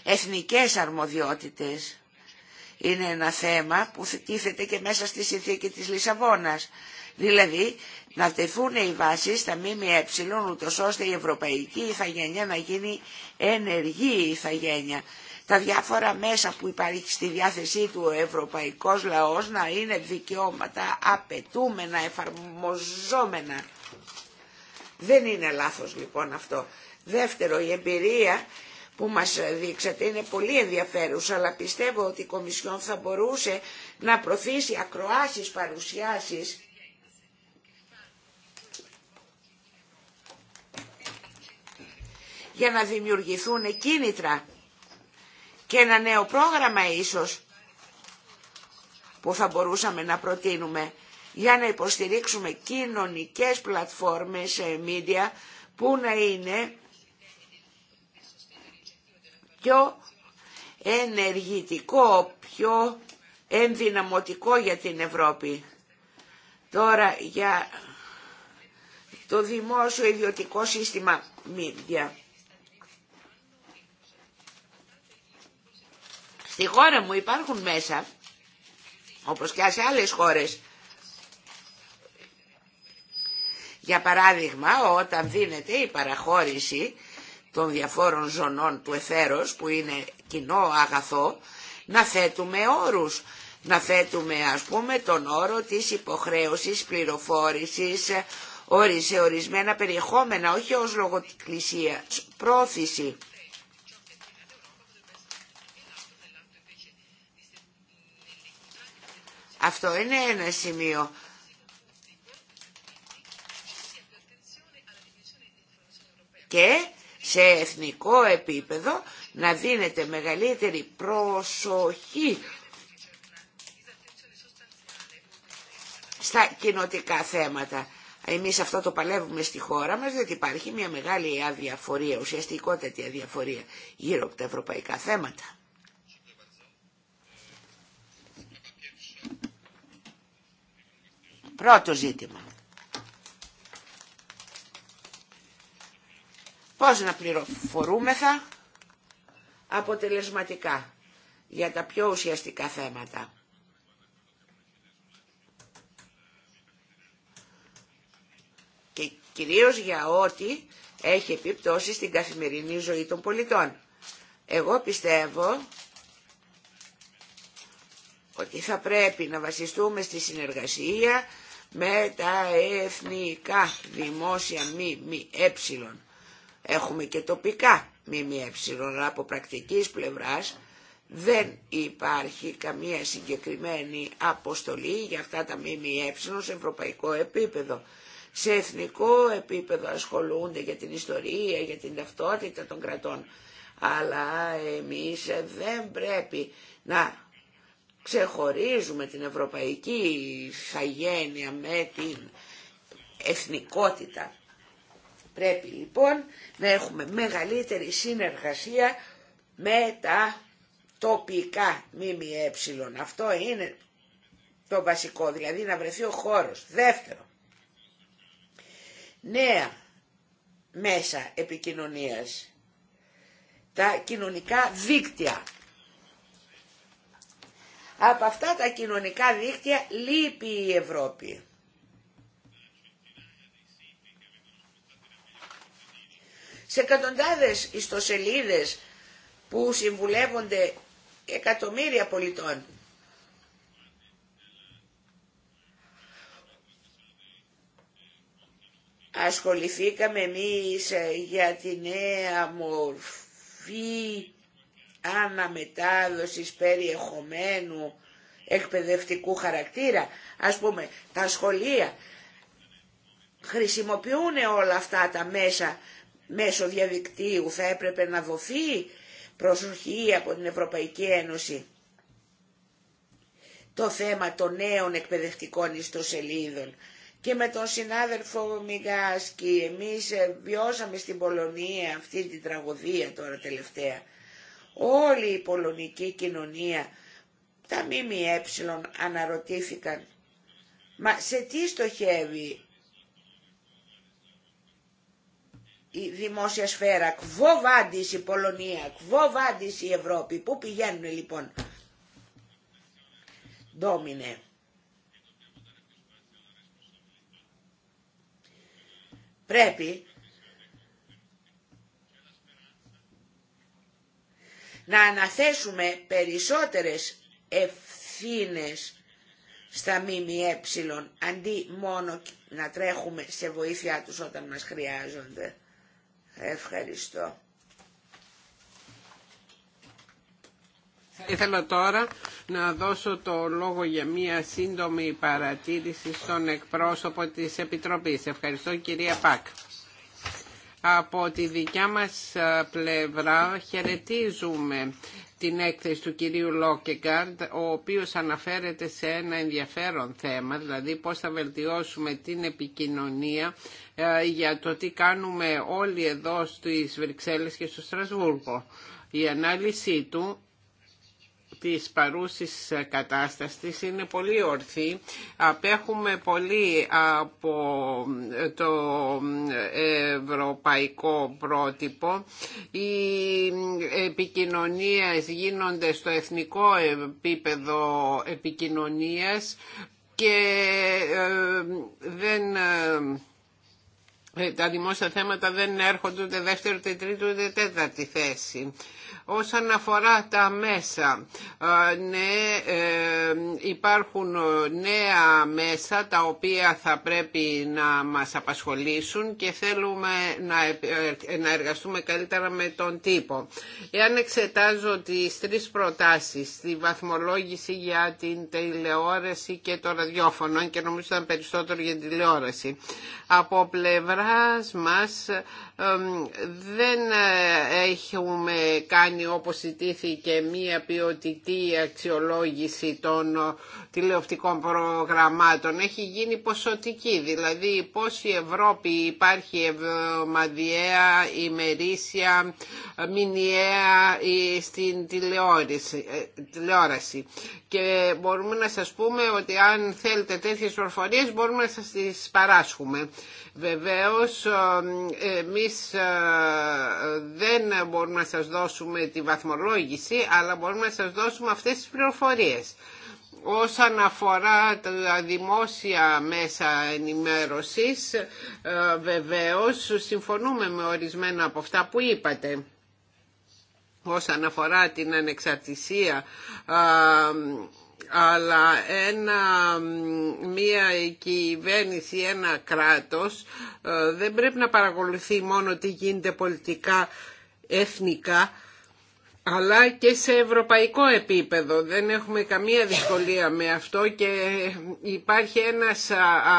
εθνικές αρμοδιότητες είναι ένα θέμα που τίθεται και μέσα στη συνθήκη της Λισαβόνας. Δηλαδή να τεθούν οι βάσεις στα ΜΜΕ ούτως ώστε η ευρωπαϊκή ηθαγένεια να γίνει ενεργή ηθαγένεια τα διάφορα μέσα που υπάρχει στη διάθεσή του ο ευρωπαϊκός λαός να είναι δικαιώματα απαιτούμενα, εφαρμοζόμενα. Δεν είναι λάθος λοιπόν αυτό. Δεύτερο, η εμπειρία που μας δείξατε είναι πολύ ενδιαφέρουσα, αλλά πιστεύω ότι η Κομισιόν θα μπορούσε να προθήσει ακροάσεις παρουσιάσεις για να δημιουργηθούν κίνητρα και ένα νέο πρόγραμμα ίσως που θα μπορούσαμε να προτείνουμε για να υποστηρίξουμε κοινωνικές πλατφόρμες, ε, media, που να είναι πιο ενεργητικό, πιο ενδυναμωτικό για την Ευρώπη. Τώρα για το δημόσιο ιδιωτικό σύστημα media. Στη χώρα μου υπάρχουν μέσα, όπως και σε άλλες χώρες, για παράδειγμα, όταν δίνεται η παραχώρηση των διαφόρων ζωνών του εθέρος, που είναι κοινό αγαθό, να θέτουμε όρους. Να θέτουμε, ας πούμε, τον όρο της υποχρέωσης πληροφόρησης σε ορισμένα περιεχόμενα, όχι ως λογοκλησία, πρόθεση. Αυτό είναι ένα σημείο. Και σε εθνικό επίπεδο να δίνεται μεγαλύτερη προσοχή στα κοινοτικά θέματα. Εμείς αυτό το παλεύουμε στη χώρα μας, διότι υπάρχει μια μεγάλη αδιαφορία, ουσιαστικότατη αδιαφορία γύρω από τα ευρωπαϊκά θέματα. Πρώτο ζήτημα. Πώς να πληροφορούμεθα αποτελεσματικά για τα πιο ουσιαστικά θέματα. Και κυρίως για ό,τι έχει επιπτώσει στην καθημερινή ζωή των πολιτών. Εγώ πιστεύω ότι θα πρέπει να βασιστούμε στη συνεργασία, με τα εθνικά δημόσια μη μη ε. Έχουμε και τοπικά μη μη αλλά από πρακτικής πλευράς δεν υπάρχει καμία συγκεκριμένη αποστολή για αυτά τα ΜΜΕ σε ευρωπαϊκό επίπεδο. Σε εθνικό επίπεδο ασχολούνται για την ιστορία, για την ταυτότητα των κρατών. Αλλά εμείς δεν πρέπει να ξεχωρίζουμε την ευρωπαϊκή σαγένεια με την εθνικότητα. Πρέπει λοιπόν να έχουμε μεγαλύτερη συνεργασία με τα τοπικά ΜΜΕ. Αυτό είναι το βασικό, δηλαδή να βρεθεί ο χώρος. Δεύτερο, νέα μέσα επικοινωνίας, τα κοινωνικά δίκτυα από αυτά τα κοινωνικά δίκτυα λείπει η Ευρώπη. Σε εκατοντάδες ιστοσελίδες που συμβουλεύονται εκατομμύρια πολιτών. Ασχοληθήκαμε εμείς για τη νέα μορφή αναμετάδοσης περιεχομένου εκπαιδευτικού χαρακτήρα. Ας πούμε, τα σχολεία χρησιμοποιούν όλα αυτά τα μέσα μέσω διαδικτύου. Θα έπρεπε να δοθεί προσοχή από την Ευρωπαϊκή Ένωση το θέμα των νέων εκπαιδευτικών ιστοσελίδων. Και με τον συνάδελφο Μιγάσκι, εμείς βιώσαμε στην Πολωνία αυτή την τραγωδία τώρα τελευταία. Όλη η πολωνική κοινωνία, τα ΜΜΕ αναρωτήθηκαν, μα σε τι στοχεύει η δημόσια σφαίρα, κβο η Πολωνία, κβο η Ευρώπη, πού πηγαίνουν λοιπόν. Ντόμινε. Πρέπει να αναθέσουμε περισσότερες ευθύνες στα ΜΜΕ αντί μόνο να τρέχουμε σε βοήθειά τους όταν μας χρειάζονται. Ευχαριστώ. Ήθελα τώρα να δώσω το λόγο για μία σύντομη παρατήρηση στον εκπρόσωπο της Επιτροπής. Ευχαριστώ κυρία Πακ. Από τη δικιά μας ε, πλευρά χαιρετίζουμε την έκθεση του κυρίου Λόκεγκαρντ, ο οποίος αναφέρεται σε ένα ενδιαφέρον θέμα, δηλαδή πώς θα βελτιώσουμε την επικοινωνία ε, για το τι κάνουμε όλοι εδώ στις Βρυξέλλες και στο Στρασβούργο. Η ανάλυση του της παρούσης κατάστασης είναι πολύ ορθή. Απέχουμε πολύ από το ευρωπαϊκό πρότυπο. Οι επικοινωνίες γίνονται στο εθνικό επίπεδο επικοινωνίας και ε, δεν ε, τα δημόσια θέματα δεν έρχονται ούτε δεύτερη, ούτε τρίτη, ούτε τέταρτη θέση. Όσον αφορά τα μέσα, ε, ναι, ε, υπάρχουν νέα μέσα τα οποία θα πρέπει να μας απασχολήσουν και θέλουμε ε, να εργαστούμε καλύτερα με τον τύπο. Εάν εξετάζω τις τρεις προτάσεις, τη βαθμολόγηση για την τηλεόραση και το ραδιόφωνο, και νομίζω ήταν περισσότερο για την τηλεόραση, από πλευρά μας δεν ε, έχουμε κάνει όπως ζητήθηκε μία ποιοτική αξιολόγηση των ε, τηλεοπτικών προγραμμάτων. Έχει γίνει ποσοτική, δηλαδή πώς η Ευρώπη υπάρχει εβδομαδιαία, ημερήσια, μηνιαία ε, στην τηλεόραση. Και μπορούμε να σας πούμε ότι αν θέλετε τέτοιες προφορίες μπορούμε να σας τις παράσχουμε. Βεβαίως, εμείς ε, δεν μπορούμε να σας δώσουμε τη βαθμολόγηση, αλλά μπορούμε να σας δώσουμε αυτές τις πληροφορίες. Όσον αφορά τα δημόσια μέσα ενημέρωσης, ε, βεβαίως συμφωνούμε με ορισμένα από αυτά που είπατε όσον αφορά την ανεξαρτησία ε, αλλά ένα, μια κυβέρνηση, ένα κράτος ε, δεν πρέπει να παρακολουθεί μόνο τι γίνεται πολιτικά εθνικά αλλά και σε ευρωπαϊκό επίπεδο. Δεν έχουμε καμία δυσκολία με αυτό και υπάρχει ένας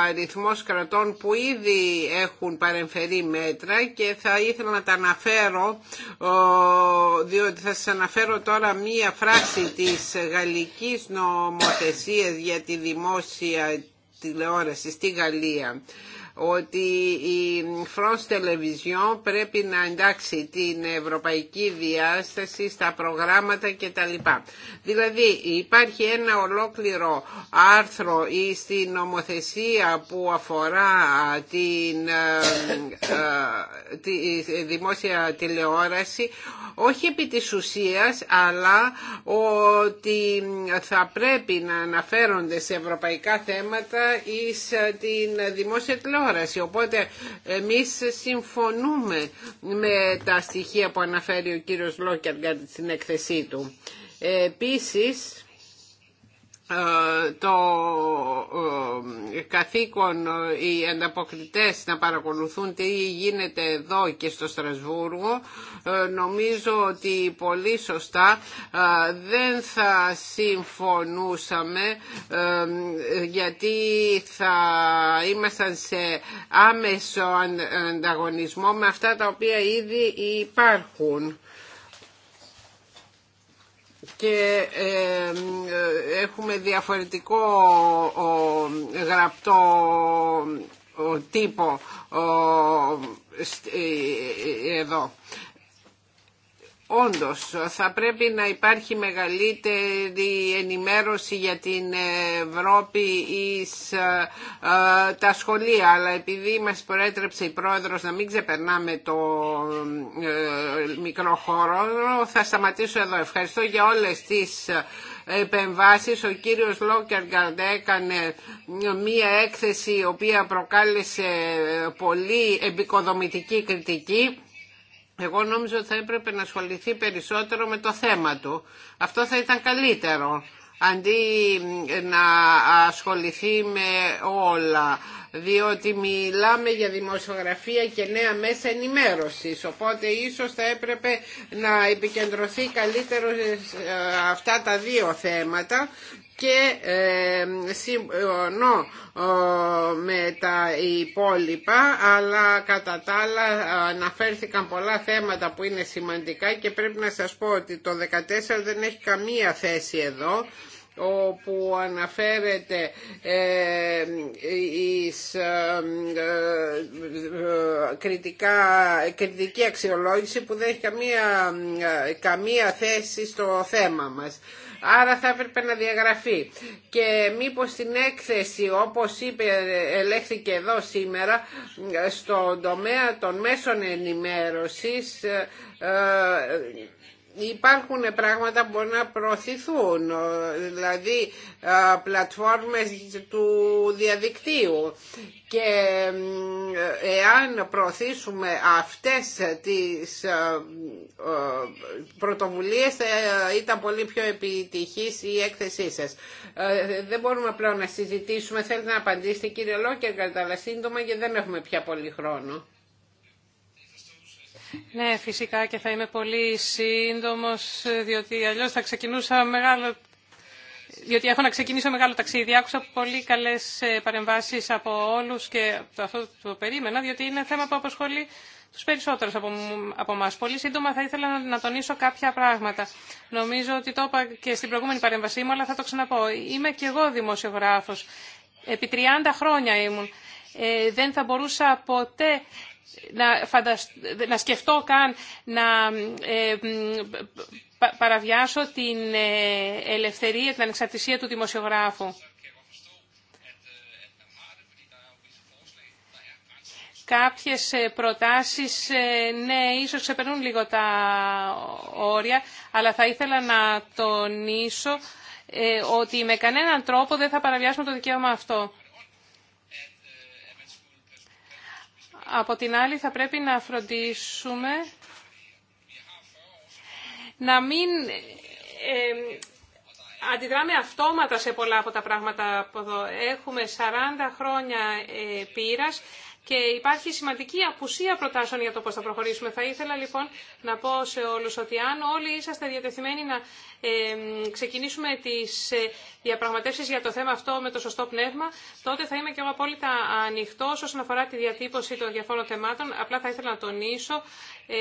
αριθμός κρατών που ήδη έχουν παρεμφερεί μέτρα και θα ήθελα να τα αναφέρω, διότι θα σας αναφέρω τώρα μία φράση της γαλλικής νομοθεσίας για τη δημόσια τηλεόραση στη Γαλλία ότι η France Television πρέπει να εντάξει την ευρωπαϊκή διάσταση στα προγράμματα κτλ. Δηλαδή υπάρχει ένα ολόκληρο άρθρο ή στην νομοθεσία που αφορά την, τη ε, δημόσια τηλεόραση όχι επί της ουσίας αλλά ότι θα πρέπει να αναφέρονται σε ευρωπαϊκά θέματα ή ε, την δημόσια τηλεόραση τηλεόραση. Οπότε εμείς συμφωνούμε με τα στοιχεία που αναφέρει ο κύριος για στην έκθεσή του. Επίσης, ε, το ε, καθήκον ε, οι ανταποκριτές να παρακολουθούν τι γίνεται εδώ και στο Στρασβούργο νομίζω ότι πολύ σωστά δεν θα συμφωνούσαμε γιατί θα ήμασταν σε άμεσο ανταγωνισμό με αυτά τα οποία ήδη υπάρχουν και ε, ε, έχουμε διαφορετικό γραπτό τύπο ε, εδώ. Όντως θα πρέπει να υπάρχει μεγαλύτερη ενημέρωση για την Ευρώπη η ε, τα σχολεία αλλά επειδή μας προέτρεψε η Πρόεδρος να μην ξεπερνάμε το ε, μικρό χώρο θα σταματήσω εδώ. Ευχαριστώ για όλες τις επεμβάσεις. Ο κύριος Λόκεργαρντ έκανε μία έκθεση η οποία προκάλεσε πολύ επικοδομητική κριτική εγώ νόμιζα ότι θα έπρεπε να ασχοληθεί περισσότερο με το θέμα του. Αυτό θα ήταν καλύτερο αντί ε, να ασχοληθεί με όλα διότι μιλάμε για δημοσιογραφία και νέα μέσα ενημέρωσης οπότε ίσως θα έπρεπε να επικεντρωθεί καλύτερο ε, σε ε, αυτά τα δύο θέματα και συμφωνώ με τα υπόλοιπα αλλά κατά τα άλλα αναφέρθηκαν πολλά θέματα που είναι σημαντικά και πρέπει να σας πω ότι το 14 δεν έχει καμία θέση εδώ όπου αναφέρεται η ε, κριτική αξιολόγηση που δεν έχει καμία, καμία θέση στο θέμα μας άρα θα έπρεπε να διαγραφεί. Και μήπως την έκθεση, όπως είπε, ελέγχθηκε εδώ σήμερα, στον τομέα των μέσων ενημέρωσης, ε, ε, υπάρχουν πράγματα που μπορούν να προωθηθούν, δηλαδή ε, πλατφόρμες του διαδικτύου και εάν προωθήσουμε αυτές τις ε, ε, πρωτοβουλίες ήταν πολύ πιο επιτυχής η έκθεσή σας. Δεν μπορούμε πλέον να συζητήσουμε, θέλετε να απαντήσετε κύριε Λόκερ, αλλά σύντομα γιατί δεν έχουμε πια πολύ χρόνο. Ναι, φυσικά και θα είμαι πολύ σύντομος, διότι αλλιώς θα ξεκινούσα μεγάλο διότι έχω να ξεκινήσω μεγάλο ταξίδι. Άκουσα πολύ καλέ ε, παρεμβάσει από όλου και αυτό το περίμενα, διότι είναι θέμα που απασχολεί του περισσότερου από, από εμά. Πολύ σύντομα θα ήθελα να, τονίσω κάποια πράγματα. Νομίζω ότι το είπα και στην προηγούμενη παρέμβασή μου, αλλά θα το ξαναπώ. Είμαι και εγώ δημοσιογράφο. Επί 30 χρόνια ήμουν. Ε, δεν θα μπορούσα ποτέ να, να σκεφτώ καν να ε, παραβιάσω την ε, ελευθερία, την ανεξαρτησία του δημοσιογράφου. Κάποιες ε, προτάσεις, ναι, ίσως ξεπερνούν λίγο τα όρια, αλλά θα ήθελα να τονίσω ότι με κανέναν τρόπο δεν θα παραβιάσουμε το δικαίωμα αυτό. Από την άλλη θα πρέπει να φροντίσουμε να μην ε, αντιδράμε αυτόματα σε πολλά από τα πράγματα που εδώ. Έχουμε 40 χρόνια ε, και υπάρχει σημαντική απουσία προτάσεων για το πώς θα προχωρήσουμε. Θα ήθελα λοιπόν να πω σε όλους ότι αν όλοι είσαστε διατεθειμένοι να ε, ξεκινήσουμε τις ε, διαπραγματεύσεις για το θέμα αυτό με το σωστό πνεύμα, τότε θα είμαι και εγώ απόλυτα ανοιχτό όσον αφορά τη διατύπωση των διαφόρων θεμάτων. Απλά θα ήθελα να τονίσω ε,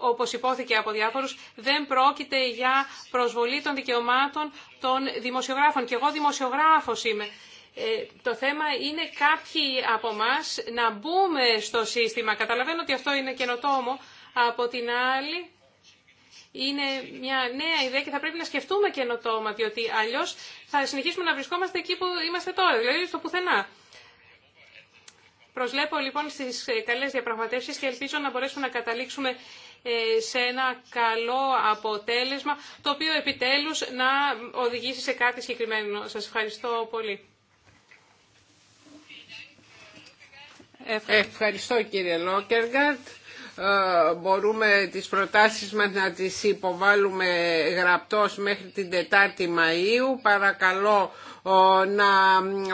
όπως υπόθηκε από διάφορους, δεν πρόκειται για προσβολή των δικαιωμάτων των δημοσιογράφων. Και εγώ δημοσιογράφος είμαι. Ε, το θέμα είναι κάποιοι από εμά να μπούμε στο σύστημα. Καταλαβαίνω ότι αυτό είναι καινοτόμο. Από την άλλη, είναι μια νέα ιδέα και θα πρέπει να σκεφτούμε καινοτόμα, διότι αλλιώ θα συνεχίσουμε να βρισκόμαστε εκεί που είμαστε τώρα, δηλαδή στο πουθενά. Προσλέπω λοιπόν στι ε, καλέ διαπραγματεύσει και ελπίζω να μπορέσουμε να καταλήξουμε ε, σε ένα καλό αποτέλεσμα, το οποίο επιτέλους να οδηγήσει σε κάτι συγκεκριμένο. Σας ευχαριστώ πολύ. Ευχαριστώ κύριε Λόκεργαρτ. Ε, μπορούμε τις προτάσεις μας να τις υποβάλουμε γραπτός μέχρι την 4η Μαΐου. Παρακαλώ να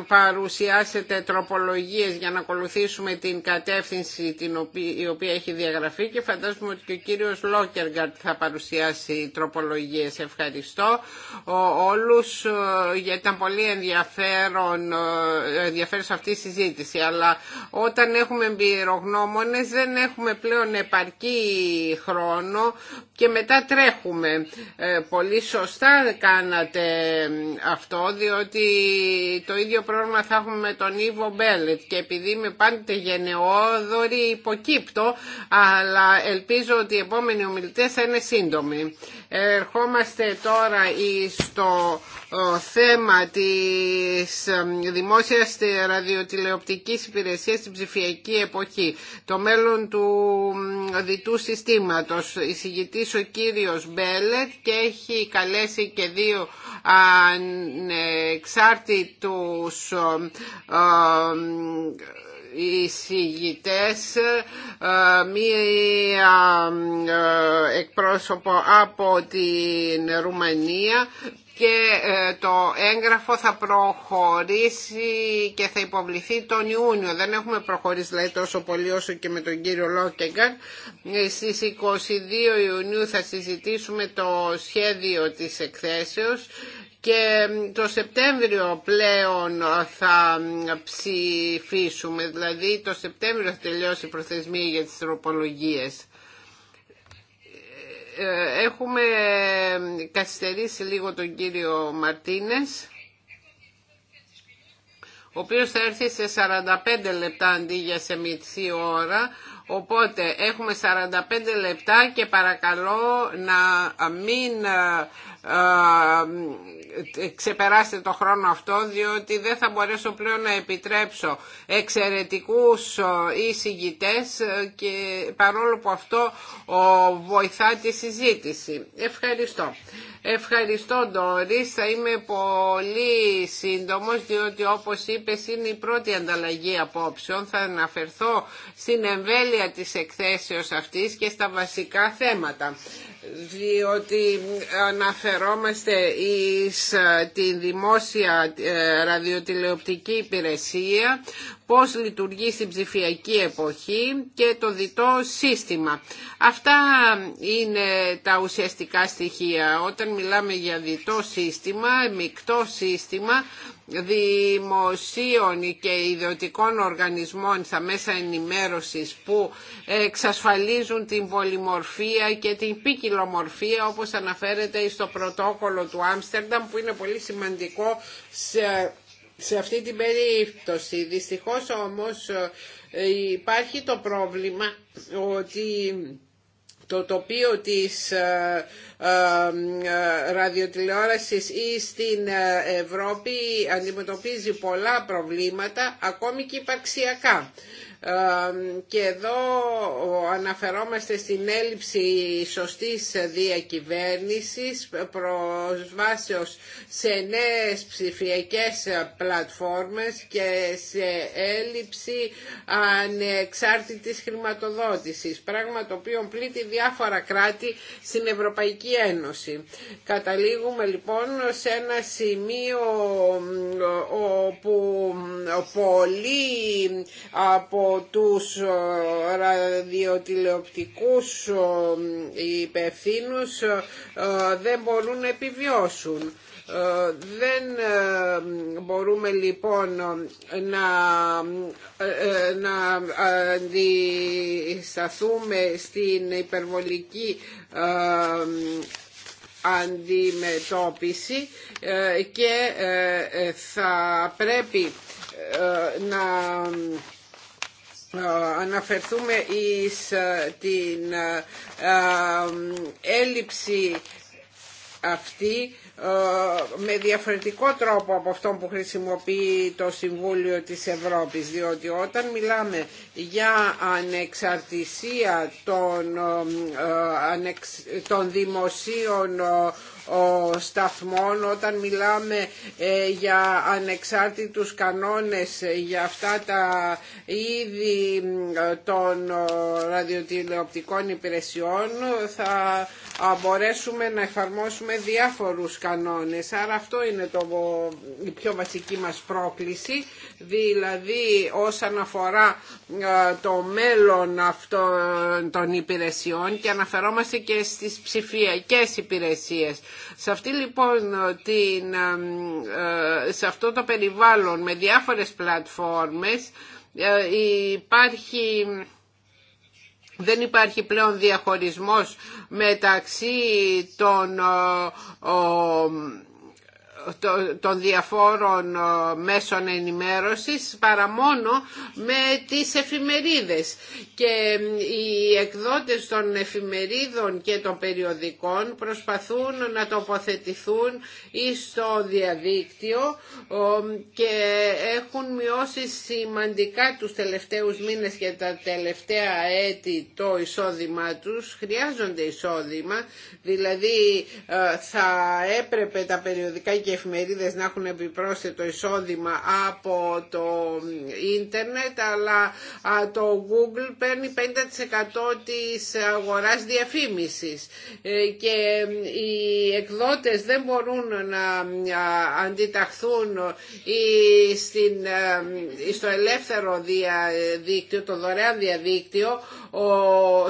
παρουσιάσετε τροπολογίες για να ακολουθήσουμε την κατεύθυνση την οποία, η οποία έχει διαγραφεί και φαντάζομαι ότι και ο κύριος Λόκεργαρτ θα παρουσιάσει τροπολογίες. Ευχαριστώ όλους γιατί ήταν πολύ ενδιαφέρον, σε αυτή η συζήτηση αλλά όταν έχουμε εμπειρογνώμονες δεν έχουμε πλέον επαρκή χρόνο και μετά τρέχουμε. Ε, πολύ σωστά κάνατε αυτό διότι ότι το ίδιο πρόβλημα θα έχουμε με τον Ιβο Μπέλετ και επειδή είμαι πάντοτε γενναιόδορη υποκύπτω αλλά ελπίζω ότι οι επόμενοι ομιλητές θα είναι σύντομοι. Ερχόμαστε τώρα στο το θέμα της δημόσιας ραδιοτηλεοπτικής υπηρεσίας στην ψηφιακή εποχή, το μέλλον του διτού συστήματος, εισηγητής ο κύριος Μπέλετ και έχει καλέσει και δύο ανεξάρτητους εισηγητές, μία ε, εκπρόσωπο από την Ρουμανία και ε, το έγγραφο θα προχωρήσει και θα υποβληθεί τον Ιούνιο. Δεν έχουμε προχωρήσει δηλαδή τόσο πολύ όσο και με τον κύριο Λόκεγκαν. Ε, στις 22 Ιουνίου θα συζητήσουμε το σχέδιο της εκθέσεως και το Σεπτέμβριο πλέον θα ψηφίσουμε, δηλαδή το Σεπτέμβριο θα τελειώσει η προθεσμία για τις τροπολογίες. Ε, έχουμε ε, καθυστερήσει λίγο τον κύριο Μαρτίνες ο οποίος θα έρθει σε 45 λεπτά αντί για σε μισή ώρα οπότε έχουμε 45 λεπτά και παρακαλώ να μην ε, ξεπεράστε το χρόνο αυτό διότι δεν θα μπορέσω πλέον να επιτρέψω εξαιρετικούς εισηγητές και παρόλο που αυτό βοηθά τη συζήτηση. Ευχαριστώ. Ευχαριστώ Ντόρι, θα είμαι πολύ σύντομος διότι όπως είπε, είναι η πρώτη ανταλλαγή απόψεων. Θα αναφερθώ στην εμβέλεια της εκθέσεως αυτής και στα βασικά θέματα διότι αναφερόμαστε εις ε, τη δημόσια ε, ραδιοτηλεοπτική υπηρεσία πώς λειτουργεί στην ψηφιακή εποχή και το διτό σύστημα. Αυτά είναι τα ουσιαστικά στοιχεία. Όταν μιλάμε για διτό σύστημα, μεικτό σύστημα δημοσίων και ιδιωτικών οργανισμών στα μέσα ενημέρωσης που εξασφαλίζουν την πολυμορφία και την ποικιλομορφία όπως αναφέρεται στο πρωτόκολλο του Άμστερνταμ που είναι πολύ σημαντικό σε σε αυτή την περίπτωση. Δυστυχώς όμως ε, υπάρχει το πρόβλημα ότι το τοπίο της ε, ε, ραδιοτηλεόρασης ή στην Ευρώπη αντιμετωπίζει πολλά προβλήματα, ακόμη και υπαρξιακά και εδώ αναφερόμαστε στην έλλειψη σωστής διακυβέρνησης προσβάσεως σε νέες ψηφιακές πλατφόρμες και σε έλλειψη ανεξάρτητης χρηματοδότησης πράγμα το οποίο πλήττει διάφορα κράτη στην Ευρωπαϊκή Ένωση. Καταλήγουμε λοιπόν σε ένα σημείο όπου πολλοί από τους ε, ραδιοτηλεοπτικούς ε, υπευθύνου ε, δεν μπορούν να επιβιώσουν. Δεν μπορούμε λοιπόν να, να αντισταθούμε στην υπερβολική αντιμετώπιση και θα πρέπει να ε, αναφερθούμε εις ε, την ε, έλλειψη αυτή με διαφορετικό τρόπο από αυτό που χρησιμοποιεί το Συμβούλιο της Ευρώπης διότι όταν μιλάμε για ανεξαρτησία των, των δημοσίων σταθμών όταν μιλάμε ε, για ανεξάρτητους κανόνες ε, για αυτά τα είδη των ε, ραδιοτηλεοπτικών υπηρεσιών θα μπορέσουμε να εφαρμόσουμε διάφορους κανόνες. Άρα αυτό είναι το, η πιο βασική μας πρόκληση δηλαδή όσον αφορά ε, το μέλλον αυτών των υπηρεσιών και αναφερόμαστε και στις ψηφιακές υπηρεσίες. Σε αυτή λοιπόν την, ε, ε, σε αυτό το περιβάλλον με διάφορες πλατφόρμες υπάρχει δεν υπάρχει πλέον διαχωρισμός μεταξύ των των διαφόρων ε, μέσων ενημέρωσης παρά μόνο με τις εφημερίδες και οι εκδότες των εφημερίδων και των περιοδικών προσπαθούν να τοποθετηθούν στο διαδίκτυο και έχουν μειώσει σημαντικά τους τελευταίους μήνες και τα τελευταία έτη το εισόδημά τους χρειάζονται εισόδημα δηλαδή ε, θα έπρεπε τα περιοδικά και εφημερίδες να έχουν επιπρόσθετο εισόδημα από το ίντερνετ αλλά το Google παίρνει 50% της αγοράς διαφήμισης ε, και οι εκδότες δεν μπορούν να αντιταχθούν ε, στην, ε, στο ελεύθερο διαδίκτυο, το δωρεάν διαδίκτυο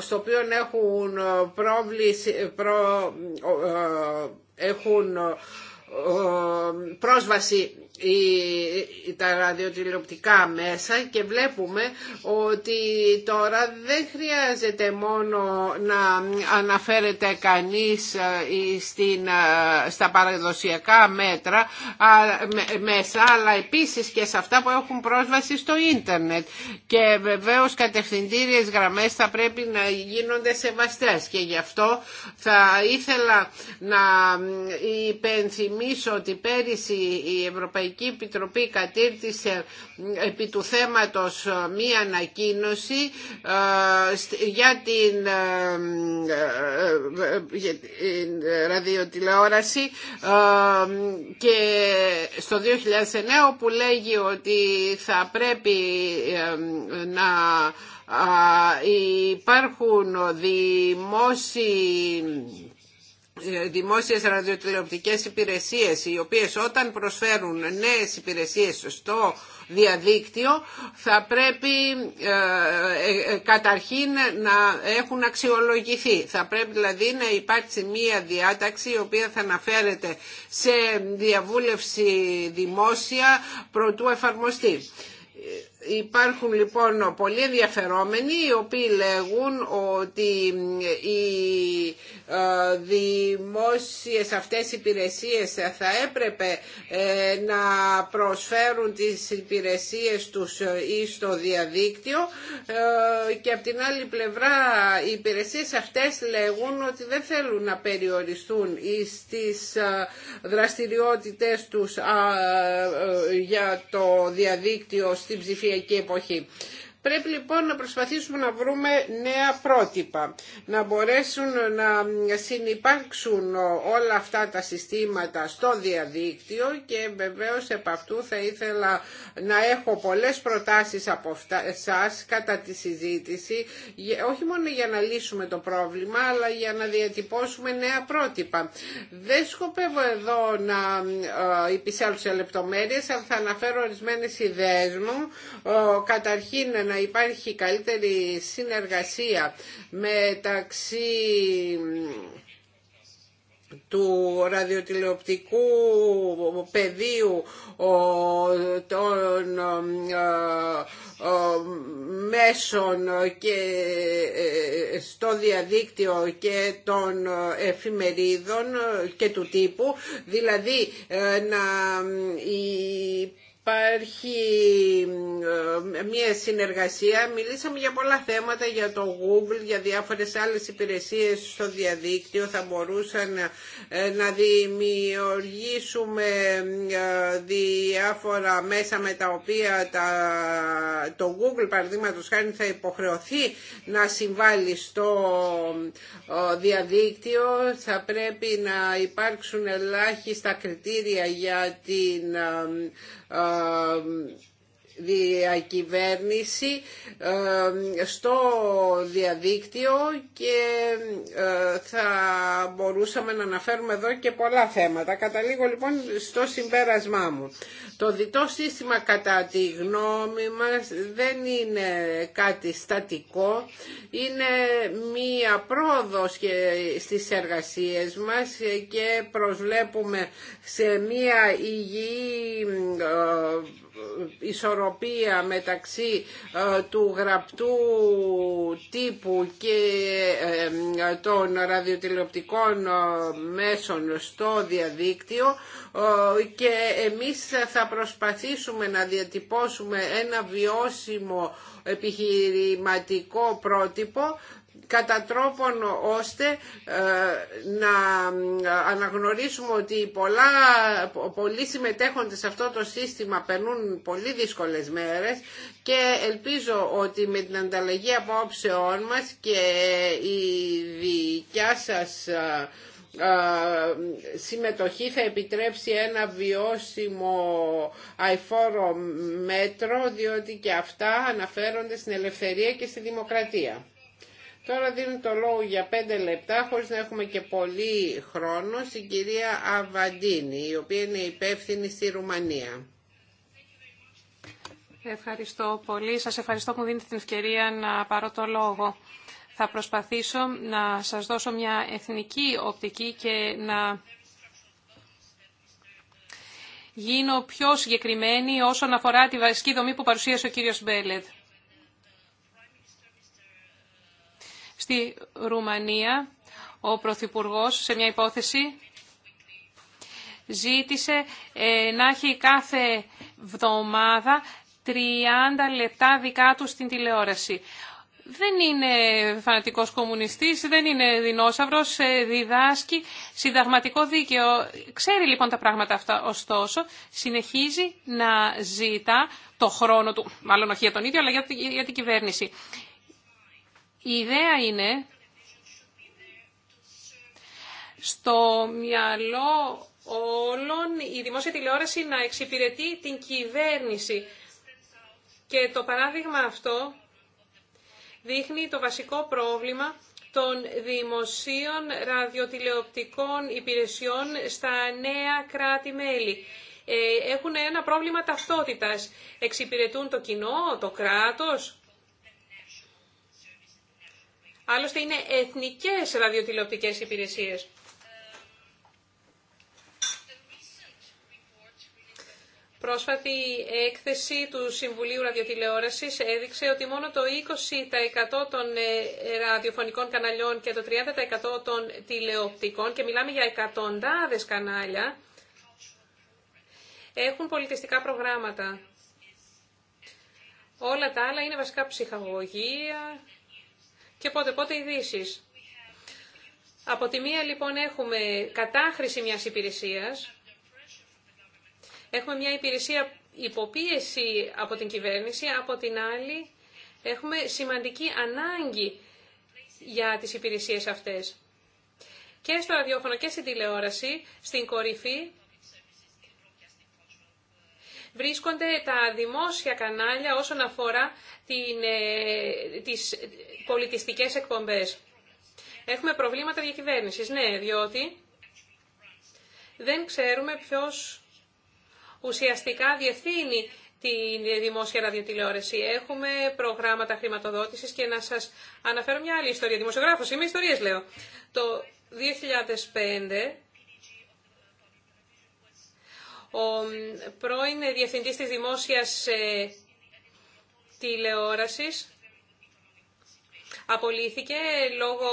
στο οποίο έχουν πρόβληση, έχουν πρόσβαση τα ραδιοτηλεοπτικά μέσα και βλέπουμε ότι τώρα δεν χρειάζεται μόνο να αναφέρεται κανείς ε, στην, ε, στα παραδοσιακά μέτρα μέσα αλλά επίσης και σε αυτά που έχουν πρόσβαση στο ίντερνετ και βεβαίως κατευθυντήριες γραμμές θα πρέπει να γίνονται σεβαστές και γι' αυτό θα ήθελα να υπενθυμίσω ότι πέρυσι η Ευρωπαϊκή Ευρωπαϊκή Επιτροπή κατήρτισε ε, επί του θέματος ε, μία ανακοίνωση ε, για την ραδιοτηλεόραση και στο 2009 που λέγει ότι θα πρέπει να υπάρχουν δημόσιοι δημόσιες ραδιοτηλεοπτικές υπηρεσίες οι οποίες όταν προσφέρουν νέες υπηρεσίες στο διαδίκτυο θα πρέπει ε, ε, ε, καταρχήν να έχουν αξιολογηθεί. Θα πρέπει δηλαδή να υπάρξει μία διάταξη η οποία θα αναφέρεται σε διαβούλευση δημόσια προτού εφαρμοστεί. Υπάρχουν λοιπόν πολλοί ενδιαφερόμενοι οι οποίοι λέγουν ότι η ε, δημόσιες αυτές υπηρεσίες θα έπρεπε ε, να προσφέρουν τις υπηρεσίες τους ή ε, στο διαδίκτυο και από την άλλη πλευρά οι υπηρεσίες αυτές λέγουν ότι δεν θέλουν να περιοριστούν στις δραστηριότητες τους για το διαδίκτυο στην ψηφιακή εποχή. Πρέπει λοιπόν να προσπαθήσουμε να βρούμε νέα πρότυπα, να μπορέσουν να συνεπάρξουν όλα αυτά τα συστήματα στο διαδίκτυο και βεβαίως επ' αυτού θα ήθελα να έχω πολλές προτάσεις από εσάς κατά τη συζήτηση, όχι μόνο για να λύσουμε το πρόβλημα, αλλά για να διατυπώσουμε νέα πρότυπα. Δεν σκοπεύω εδώ να ε, υπησέλθω σε λεπτομέρειες, αλλά θα αναφέρω ορισμένες ιδέες μου. Ε, καταρχήν να να υπάρχει καλύτερη συνεργασία μεταξύ του ραδιοτηλεοπτικού πεδίου των μέσων και ε, στο διαδίκτυο και των εφημερίδων και του τύπου δηλαδή ε, να υπάρχει ε, μια συνεργασία. Μιλήσαμε για πολλά θέματα, για το Google, για διάφορες άλλες υπηρεσίες στο διαδίκτυο. Θα μπορούσαν ε, να δημιουργήσουμε ε, διάφορα μέσα με τα οποία το Google, παραδείγματο χάρη, θα υποχρεωθεί να συμβάλλει στο διαδίκτυο. Θα πρέπει να υπάρξουν ελάχιστα κριτήρια για την είναι διακυβέρνηση στο διαδίκτυο και ε, θα μπορούσαμε να αναφέρουμε εδώ και πολλά θέματα. Καταλήγω λοιπόν στο συμπέρασμά μου. Το διτό σύστημα κατά τη γνώμη μας δεν είναι κάτι στατικό, είναι μία πρόοδος στις εργασίες μας και προσβλέπουμε σε μία υγιή ε, ισορροπία μεταξύ ε, του γραπτού τύπου και ε, ε, των ραδιοτηλεοπτικών μέσων στο διαδίκτυο και εμείς θα προσπαθήσουμε να διατυπώσουμε ένα βιώσιμο επιχειρηματικό πρότυπο κατά τρόπον ώστε ε, να ε, αναγνωρίσουμε ότι πολλά, πολλοί συμμετέχοντες σε αυτό το σύστημα περνούν πολύ δύσκολες μέρες και ελπίζω ότι με την ανταλλαγή απόψεών μας και η δικιά σας ε, συμμετοχή θα επιτρέψει ένα βιώσιμο αηφόρο μέτρο διότι και αυτά αναφέρονται στην ελευθερία και στη δημοκρατία. Τώρα δίνω το λόγο για πέντε λεπτά, χωρίς να έχουμε και πολύ χρόνο, στην κυρία Αβαντίνη, η οποία είναι υπεύθυνη στη Ρουμανία. Ευχαριστώ πολύ. Σας ευχαριστώ που μου δίνετε την ευκαιρία να πάρω το λόγο. Θα προσπαθήσω να σας δώσω μια εθνική οπτική και να γίνω πιο συγκεκριμένη όσον αφορά τη βασική δομή που παρουσίασε ο κύριος Μπέλετ. Στη Ρουμανία ο Πρωθυπουργό σε μια υπόθεση ζήτησε ε, να έχει κάθε βδομάδα 30 λεπτά δικά του στην τηλεόραση. Δεν είναι φανατικός κομμουνιστής, δεν είναι δεινόσαυρος, ε, διδάσκει συνταγματικό δίκαιο. Ξέρει λοιπόν τα πράγματα αυτά, ωστόσο συνεχίζει να ζητά το χρόνο του, μάλλον όχι για τον ίδιο αλλά για την κυβέρνηση. Η ιδέα είναι στο μυαλό όλων η δημόσια τηλεόραση να εξυπηρετεί την κυβέρνηση. Και το παράδειγμα αυτό δείχνει το βασικό πρόβλημα των δημοσίων ραδιοτηλεοπτικών υπηρεσιών στα νέα κράτη-μέλη. Ε, έχουν ένα πρόβλημα ταυτότητας. Εξυπηρετούν το κοινό, το κράτος, Άλλωστε είναι εθνικές ραδιοτηλεοπτικές υπηρεσίες. Πρόσφατη έκθεση του Συμβουλίου Ραδιοτηλεόρασης έδειξε ότι μόνο το 20% των ε, ραδιοφωνικών καναλιών και το 30% των τηλεοπτικών, και μιλάμε για εκατοντάδες κανάλια, έχουν πολιτιστικά προγράμματα. Όλα τα άλλα είναι βασικά ψυχαγωγία, και πότε πότε ειδήσει. Από τη μία λοιπόν έχουμε κατάχρηση μιας υπηρεσίας, έχουμε μια υπηρεσία υποπίεση από την κυβέρνηση, από την άλλη έχουμε σημαντική ανάγκη για τις υπηρεσίες αυτές. Και στο ραδιόφωνο και στην τηλεόραση, στην κορυφή, βρίσκονται τα δημόσια κανάλια όσον αφορά την, ε, τις πολιτιστικές εκπομπές. Έχουμε προβλήματα διακυβέρνησης, ναι, διότι δεν ξέρουμε ποιος ουσιαστικά διευθύνει τη δημόσια ραδιοτηλεόραση. Έχουμε προγράμματα χρηματοδότησης και να σας αναφέρω μια άλλη ιστορία. Δημοσιογράφος, είμαι ιστορίες λέω. Το 2005 ο πρώην Διευθυντής της Δημόσιας ε, Τηλεόρασης απολύθηκε λόγω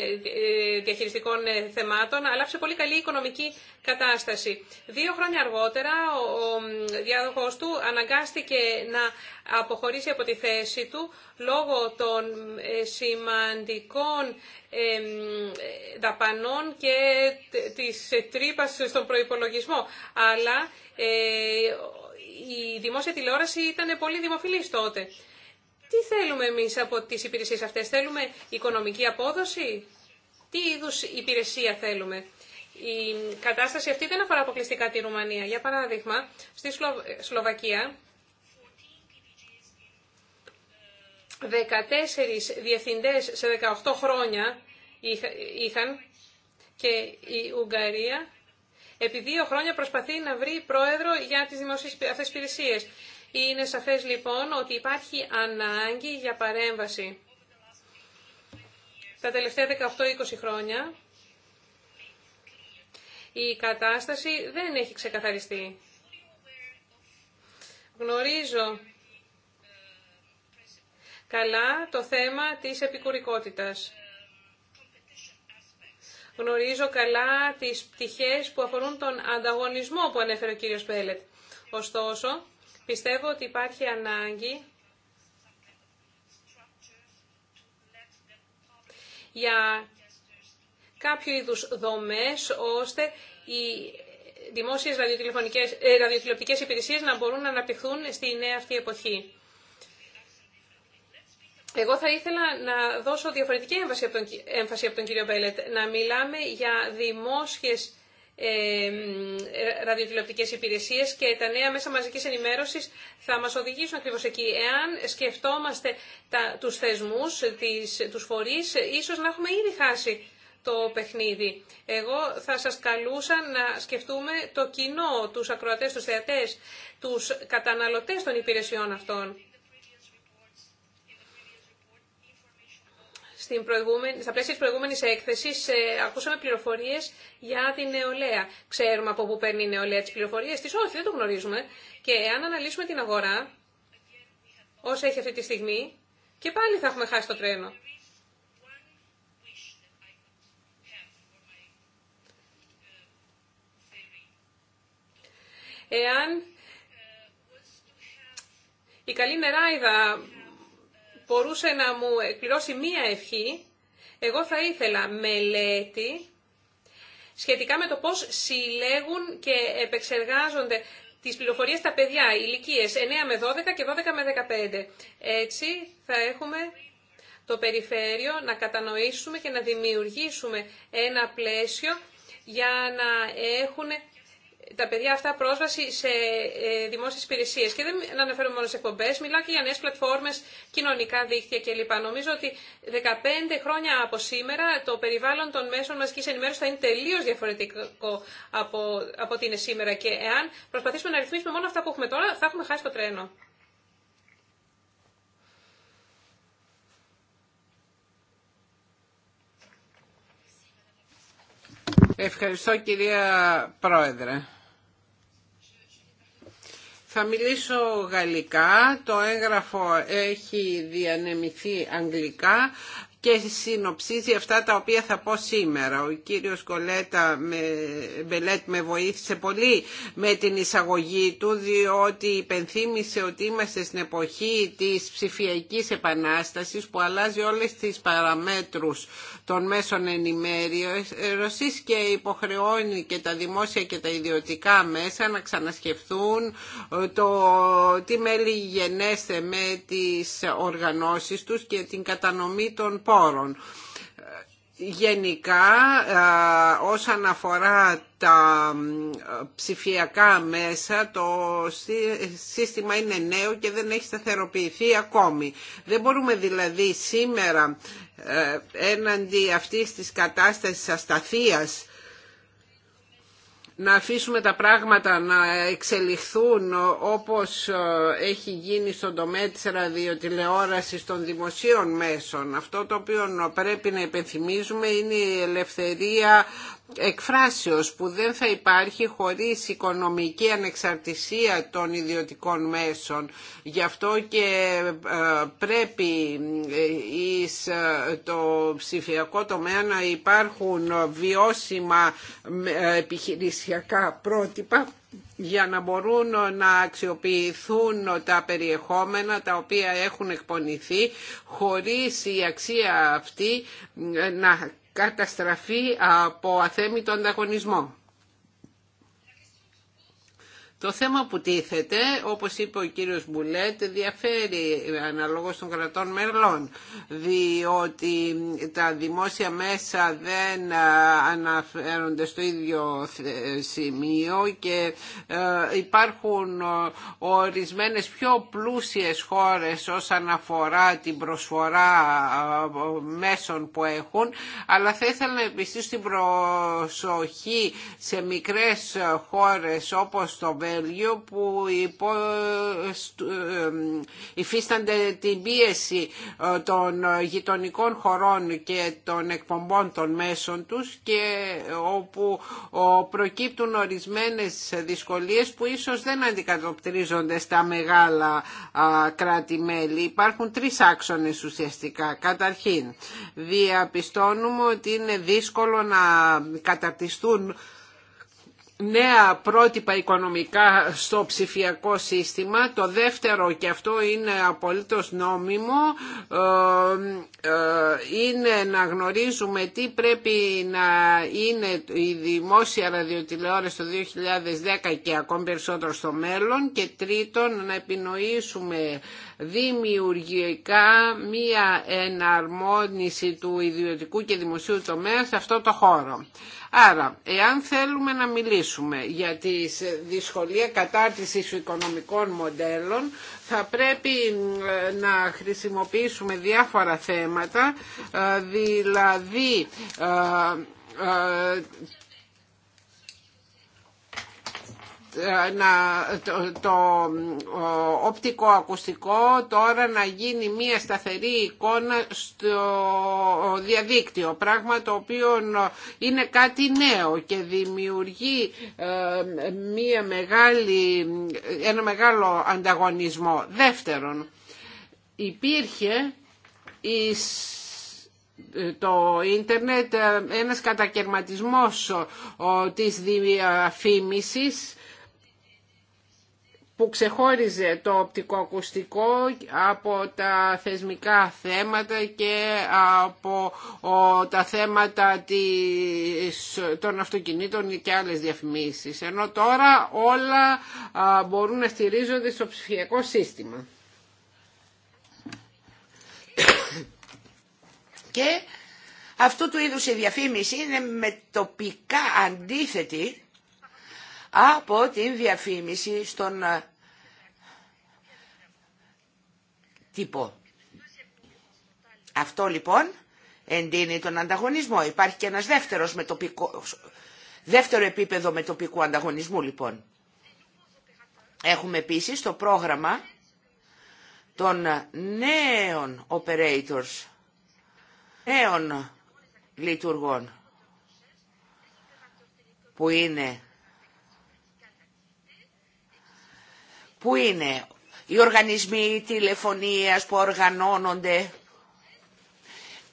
ε, διαχειριστικών ε, θεμάτων, αλλά σε πολύ καλή οικονομική κατάσταση. Δύο χρόνια αργότερα ο διάδοχος του αναγκάστηκε να αποχωρήσει από τη θέση του λόγω των ε, σημαντικών δαπανών και της τρύπας στον προϋπολογισμό. Αλλά η δημόσια τηλεόραση ήταν πολύ δημοφιλής τότε. Τι θέλουμε εμείς από τις υπηρεσίες αυτές. Θέλουμε οικονομική απόδοση. Τι είδους υπηρεσία θέλουμε. Η κατάσταση αυτή δεν αφορά αποκλειστικά τη Ρουμανία. Για παράδειγμα, στη Σλοβακία 14 διευθυντές σε 18 χρόνια είχαν και η Ουγγαρία επί δύο χρόνια προσπαθεί να βρει πρόεδρο για τις δημοσίες αυτές υπηρεσίες. Είναι σαφές λοιπόν ότι υπάρχει ανάγκη για παρέμβαση. Τα τελευταία 18-20 χρόνια η κατάσταση δεν έχει ξεκαθαριστεί. Γνωρίζω καλά το θέμα της επικουρικότητας. Γνωρίζω καλά τις πτυχές που αφορούν τον ανταγωνισμό που ανέφερε ο κύριος Πέλετ. Ωστόσο, Πιστεύω ότι υπάρχει ανάγκη για κάποιο είδους δομές ώστε οι δημόσιες ραδιοτηλεφωνικές, ε, ραδιοτηλεοπτικές υπηρεσίες να μπορούν να αναπτυχθούν στη νέα αυτή εποχή. Εγώ θα ήθελα να δώσω διαφορετική έμφαση από τον, έμφαση από τον κύριο Μπέλετ, να μιλάμε για δημόσιες ε, ραδιοτηλεοπτικέ υπηρεσίες και τα νέα μέσα μαζικής ενημέρωσης θα μας οδηγήσουν ακριβώς εκεί. Εάν σκεφτόμαστε του τους θεσμούς, φορεί, τους φορείς, ίσως να έχουμε ήδη χάσει το παιχνίδι. Εγώ θα σας καλούσα να σκεφτούμε το κοινό, τους ακροατές, τους θεατές, τους καταναλωτές των υπηρεσιών αυτών. Στην προηγούμενη, στα πλαίσια της προηγούμενης έκθεσης ε, ακούσαμε πληροφορίες για την νεολαία. Ξέρουμε από πού παίρνει η νεολαία τις πληροφορίες της. Όχι, δεν το γνωρίζουμε. Και αν αναλύσουμε την αγορά, όσα έχει αυτή τη στιγμή, και πάλι θα έχουμε χάσει το τρένο. Εάν η καλή νεράιδα μπορούσε να μου εκπληρώσει μία ευχή, εγώ θα ήθελα μελέτη σχετικά με το πώς συλλέγουν και επεξεργάζονται τις πληροφορίες τα παιδιά, ηλικίες 9 με 12 και 12 με 15. Έτσι θα έχουμε το περιφέρειο να κατανοήσουμε και να δημιουργήσουμε ένα πλαίσιο για να έχουν τα παιδιά αυτά πρόσβαση σε ε, δημόσιες υπηρεσίε. Και δεν αναφέρομαι μόνο σε εκπομπές, μιλάω και για νέε πλατφόρμες, κοινωνικά δίκτυα κλπ. Νομίζω ότι 15 χρόνια από σήμερα το περιβάλλον των μέσων μαζική ενημέρωση θα είναι τελείως διαφορετικό από, από ό,τι είναι σήμερα. Και εάν προσπαθήσουμε να ρυθμίσουμε μόνο αυτά που έχουμε τώρα, θα έχουμε χάσει το τρένο. Ευχαριστώ κυρία Πρόεδρε. Θα μιλήσω γαλλικά, το έγγραφο έχει διανεμηθεί αγγλικά και συνοψίζει αυτά τα οποία θα πω σήμερα. Ο κύριος Κολέτα με, Μπελέτ με βοήθησε πολύ με την εισαγωγή του διότι υπενθύμησε ότι είμαστε στην εποχή της ψηφιακής επανάστασης που αλλάζει όλες τις παραμέτρους των μέσων ενημέρωσης και υποχρεώνει και τα δημόσια και τα ιδιωτικά μέσα να ξανασκεφτούν ε, το τι μέλη γενέστε με τις οργανώσεις τους και την κατανομή των πόρων. Γενικά, ε, όσον αφορά τα ε, ψηφιακά μέσα, το σύστημα είναι νέο και δεν έχει σταθεροποιηθεί ακόμη. Δεν μπορούμε δηλαδή σήμερα ε, έναντι αυτής της κατάστασης ασταθίας, να αφήσουμε τα πράγματα να εξελιχθούν όπως ε, έχει γίνει στον τομέα της ραδιοτηλεόρασης των δημοσίων μέσων. Αυτό το οποίο πρέπει να υπενθυμίζουμε είναι η ελευθερία εκφράσεως που δεν θα υπάρχει χωρίς οικονομική ανεξαρτησία των ιδιωτικών μέσων. Γι' αυτό και ε, πρέπει ε, εις ε, το ψηφιακό τομέα να υπάρχουν βιώσιμα επιχειρησιακά πρότυπα για να μπορούν να αξιοποιηθούν τα περιεχόμενα τα οποία έχουν εκπονηθεί χωρίς η αξία αυτή να καταστραφεί από αθέμητο ανταγωνισμό. Το θέμα που τίθεται, όπως είπε ο κύριος Μπουλέτ, διαφέρει αναλόγως των κρατών μελών, διότι τα δημόσια μέσα δεν αναφέρονται στο ίδιο σημείο και ε, υπάρχουν ορισμένες πιο πλούσιες χώρες όσον αφορά την προσφορά ε, μέσων που έχουν, αλλά θα ήθελα να την προσοχή σε μικρές χώρες όπως το που υπό, υφίστανται την πίεση ε, των γειτονικών χωρών και των εκπομπών των μέσων τους και όπου προκύπτουν ορισμένες δυσκολίες που ίσως δεν αντικατοπτρίζονται στα μεγάλα κράτη-μέλη. Υπάρχουν τρεις άξονες ουσιαστικά. Καταρχήν, διαπιστώνουμε ότι είναι δύσκολο να καταρτιστούν νέα πρότυπα οικονομικά στο ψηφιακό σύστημα. Το δεύτερο και αυτό είναι απολύτως νόμιμο ε, ε, είναι να γνωρίζουμε τι πρέπει να είναι η δημόσια ραδιοτηλεόραση το 2010 και ακόμη περισσότερο στο μέλλον και τρίτον να επινοήσουμε δημιουργικά μία εναρμόνιση του ιδιωτικού και δημοσίου τομέα σε αυτό το χώρο. Άρα, εάν θέλουμε να μιλήσουμε για τη δυσκολία κατάρτισης οικονομικών μοντέλων, θα πρέπει ε, να χρησιμοποιήσουμε διάφορα θέματα, ε, δηλαδή ε, να, το, το ακουστικό τώρα να γίνει μια σταθερή εικόνα στο διαδίκτυο πράγμα το οποίο είναι κάτι νέο και δημιουργεί ε, μια μεγάλη, ένα μεγάλο ανταγωνισμό. Δεύτερον, υπήρχε ε, το ίντερνετ ε, ένας κατακαιρματισμός της διαφήμισης που ξεχώριζε το οπτικοακουστικό από τα θεσμικά θέματα και από τα θέματα των αυτοκινήτων και άλλες διαφημίσεις. Ενώ τώρα όλα μπορούν να στηρίζονται στο ψηφιακό σύστημα. Και αυτού του είδους η διαφήμιση είναι με τοπικά αντίθετη από την διαφήμιση στον τύπο. Αυτό λοιπόν εντείνει τον ανταγωνισμό. Υπάρχει και ένας δεύτερος με δεύτερο επίπεδο με τοπικού ανταγωνισμού λοιπόν. Έχουμε επίσης το πρόγραμμα των νέων operators, νέων λειτουργών, που είναι, που είναι οι οργανισμοί τηλεφωνίας που οργανώνονται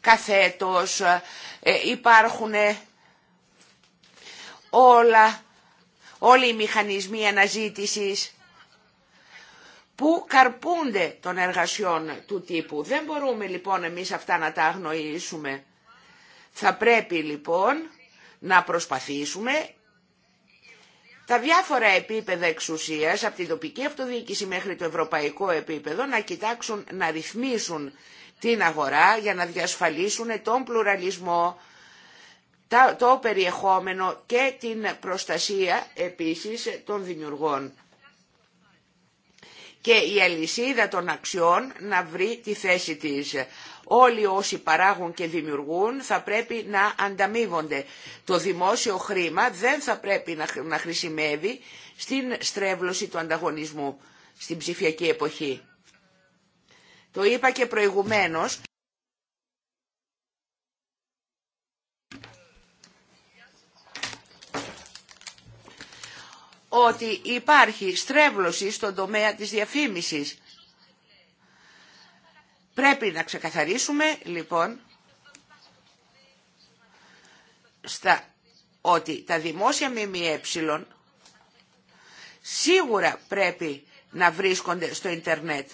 καθέτος, ε, ε, υπάρχουν ε, όλα, όλοι οι μηχανισμοί αναζήτησης που καρπούνται των εργασιών του τύπου. Δεν μπορούμε λοιπόν εμείς αυτά να τα αγνοήσουμε. Θα πρέπει λοιπόν να προσπαθήσουμε τα διάφορα επίπεδα εξουσίας, από την τοπική αυτοδιοίκηση μέχρι το ευρωπαϊκό επίπεδο, να κοιτάξουν, να ρυθμίσουν την αγορά για να διασφαλίσουν τον πλουραλισμό, το περιεχόμενο και την προστασία επίσης των δημιουργών. Και η αλυσίδα των αξιών να βρει τη θέση της όλοι όσοι παράγουν και δημιουργούν θα πρέπει να ανταμείβονται. Το δημόσιο χρήμα δεν θα πρέπει να χρησιμεύει στην στρέβλωση του ανταγωνισμού στην ψηφιακή εποχή. Το είπα και προηγουμένως. ότι υπάρχει στρέβλωση στον τομέα της διαφήμισης. Πρέπει να ξεκαθαρίσουμε λοιπόν στα, ότι τα δημόσια ΜΜΕ σίγουρα πρέπει να βρίσκονται στο ίντερνετ,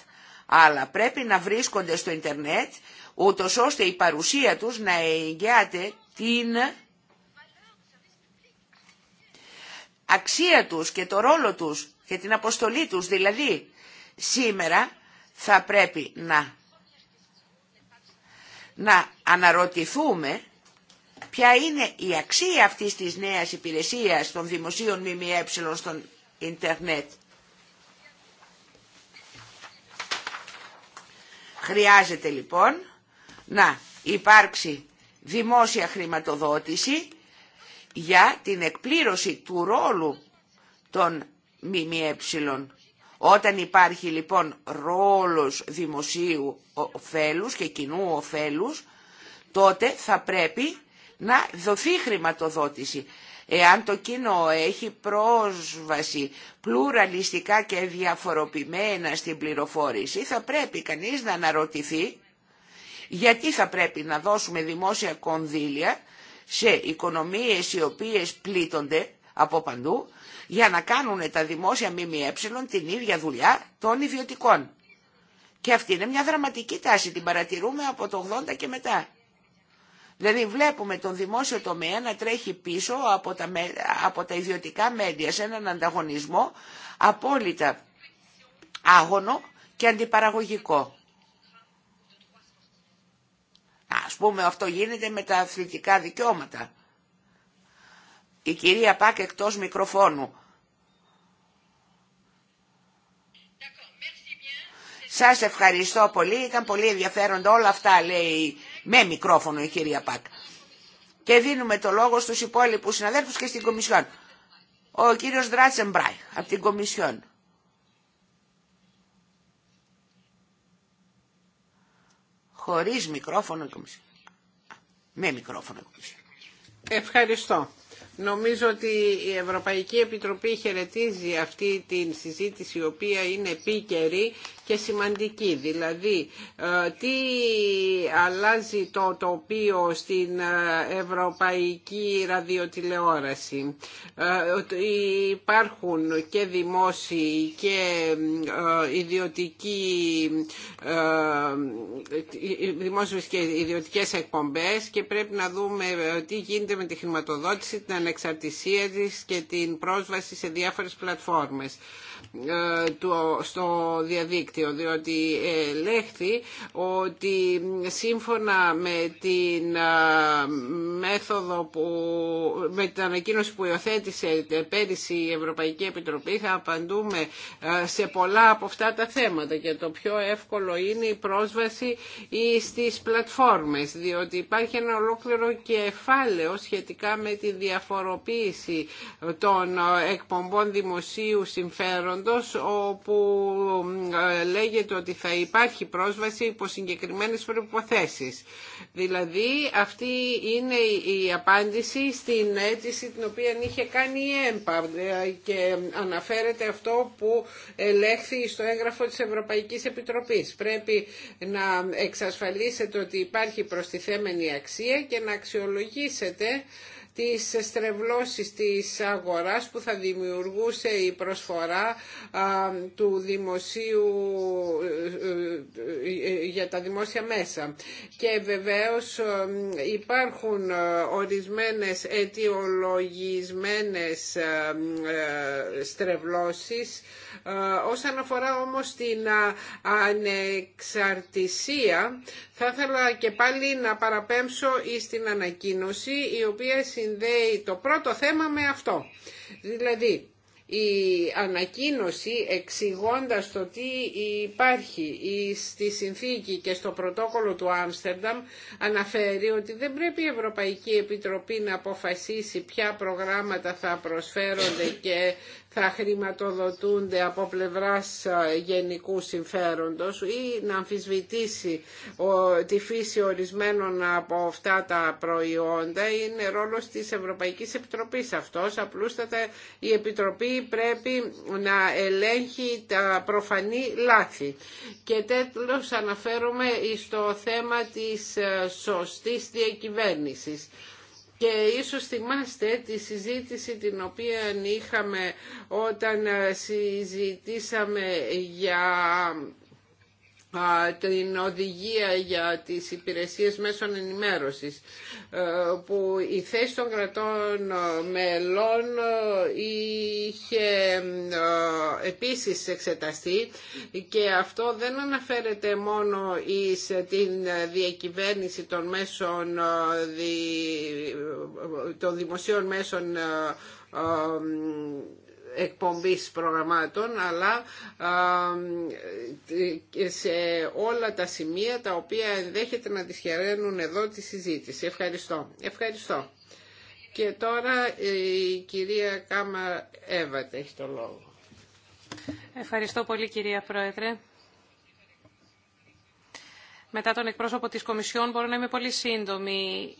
αλλά πρέπει να βρίσκονται στο ίντερνετ ούτω ώστε η παρουσία τους να εγγυάται την αξία τους και το ρόλο τους και την αποστολή τους. Δηλαδή, σήμερα θα πρέπει να να αναρωτηθούμε ποια είναι η αξία αυτής της νέας υπηρεσίας των δημοσίων ΜΜΕ στον ίντερνετ. Χρειάζεται λοιπόν να υπάρξει δημόσια χρηματοδότηση για την εκπλήρωση του ρόλου των ΜΜΕ όταν υπάρχει λοιπόν ρόλος δημοσίου ωφέλους και κοινού ωφέλους, τότε θα πρέπει να δοθεί χρηματοδότηση. Εάν το κοινό έχει πρόσβαση πλουραλιστικά και διαφοροποιημένα στην πληροφόρηση, θα πρέπει κανείς να αναρωτηθεί γιατί θα πρέπει να δώσουμε δημόσια κονδύλια σε οικονομίες οι οποίες πλήττονται από παντού, για να κάνουν τα δημόσια ΜΜΕ την ίδια δουλειά των ιδιωτικών. Και αυτή είναι μια δραματική τάση, την παρατηρούμε από το 80 και μετά. Δηλαδή βλέπουμε τον δημόσιο τομέα να τρέχει πίσω από τα, από τα ιδιωτικά μέντια σε έναν ανταγωνισμό απόλυτα άγωνο και αντιπαραγωγικό. Ας πούμε αυτό γίνεται με τα αθλητικά δικαιώματα. Η κυρία Πάκ εκτός μικροφώνου. Σας ευχαριστώ πολύ, ήταν πολύ ενδιαφέροντα όλα αυτά λέει με μικρόφωνο η κυρία Πακ. Και δίνουμε το λόγο στους υπόλοιπους συναδέλφους και στην Κομισιόν. Ο κύριος Δράτσεμπράι από την Κομισιόν. Χωρίς μικρόφωνο Κομισιόν. Με μικρόφωνο Κομισιόν. Ευχαριστώ. Νομίζω ότι η Ευρωπαϊκή Επιτροπή χαιρετίζει αυτή την συζήτηση η οποία είναι επίκαιρη και σημαντική. Δηλαδή, ε, τι αλλάζει το τοπίο στην ε, ευρωπαϊκή ραδιοτηλεόραση. Ε, υπάρχουν και δημόσιοι και ιδιωτικοί δημόσιες και ιδιωτικές εκπομπές και πρέπει να δούμε τι γίνεται με τη χρηματοδότηση, την ανεξαρτησία της και την πρόσβαση σε διάφορες πλατφόρμες. Ε, στο διαδίκτυο διότι λέχθη ότι σύμφωνα με την ε, μέθοδο που με την ανακοίνωση που υιοθέτησε πέρυσι η Ευρωπαϊκή Επιτροπή θα απαντούμε ε, σε πολλά από αυτά τα θέματα και το πιο εύκολο είναι η πρόσβαση στις πλατφόρμες διότι υπάρχει ένα ολόκληρο κεφάλαιο σχετικά με τη διαφοροποίηση των εκπομπών δημοσίου συμφέροντος όπου ε, λέγεται ότι θα υπάρχει πρόσβαση υπό συγκεκριμένες προϋποθέσεις. Δηλαδή αυτή είναι η απάντηση στην αίτηση την οποία είχε κάνει η ΕΜΠΑ ε, και αναφέρεται αυτό που ελέγχθη στο έγγραφο της Ευρωπαϊκής Επιτροπής. Πρέπει να εξασφαλίσετε ότι υπάρχει προστιθέμενη αξία και να αξιολογήσετε τις στρεβλώσεις της αγοράς που θα δημιουργούσε η προσφορά του δημοσίου ε, ε, για τα δημόσια μέσα. Και βεβαίως ε, υπάρχουν ορισμένες αιτιολογισμένες στρεβλώσεις όσον αφορά όμως την ανεξαρτησία θα ήθελα και πάλι να παραπέμψω στην ανακοίνωση η οποία συνδέει το πρώτο θέμα με αυτό. Δηλαδή, η ανακοίνωση εξηγώντα το τι υπάρχει στη συνθήκη και στο πρωτόκολλο του Άμστερνταμ αναφέρει ότι δεν πρέπει η Ευρωπαϊκή Επιτροπή να αποφασίσει ποια προγράμματα θα προσφέρονται και θα χρηματοδοτούνται από πλευράς γενικού συμφέροντος ή να αμφισβητήσει τη φύση ορισμένων από αυτά τα προϊόντα είναι ρόλος της Ευρωπαϊκής Επιτροπής αυτός. Απλούστατα η Επιτροπή πρέπει να ελέγχει τα προφανή λάθη. Και τέλος αναφέρομαι στο θέμα της σωστής διακυβέρνησης. Και ίσως θυμάστε τη συζήτηση την οποία είχαμε όταν ε, συζητήσαμε για την οδηγία για τις υπηρεσίες μέσων ενημέρωσης ε, που η θέση των κρατών ε, μελών ε, είχε επίσης εξεταστεί και αυτό δεν αναφέρεται μόνο εις την διακυβέρνηση των μέσων των δημοσίων μέσων εκπομπής προγραμμάτων αλλά ε, σε όλα τα σημεία τα οποία ενδέχεται να δυσχεραίνουν εδώ τη συζήτηση. Ευχαριστώ. Ευχαριστώ. Και τώρα ε, η κυρία Κάμα Εύατ έχει το λόγο. Ευχαριστώ πολύ κυρία Πρόεδρε. Μετά τον εκπρόσωπο της Κομισιόν μπορώ να είμαι πολύ σύντομη.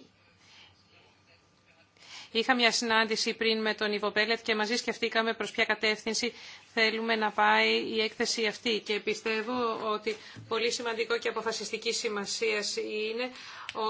Είχα μια συνάντηση πριν με τον Ιβο Πέλετ και μαζί σκεφτήκαμε προς ποια κατεύθυνση θέλουμε να πάει η έκθεση αυτή. Και πιστεύω ότι πολύ σημαντικό και αποφασιστική σημασία είναι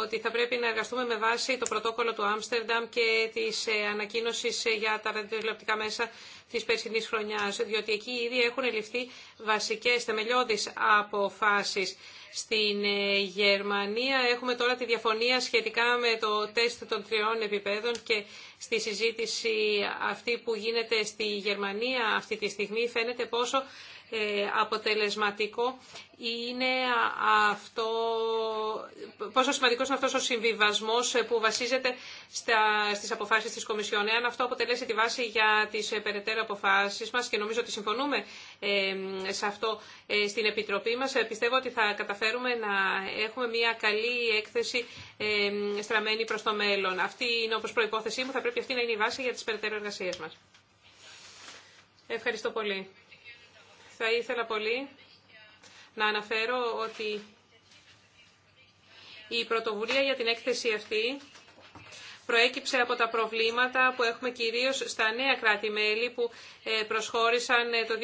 ότι θα πρέπει να εργαστούμε με βάση το πρωτόκολλο του Άμστερνταμ και της ε, ανακοίνωσης ε, για τα ραδιοτηλεοπτικά μέσα Τη περσινή χρονιά, διότι εκεί ήδη έχουν ληφθεί βασικές θεμελιώδει αποφάσεις. Στην ε, Γερμανία έχουμε τώρα τη διαφωνία σχετικά με το τεστ των τριών επιπέδων και στη συζήτηση αυτή που γίνεται στη Γερμανία αυτή τη στιγμή φαίνεται πόσο ε, αποτελεσματικό είναι αυτό, πόσο σημαντικός είναι αυτός ο συμβιβασμός ε, που βασίζεται στα, στις αποφάσεις της Κομισιόν. Εάν αυτό αποτελέσει τη βάση για τις ε, περαιτέρω αποφάσεις μας και νομίζω ότι συμφωνούμε σε αυτό στην Επιτροπή μας, πιστεύω ότι θα καταφέρουμε να έχουμε μια καλή έκθεση στραμμένη προς το μέλλον. Αυτή είναι όπως προϋπόθεσή μου, θα πρέπει αυτή να είναι η βάση για τις περαιτέρω εργασίες μας. Ευχαριστώ πολύ. Θα ήθελα πολύ να αναφέρω ότι η πρωτοβουλία για την έκθεση αυτή προέκυψε από τα προβλήματα που έχουμε κυρίως στα νέα κράτη-μέλη που ε, προσχώρησαν ε, το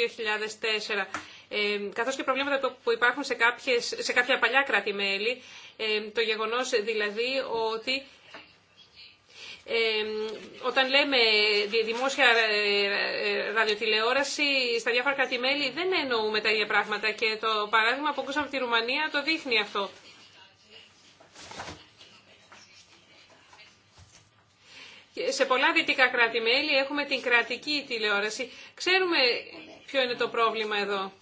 2004, ε, καθώς και προβλήματα που υπάρχουν σε, κάποιες, σε κάποια παλιά κράτη-μέλη, το γεγονός δηλαδή ότι όταν λέμε δημόσια ε, ε, ραδιοτηλεόραση στα διάφορα κράτη-μέλη δεν εννοούμε τα ίδια πράγματα και το παράδειγμα που ακούσαμε από τη Ρουμανία το δείχνει αυτό. Σε πολλά δυτικά κράτη-μέλη έχουμε την κρατική τηλεόραση. Ξέρουμε ποιο είναι το πρόβλημα εδώ.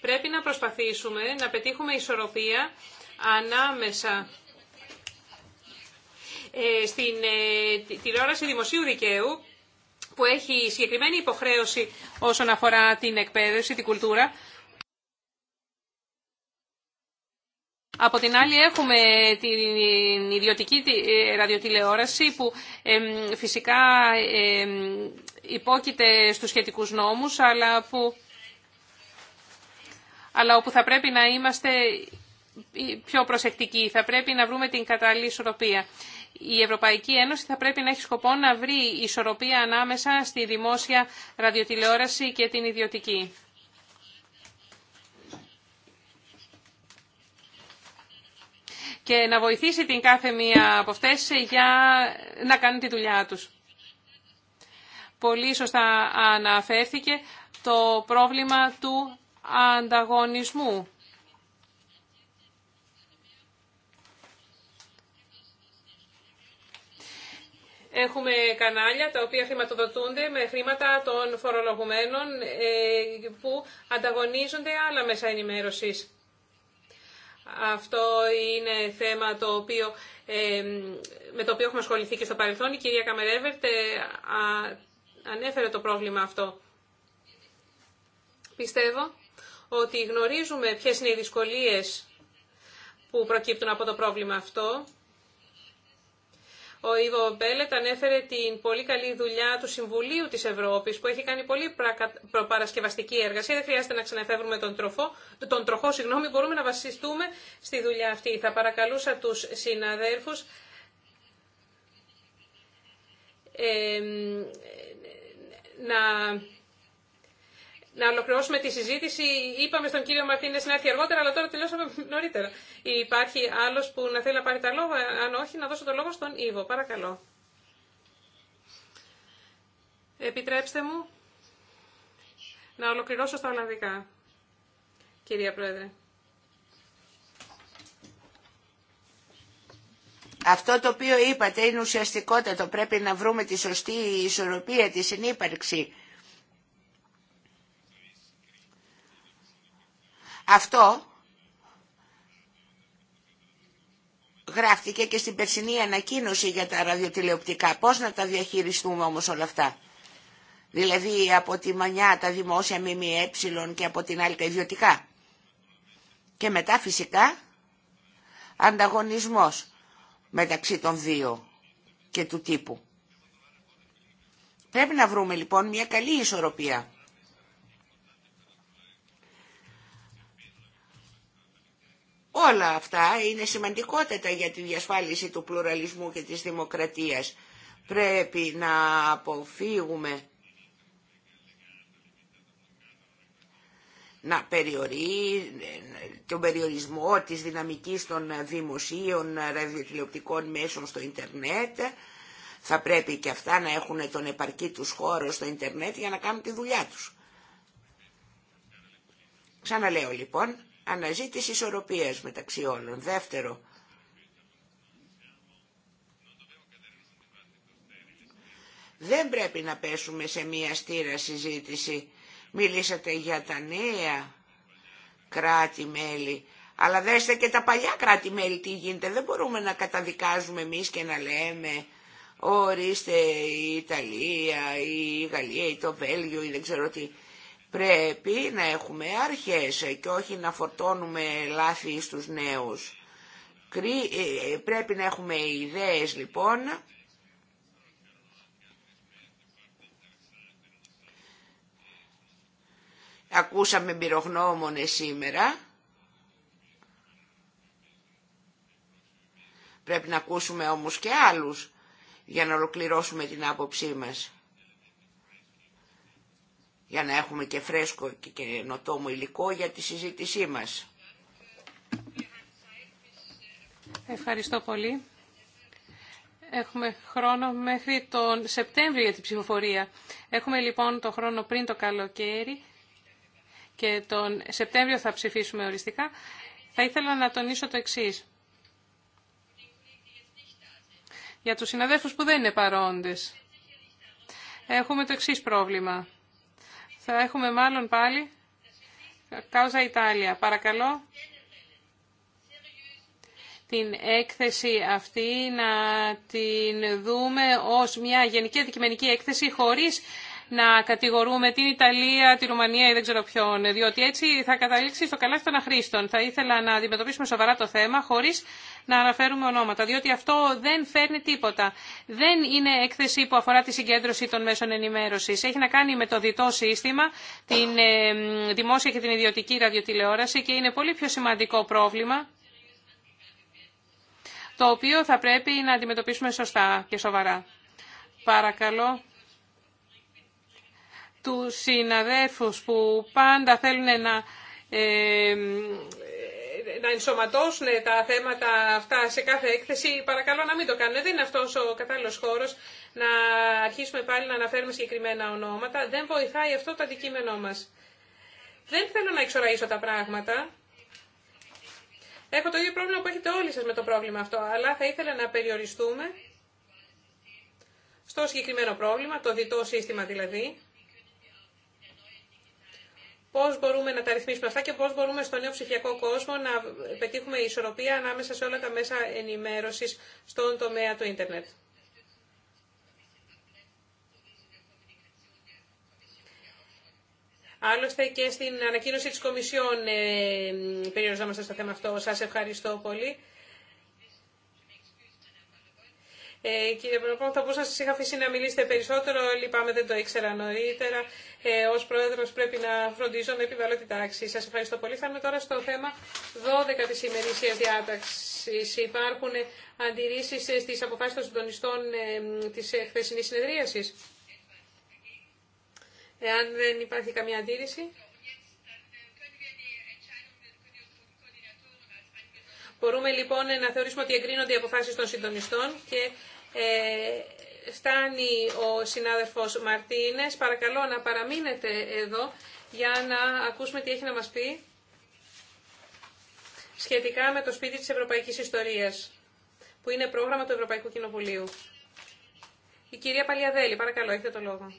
Πρέπει να προσπαθήσουμε να πετύχουμε ισορροπία ανάμεσα ε, στην ε, τηλεόραση δημοσίου δικαίου που έχει συγκεκριμένη υποχρέωση όσον αφορά την εκπαίδευση, την κουλτούρα. Από την άλλη έχουμε την ιδιωτική ε, ραδιοτηλεόραση που φυσικά υπόκειται στους σχετικούς νόμους αλλά, που, αλλά όπου θα πρέπει να είμαστε πιο προσεκτικοί. Θα πρέπει να βρούμε την κατάλληλη ισορροπία η Ευρωπαϊκή Ένωση θα πρέπει να έχει σκοπό να βρει ισορροπία ανάμεσα στη δημόσια ραδιοτηλεόραση και την ιδιωτική. και να βοηθήσει την κάθε μία από αυτές για να κάνει τη δουλειά τους. Πολύ σωστά αναφέρθηκε το πρόβλημα του ανταγωνισμού. Έχουμε κανάλια τα οποία χρηματοδοτούνται με χρήματα των φορολογουμένων ε, που ανταγωνίζονται άλλα μέσα ενημέρωσης. Αυτό είναι θέμα το οποίο, ε, με το οποίο έχουμε ασχοληθεί και στο παρελθόν. Η κυρία Καμερέβερτ ε, ανέφερε το πρόβλημα αυτό. Πιστεύω ότι γνωρίζουμε ποιες είναι οι δυσκολίες που προκύπτουν από το πρόβλημα αυτό ο Ιβο Μπέλετ ανέφερε την πολύ καλή δουλειά του Συμβουλίου της Ευρώπης που έχει κάνει πολύ προπαρασκευαστική εργασία. Δεν χρειάζεται να ξαναφεύγουμε τον, τροφό, τον τροχό, συγγνώμη, μπορούμε να βασιστούμε στη δουλειά αυτή. Θα παρακαλούσα τους συναδέρφους να να ολοκληρώσουμε τη συζήτηση. Είπαμε στον κύριο Μαρτίνε να έρθει αργότερα, αλλά τώρα τελειώσαμε νωρίτερα. Υπάρχει άλλο που να θέλει να πάρει τα λόγο. Αν όχι, να δώσω το λόγο στον Ήβο. Παρακαλώ. Επιτρέψτε μου να ολοκληρώσω στα Ολλανδικά, κυρία Πρόεδρε. Αυτό το οποίο είπατε είναι ουσιαστικότατο. Πρέπει να βρούμε τη σωστή ισορροπία, τη συνύπαρξη Αυτό γράφτηκε και στην περσινή ανακοίνωση για τα ραδιοτηλεοπτικά. Πώς να τα διαχειριστούμε όμως όλα αυτά. Δηλαδή από τη μανιά τα δημόσια ΜΜΕ και από την άλλη τα ιδιωτικά. Και μετά φυσικά ανταγωνισμός μεταξύ των δύο και του τύπου. Πρέπει να βρούμε λοιπόν μια καλή ισορροπία. Όλα αυτά είναι σημαντικότατα για τη διασφάλιση του πλουραλισμού και της δημοκρατίας. Πρέπει να αποφύγουμε να περιορί... τον περιορισμό της δυναμικής των δημοσίων ραδιοτηλεοπτικών μέσων στο ίντερνετ. Θα πρέπει και αυτά να έχουν τον επαρκή τους χώρο στο ίντερνετ για να κάνουν τη δουλειά τους. Ξαναλέω λοιπόν, αναζήτηση ισορροπίας μεταξύ όλων. Δεύτερο, δεν πρέπει να πέσουμε σε μία στήρα συζήτηση. Μιλήσατε για τα νέα κράτη-μέλη, αλλά δέστε και τα παλιά κράτη-μέλη τι γίνεται. Δεν μπορούμε να καταδικάζουμε εμείς και να λέμε ορίστε η Ιταλία, η Γαλλία, ή το Βέλγιο ή δεν ξέρω τι. Πρέπει να έχουμε αρχές και όχι να φορτώνουμε λάθη στους νέους. Ε, ε, πρέπει να έχουμε ιδέες λοιπόν ακούσαμε πυρογνώμονε σήμερα. Πρέπει να ακούσουμε όμως και άλλους για να ολοκληρώσουμε την άποψή μας για να έχουμε και φρέσκο και καινοτόμο υλικό για τη συζήτησή μας. Ευχαριστώ πολύ. Έχουμε χρόνο μέχρι τον Σεπτέμβριο για την ψηφοφορία. Έχουμε λοιπόν το χρόνο πριν το καλοκαίρι και τον Σεπτέμβριο θα ψηφίσουμε οριστικά. Θα ήθελα να τονίσω το εξής. Για τους συναδέλφους που δεν είναι παρόντες, έχουμε το εξής πρόβλημα. Θα έχουμε μάλλον πάλι Κάουζα Ιτάλια. Παρακαλώ την έκθεση αυτή να την δούμε ως μια γενική αντικειμενική έκθεση χωρίς να κατηγορούμε την Ιταλία, τη Ρουμανία ή δεν ξέρω ποιον, διότι έτσι θα καταλήξει στο καλάθι των αχρήστων. Θα ήθελα να αντιμετωπίσουμε σοβαρά το θέμα χωρί να αναφέρουμε ονόματα, διότι αυτό δεν φέρνει τίποτα. Δεν είναι έκθεση που αφορά τη συγκέντρωση των μέσων ενημέρωση. Έχει να κάνει με το διτό σύστημα, την ε, δημόσια και την ιδιωτική ραδιοτηλεόραση και είναι πολύ πιο σημαντικό πρόβλημα το οποίο θα πρέπει να αντιμετωπίσουμε σωστά και σοβαρά. Παρακαλώ του συναδέρφους που πάντα θέλουν να, ε, να ενσωματώσουν τα θέματα αυτά σε κάθε έκθεση, παρακαλώ να μην το κάνουν. Δεν είναι αυτός ο κατάλληλος χώρος να αρχίσουμε πάλι να αναφέρουμε συγκεκριμένα ονόματα. Δεν βοηθάει αυτό το αντικείμενό μας. Δεν θέλω να εξοραίσω τα πράγματα. Έχω το ίδιο πρόβλημα που έχετε όλοι σας με το πρόβλημα αυτό, αλλά θα ήθελα να περιοριστούμε στο συγκεκριμένο πρόβλημα, το διτό σύστημα δηλαδή, πώς μπορούμε να τα ρυθμίσουμε αυτά και πώς μπορούμε στο νέο ψηφιακό κόσμο να πετύχουμε ισορροπία ανάμεσα σε όλα τα μέσα ενημέρωσης στον τομέα του ίντερνετ. Άλλωστε και στην ανακοίνωση της Κομισιόν ε, περιοριζόμαστε στο θέμα αυτό. Σας ευχαριστώ πολύ. Ε, κύριε Πρωθυπουργό, θα μπορούσα σας είχα αφήσει να μιλήσετε περισσότερο, λυπάμαι δεν το ήξερα νωρίτερα. Ε, ως πρόεδρος πρέπει να φροντίζω να επιβάλλω την τάξη. Σας ευχαριστώ πολύ. Θα είμαι τώρα στο θέμα 12 της ημερήσιας διάταξης. Υπάρχουν αντιρρήσεις στις αποφάσεις των συντονιστών ε, της χθεσινής συνεδρίασης. Εάν δεν υπάρχει καμία αντίρρηση... Μπορούμε λοιπόν να θεωρήσουμε ότι εγκρίνονται οι αποφάσεις των συντονιστών και ε, φτάνει ο συνάδελφος Μαρτίνες. Παρακαλώ να παραμείνετε εδώ για να ακούσουμε τι έχει να μας πει σχετικά με το σπίτι της Ευρωπαϊκής Ιστορίας, που είναι πρόγραμμα του Ευρωπαϊκού Κοινοβουλίου. Η κυρία Παλιαδέλη, παρακαλώ, έχετε το λόγο.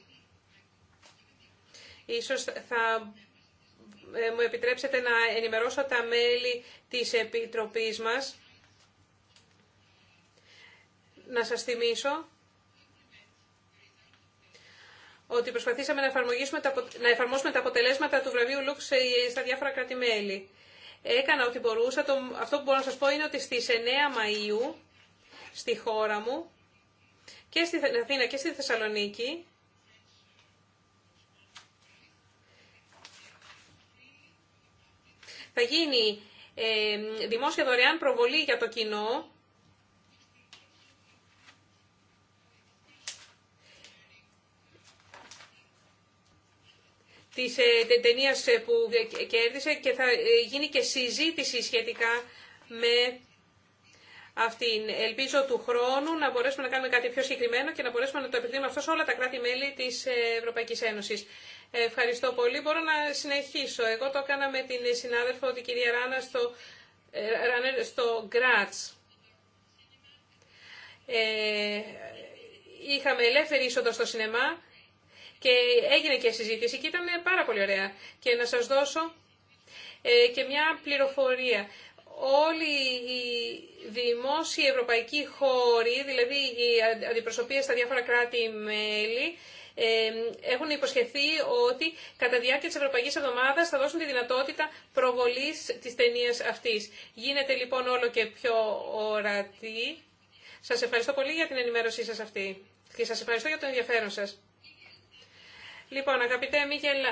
Ίσως θα ε, μου επιτρέψετε να ενημερώσω τα μέλη της Επιτροπής μας. Να σας θυμίσω ότι προσπαθήσαμε να, τα, να εφαρμόσουμε τα αποτελέσματα του βραβείου Λουξ στα διάφορα κράτη-μέλη. Έκανα ό,τι μπορούσα. Το, αυτό που μπορώ να σας πω είναι ότι στις 9 Μαΐου στη χώρα μου και στη Αθήνα και στη Θεσσαλονίκη θα γίνει ε, δημόσια δωρεάν προβολή για το κοινό της ε, ταινία ε, που κέρδισε και θα γίνει και συζήτηση σχετικά με αυτήν. Ελπίζω του χρόνου να μπορέσουμε να κάνουμε κάτι πιο συγκεκριμένο και να μπορέσουμε να το επιδείξουμε αυτό σε όλα τα κράτη-μέλη της Ευρωπαϊκής Ένωσης. Ευχαριστώ πολύ. Μπορώ να συνεχίσω. Εγώ το έκανα με την συνάδελφο την κυρία Ράνα στο, ε, στο Γκράτς. Ε, είχαμε ελεύθερη είσοδο στο σινεμά και έγινε και συζήτηση και ήταν πάρα πολύ ωραία. Και να σας δώσω ε, και μια πληροφορία. Όλοι οι δημόσιοι ευρωπαϊκοί χώροι, δηλαδή οι αντιπροσωπείες στα διάφορα κράτη-μέλη, έχουν υποσχεθεί ότι κατά διάρκεια τη Ευρωπαϊκή Εβδομάδας θα δώσουν τη δυνατότητα προβολής τη ταινία αυτή. Γίνεται λοιπόν όλο και πιο ορατή. Σα ευχαριστώ πολύ για την ενημέρωσή σας αυτή και σα ευχαριστώ για το ενδιαφέρον σας. Λοιπόν, αγαπητέ Μίγκελ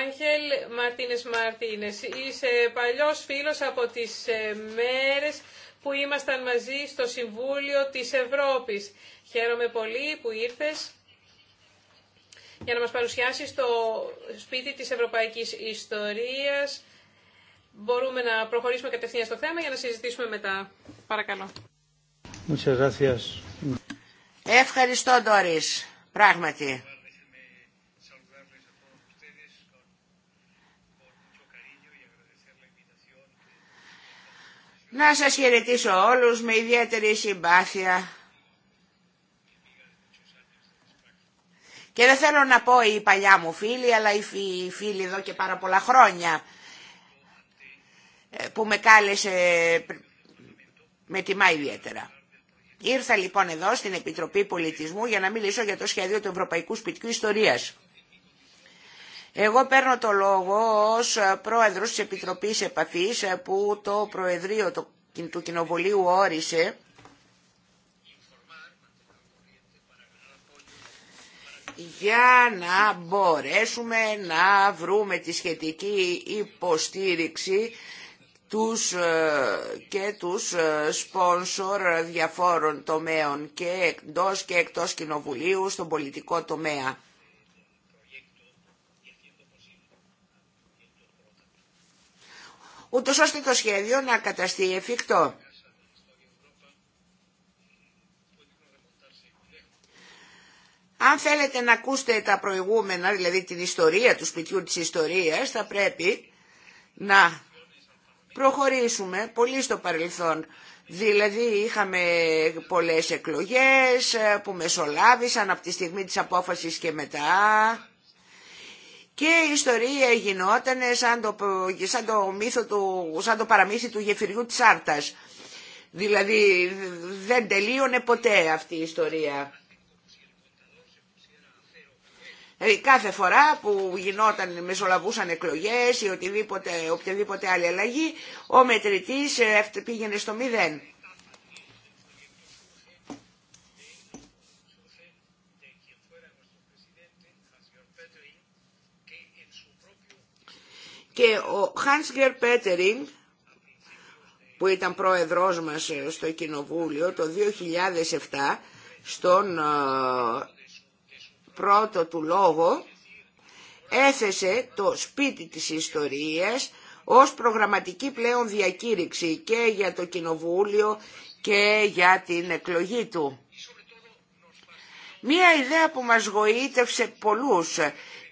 Άγγελ Μαρτίνες Μαρτίνες. Είσαι παλιός φίλος από τις ε, μέρες που ήμασταν μαζί στο Συμβούλιο της Ευρώπης. Χαίρομαι πολύ που ήρθες για να μας παρουσιάσει στο σπίτι της ευρωπαϊκής ιστορίας. Μπορούμε να προχωρήσουμε κατευθείαν στο θέμα για να συζητήσουμε μετά. Παρακαλώ. Ευχαριστώ, Ντόρις. Πράγματι. Να σας χαιρετήσω όλους με ιδιαίτερη συμπάθεια. Και δεν θέλω να πω η παλιά μου φίλη, αλλά η φίλη εδώ και πάρα πολλά χρόνια ε, που με κάλεσε με τιμά ιδιαίτερα. Ήρθα λοιπόν εδώ στην Επιτροπή Πολιτισμού για να μιλήσω για το σχέδιο του Ευρωπαϊκού Σπιτικού Ιστορίας. Εγώ παίρνω το λόγο ως πρόεδρος της Επιτροπής Επαφής ε, που το Προεδρείο του Κοινοβουλίου όρισε για να μπορέσουμε να βρούμε τη σχετική υποστήριξη τους ε, και τους σπόνσορ ε, διαφόρων τομέων και εντός και εκτός κοινοβουλίου στον πολιτικό τομέα. Ούτως ώστε το σχέδιο να καταστεί εφικτό. Αν θέλετε να ακούσετε τα προηγούμενα, δηλαδή την ιστορία του σπιτιού της ιστορίας, θα πρέπει να προχωρήσουμε πολύ στο παρελθόν. Δηλαδή είχαμε πολλές εκλογές ε, που μεσολάβησαν από τη στιγμή της απόφασης και μετά. Και η ιστορία γινόταν σαν το, μύθο του, σαν το παραμύθι του γεφυριού της Άρτας. Δηλαδή δεν τελείωνε ποτέ αυτή η ιστορία. Ε, κάθε φορά που γινόταν, μεσολαβούσαν εκλογές ή οτιδήποτε, οποιαδήποτε άλλη αλλαγή, ο μετρητής ε, πήγαινε στο μηδέν. Και ο Χάνσγκερ Πέτερινγκ, που ήταν πρόεδρός μας ε, στο Κοινοβούλιο το 2007, στον πρώτο του λόγο έθεσε το σπίτι της ιστορίας ως προγραμματική πλέον διακήρυξη και για το κοινοβούλιο και για την εκλογή του. Μία ιδέα που μας γοήτευσε πολλούς,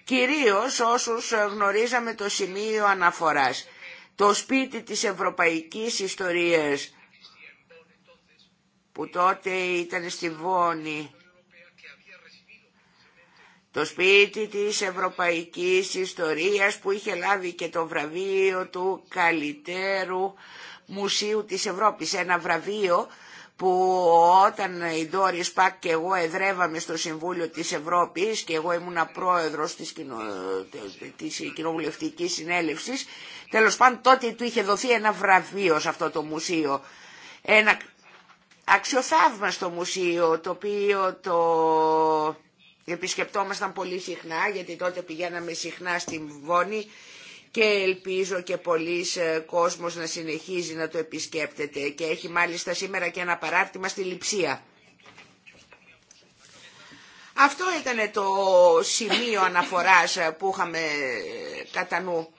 κυρίως όσους γνωρίζαμε το σημείο αναφοράς, το σπίτι της ευρωπαϊκής ιστορίας, που τότε ήταν στη Βόνη το σπίτι της ευρωπαϊκής ιστορίας που είχε λάβει και το βραβείο του καλυτέρου μουσείου της Ευρώπης. Ένα βραβείο που όταν η Ντόρι Σπακ και εγώ εδρεύαμε στο Συμβούλιο της Ευρώπης και εγώ ήμουνα πρόεδρος της, κοινο... της Κοινοβουλευτικής Συνέλευσης, τέλος πάντων τότε του είχε δοθεί ένα βραβείο σε αυτό το μουσείο. Ένα αξιοθαύμαστο μουσείο το οποίο το επισκεπτόμασταν πολύ συχνά γιατί τότε πηγαίναμε συχνά στην Βόνη και ελπίζω και πολλοί ε, κόσμος να συνεχίζει να το επισκέπτεται και έχει μάλιστα σήμερα και ένα παράρτημα στη Λιψία. Αυτό ήταν το σημείο αναφοράς ε, που είχαμε ε, κατά νου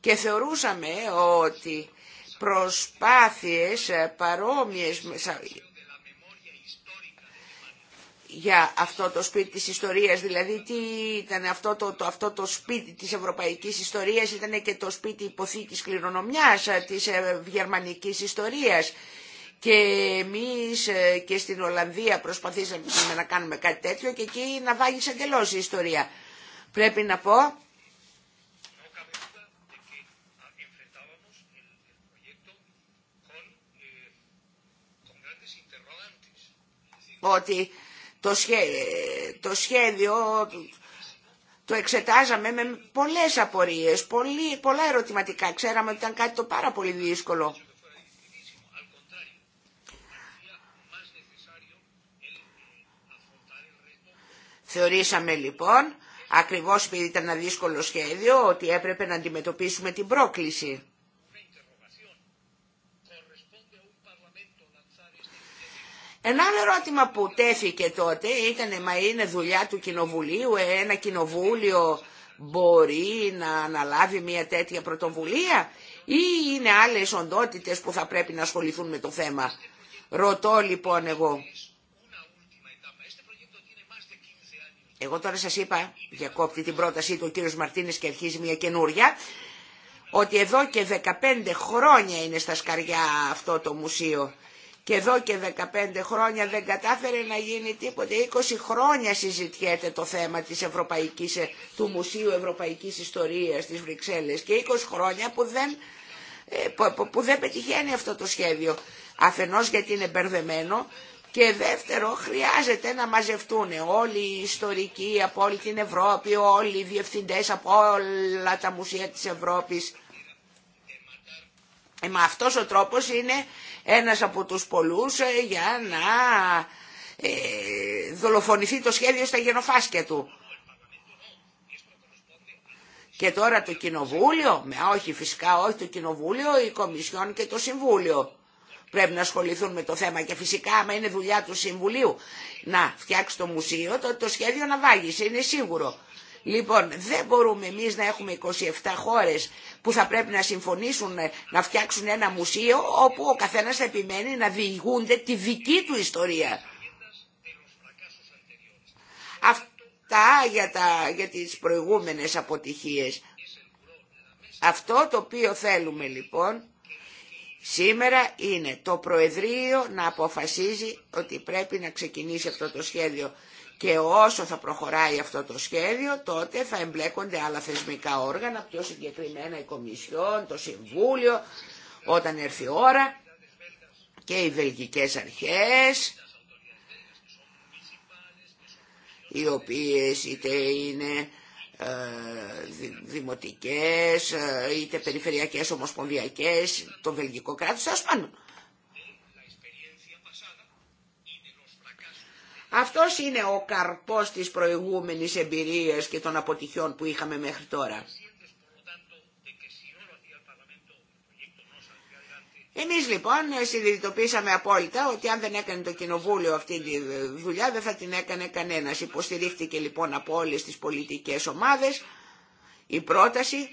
και θεωρούσαμε ότι προσπάθειες παρόμοιες για αυτό το σπίτι της ιστορίας, δηλαδή τι ήταν αυτό το, αυτό το σπίτι της ευρωπαϊκής ιστορίας, ήταν και το σπίτι υποθήκης κληρονομιάς ε, της ε, γερμανικής ιστορίας. Και εμείς ε, και στην Ολλανδία προσπαθήσαμε να κάνουμε κάτι τέτοιο και εκεί να βάγει σαν η ιστορία. Πρέπει να πω ότι το, σχέδιο το εξετάζαμε με πολλές απορίες, πολλά ερωτηματικά. Ξέραμε ότι ήταν κάτι το πάρα πολύ δύσκολο. Θεωρήσαμε λοιπόν, ακριβώς επειδή ήταν ένα δύσκολο σχέδιο, ότι έπρεπε να αντιμετωπίσουμε την πρόκληση. Ένα άλλο ερώτημα που τέθηκε τότε ήταν, μα είναι δουλειά του κοινοβουλίου, ε, ένα κοινοβούλιο μπορεί να αναλάβει μια τέτοια πρωτοβουλία ή είναι άλλες οντότητες που θα πρέπει να ασχοληθούν με το θέμα. Ρωτώ λοιπόν εγώ. Εγώ τώρα σας είπα, διακόπτει την πρότασή του ο κύριος Μαρτίνης και αρχίζει μια καινούρια, ότι εδώ και 15 χρόνια είναι στα σκαριά αυτό το μουσείο και εδώ και 15 χρόνια δεν κατάφερε να γίνει τίποτε. 20 χρόνια συζητιέται το θέμα της Ευρωπαϊκής, του Μουσείου Ευρωπαϊκής Ιστορίας της Βρυξέλλες και 20 χρόνια που δεν, ε, που δεν πετυχαίνει αυτό το σχέδιο. Αφενός γιατί είναι μπερδεμένο και δεύτερο χρειάζεται να μαζευτούν όλοι οι ιστορικοί από όλη την Ευρώπη, όλοι οι διευθυντές από όλα τα μουσεία της Ευρώπης. Ε, μα αυτός ο τρόπος είναι ένας από τους πολλούς ε, για να ε, δολοφονηθεί το σχέδιο στα γενοφάσκια του. Και τώρα το κοινοβούλιο, με, όχι φυσικά όχι το κοινοβούλιο, η Κομισιόν και το Συμβούλιο πρέπει να ασχοληθούν με το θέμα και φυσικά άμα είναι δουλειά του Συμβουλίου να φτιάξει το μουσείο, το, το σχέδιο να βάγει, είναι σίγουρο. Λοιπόν, δεν μπορούμε εμείς να έχουμε 27 χώρες που θα πρέπει να συμφωνήσουν να φτιάξουν ένα μουσείο όπου ο καθένας επιμένει να διηγούνται τη δική του ιστορία. Αυτά για, για τις προηγούμενες αποτυχίες. Αυτό το οποίο θέλουμε λοιπόν σήμερα είναι το Προεδρείο να αποφασίζει ότι πρέπει να ξεκινήσει αυτό το σχέδιο και όσο θα προχωράει αυτό το σχέδιο τότε θα εμπλέκονται άλλα θεσμικά όργανα, πιο συγκεκριμένα η Κομισιόν, το Συμβούλιο, όταν έρθει η ώρα και οι βελγικές αρχές οι οποίες είτε είναι ε, δημοτικές, ε, είτε περιφερειακές, ομοσπονδιακές, το βελγικό κράτος, ας πάνω. Αυτός είναι ο καρπός της προηγούμενης εμπειρίας και των αποτυχιών που είχαμε μέχρι τώρα. Εμείς λοιπόν συνειδητοποίησαμε απόλυτα ότι αν δεν έκανε το κοινοβούλιο αυτή τη δουλειά δεν θα την έκανε κανένας. Υποστηρίχθηκε λοιπόν από όλες τις πολιτικές ομάδες η πρόταση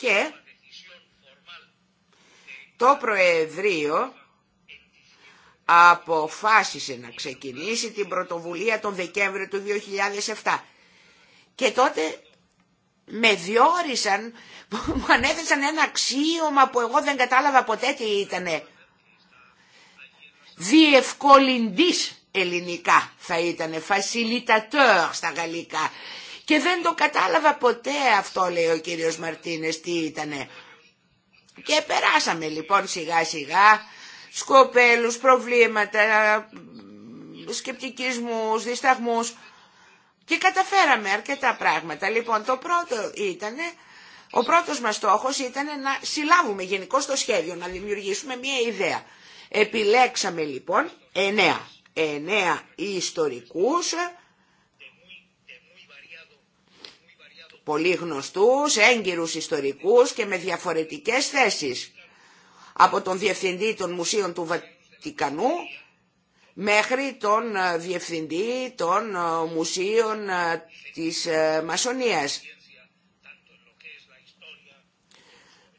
και το Προεδρείο αποφάσισε να ξεκινήσει την πρωτοβουλία τον Δεκέμβριο του 2007. Και τότε με διόρισαν, μου ανέθεσαν ένα αξίωμα που εγώ δεν κατάλαβα ποτέ τι ήτανε. Διευκολυντής ελληνικά θα ήτανε, «φασιλιτατέρ» στα γαλλικά. Και δεν το κατάλαβα ποτέ αυτό λέει ο κύριος Μαρτίνες τι ήτανε. Και περάσαμε λοιπόν σιγά σιγά σκοπέλους, προβλήματα, σκεπτικισμούς, δισταγμούς και καταφέραμε αρκετά πράγματα. Λοιπόν το πρώτο ήτανε ο πρώτος μας στόχος ήταν να συλλάβουμε γενικό το σχέδιο, να δημιουργήσουμε μία ιδέα. Επιλέξαμε λοιπόν εννέα, εννέα ιστορικούς πολύ γνωστούς, έγκυρους ιστορικούς και με διαφορετικές θέσεις. Από τον Διευθυντή των Μουσείων του Βατικανού μέχρι τον ε, Διευθυντή των ε, Μουσείων ε, της Μασονίας.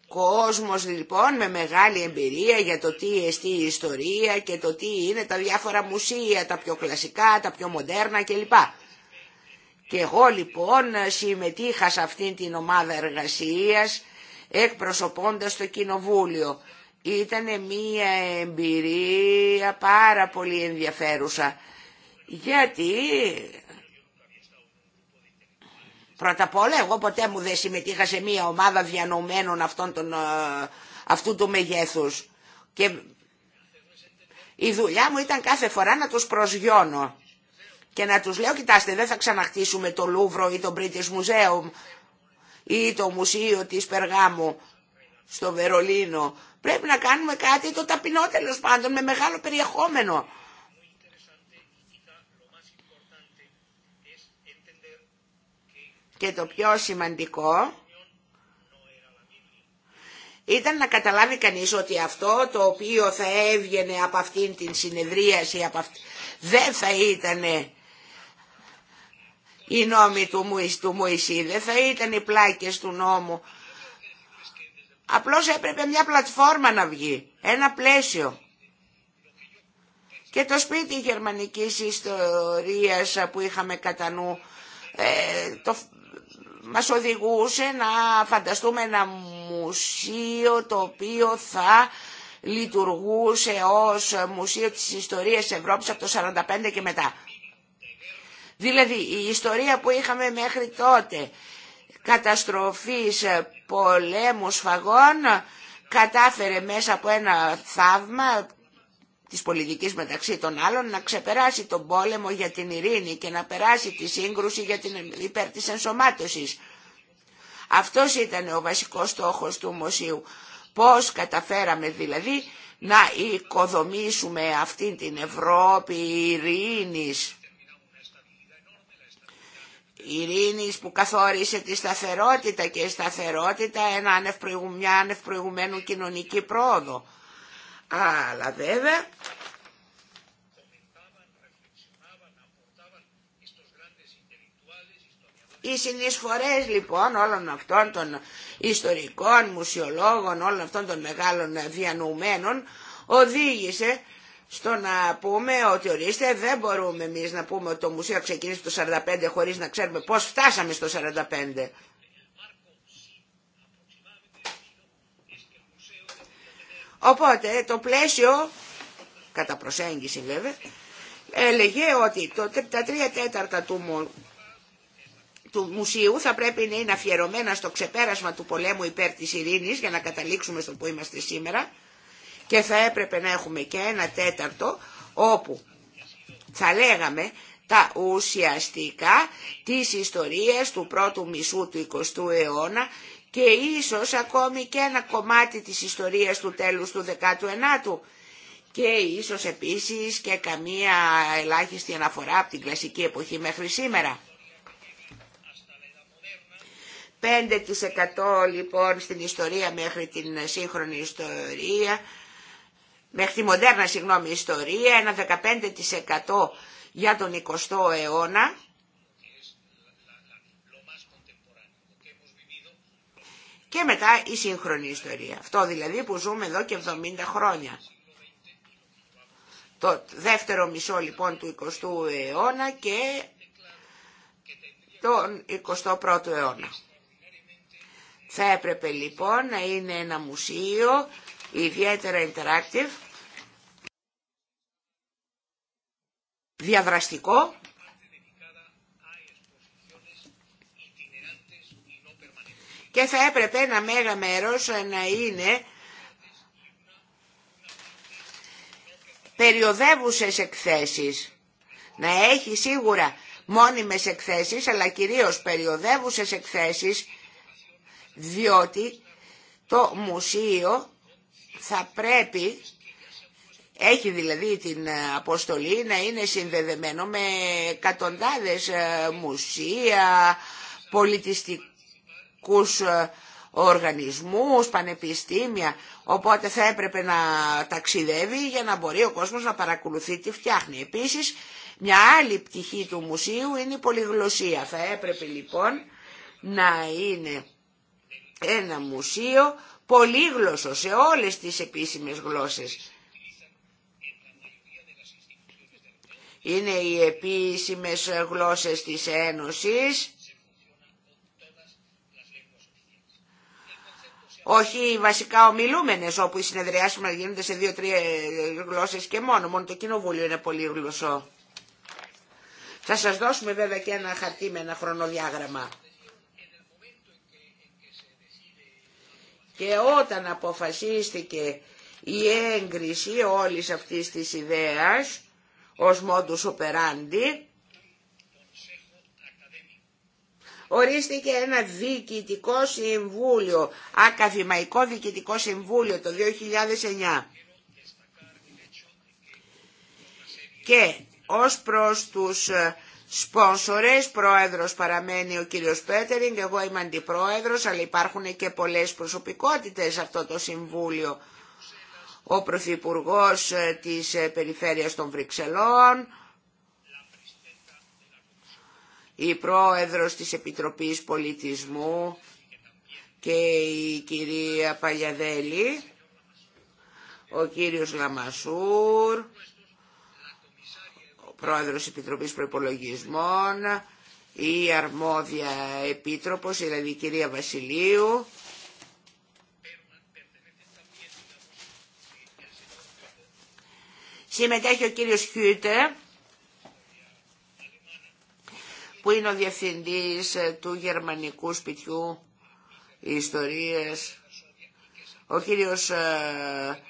Κόσμος λοιπόν με μεγάλη εμπειρία για το τι εστί η ιστορία και το τι είναι τα διάφορα μουσεία, τα πιο κλασικά, τα πιο μοντέρνα κλπ. Και εγώ λοιπόν συμμετείχα σε αυτήν την ομάδα εργασίας εκπροσωπώντας το κοινοβούλιο. Ήταν μία εμπειρία πάρα πολύ ενδιαφέρουσα. Γιατί πρώτα απ' όλα εγώ ποτέ μου δεν συμμετείχα σε μία ομάδα διανομένων αυτών των, ε, αυτού του μεγέθους. Και η δουλειά μου ήταν κάθε φορά να τους προσγειώνω και να τους λέω κοιτάστε δεν θα ξαναχτίσουμε το Λούβρο ή το British Museum ή το Μουσείο της Περγάμου στο Βερολίνο. Πρέπει να κάνουμε κάτι το ταπεινό τέλο πάντων με μεγάλο περιεχόμενο. Και το πιο σημαντικό ήταν να καταλάβει κανείς ότι αυτό το οποίο θα έβγαινε από αυτήν την συνεδρίαση από αυτή, δεν θα ήτανε οι νόμοι του Μουησί. δεν θα ήταν οι πλάκες του νόμου. Απλώς έπρεπε μια πλατφόρμα να βγει, ένα πλαίσιο. Και το σπίτι γερμανικής ιστορίας που είχαμε κατά νου, ε, μας οδηγούσε να φανταστούμε ένα μουσείο το οποίο θα λειτουργούσε ως μουσείο της ιστορίας Ευρώπης από το 1945 και μετά. Δηλαδή η ιστορία που είχαμε μέχρι τότε, καταστροφής ε, πολέμου σφαγών, κατάφερε μέσα από ένα θαύμα της πολιτικής μεταξύ των άλλων να ξεπεράσει τον πόλεμο για την ειρήνη και να περάσει τη σύγκρουση για την υπέρ της ενσωμάτωσης. Αυτός ήταν ο βασικός στόχος του Μωσίου. Πώς καταφέραμε δηλαδή να οικοδομήσουμε αυτή την Ευρώπη ειρήνης ειρήνης που καθόρισε τη σταθερότητα και η σταθερότητα ένα άνευ μια ανευπροηγουμένου κοινωνική πρόοδο. Αλλά βέβαια Οι συνεισφορές λοιπόν όλων αυτών των ιστορικών, μουσιολόγων, όλων αυτών των μεγάλων διανοουμένων οδήγησε στο να πούμε ότι ορίστε δεν μπορούμε εμείς να πούμε ότι το μουσείο ξεκίνησε το 45 χωρίς να ξέρουμε πώς φτάσαμε στο 45. Οπότε το πλαίσιο, κατά προσέγγιση βέβαια, έλεγε ότι το, τα τρία τέταρτα του, του μουσείου θα πρέπει να είναι αφιερωμένα στο ξεπέρασμα του πολέμου υπέρ της ειρήνης για να καταλήξουμε στο που είμαστε σήμερα. Και θα έπρεπε να έχουμε και ένα τέταρτο όπου θα λέγαμε τα ουσιαστικά της ιστορίας του πρώτου μισού του 20ου αιώνα και ίσως ακόμη και ένα κομμάτι της ιστορίας του τέλους του 19ου και ίσως επίσης και καμία ελάχιστη αναφορά από την κλασική εποχή μέχρι σήμερα. 5% λοιπόν στην ιστορία μέχρι την σύγχρονη ιστορία, μέχρι τη μοντέρνα συγγνώμη ιστορία, ένα 15% για τον 20ο αιώνα. Και μετά η σύγχρονη ιστορία. Αυτό δηλαδή που ζούμε εδώ και 70 χρόνια. Το δεύτερο μισό λοιπόν του 20ου αιώνα και τον 21ο αιώνα. Θα έπρεπε λοιπόν να είναι ένα μουσείο ιδιαίτερα interactive, διαδραστικό, και θα έπρεπε ένα μέγα μέρος να είναι περιοδεύουσες εκθέσεις. Να έχει σίγουρα μόνιμες εκθέσεις, αλλά κυρίως περιοδεύουσες εκθέσεις, διότι το μουσείο θα πρέπει, έχει δηλαδή την αποστολή να είναι συνδεδεμένο με εκατοντάδες ε, μουσεία, πολιτιστικούς ε, οργανισμούς, πανεπιστήμια, οπότε θα έπρεπε να ταξιδεύει για να μπορεί ο κόσμος να παρακολουθεί τι φτιάχνει. Επίσης, μια άλλη πτυχή του μουσείου είναι η πολυγλωσία. Θα έπρεπε λοιπόν να είναι ένα μουσείο πολύγλωσσο σε όλες τις επίσημες γλώσσες. Είναι οι επίσημες γλώσσες της Ένωσης, όχι βασικά ομιλούμενες όπου οι συνεδριάσεις μας γίνονται σε δύο-τρία γλώσσες και μόνο, μόνο το κοινοβούλιο είναι πολύγλωσσο. Θα σας δώσουμε βέβαια και ένα χαρτί με ένα χρονοδιάγραμμα. Και όταν αποφασίστηκε η έγκριση όλης αυτής της ιδέας ως modus operandi, ορίστηκε ένα διοικητικό συμβούλιο, ακαδημαϊκό διοικητικό συμβούλιο το 2009. Και ως προς τους ε, σπόνσορες, πρόεδρος παραμένει ο κύριος Πέτερινγκ, εγώ είμαι αντιπρόεδρος, αλλά υπάρχουν και πολλές προσωπικότητες σε αυτό το συμβούλιο. Ο Πρωθυπουργό ε, της ε, Περιφέρειας των Βρυξελών, η πρόεδρος της Επιτροπής Πολιτισμού και η κυρία Παλιαδέλη, ο κύριος Λαμασούρ, πρόεδρος Επιτροπής Προϋπολογισμών, η αρμόδια επίτροπος, δηλαδή η κυρία Βασιλείου. Συμμετέχει ο κύριος Χιούτε, που είναι ο διευθυντής του γερμανικού σπιτιού ιστορίες. Ο κύριος ε,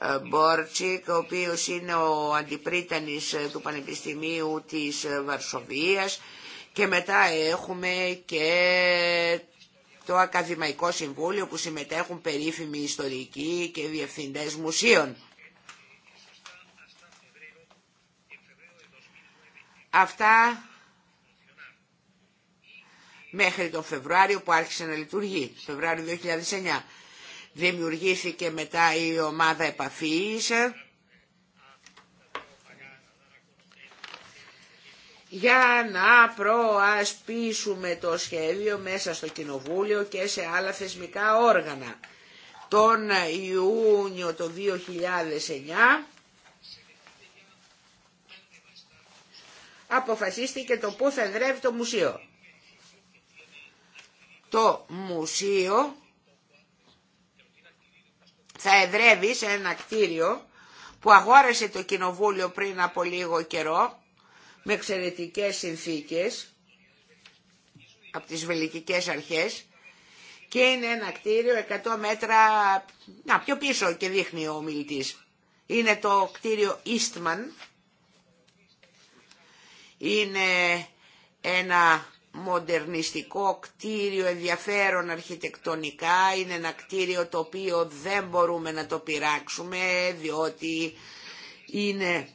ε, Μπόρτσικ, ο οποίος είναι ο αντιπρίτανης ε, του Πανεπιστημίου της ε, Βαρσοβίας και μετά έχουμε και το Ακαδημαϊκό Συμβούλιο που συμμετέχουν περίφημοι ιστορικοί και διευθυντές μουσείων. Αυτά μέχρι τον Φεβρουάριο που άρχισε να λειτουργεί, Φεβρουάριο 2009. Δημιουργήθηκε μετά η ομάδα επαφής. για να προασπίσουμε το σχέδιο μέσα στο Κοινοβούλιο και σε άλλα θεσμικά όργανα. Τον Ιούνιο το 2009 αποφασίστηκε το πού θα εδρεύει το μουσείο. Το μουσείο θα εδρεύει σε ένα κτίριο που αγόρασε το κοινοβούλιο πριν από λίγο καιρό με εξαιρετικέ συνθήκες από τις βελικικές αρχές και είναι ένα κτίριο 100 μέτρα να, πιο πίσω και δείχνει ο μιλητής. Είναι το κτίριο Eastman. Είναι ένα μοντερνιστικό κτίριο ενδιαφέρον αρχιτεκτονικά, είναι ένα κτίριο το οποίο δεν μπορούμε να το πειράξουμε διότι είναι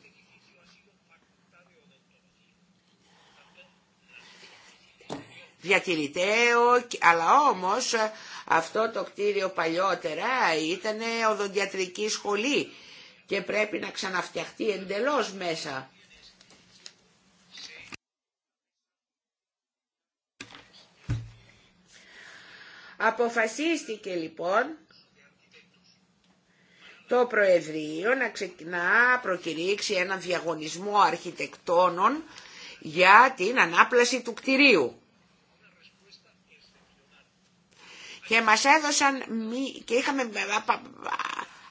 διατηρηταίο, αλλά όμως αυτό το κτίριο παλιότερα ήταν οδοντιατρική σχολή και πρέπει να ξαναφτιαχτεί εντελώς μέσα. Αποφασίστηκε λοιπόν το Προεδρείο να ξεκινά προκηρύξει έναν διαγωνισμό αρχιτεκτόνων για την ανάπλαση του κτηρίου. Και μας έδωσαν και είχαμε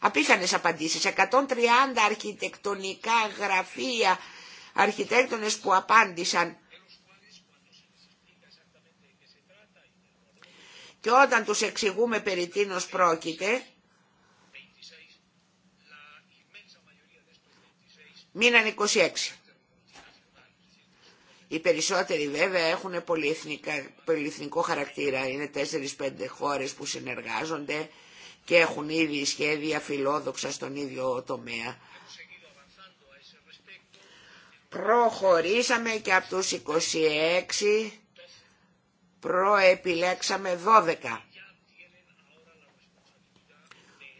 απίθανες απαντήσεις. 130 αρχιτεκτονικά γραφεία, αρχιτέκτονες που απάντησαν Και όταν τους εξηγούμε περί τίνος πρόκειται, μείναν 26. Οι περισσότεροι βέβαια έχουν πολυεθνικό χαρακτήρα. Είναι 4-5 χώρες που συνεργάζονται και έχουν ήδη σχέδια φιλόδοξα στον ίδιο τομέα. Προχωρήσαμε και από τους 26 προεπιλέξαμε 12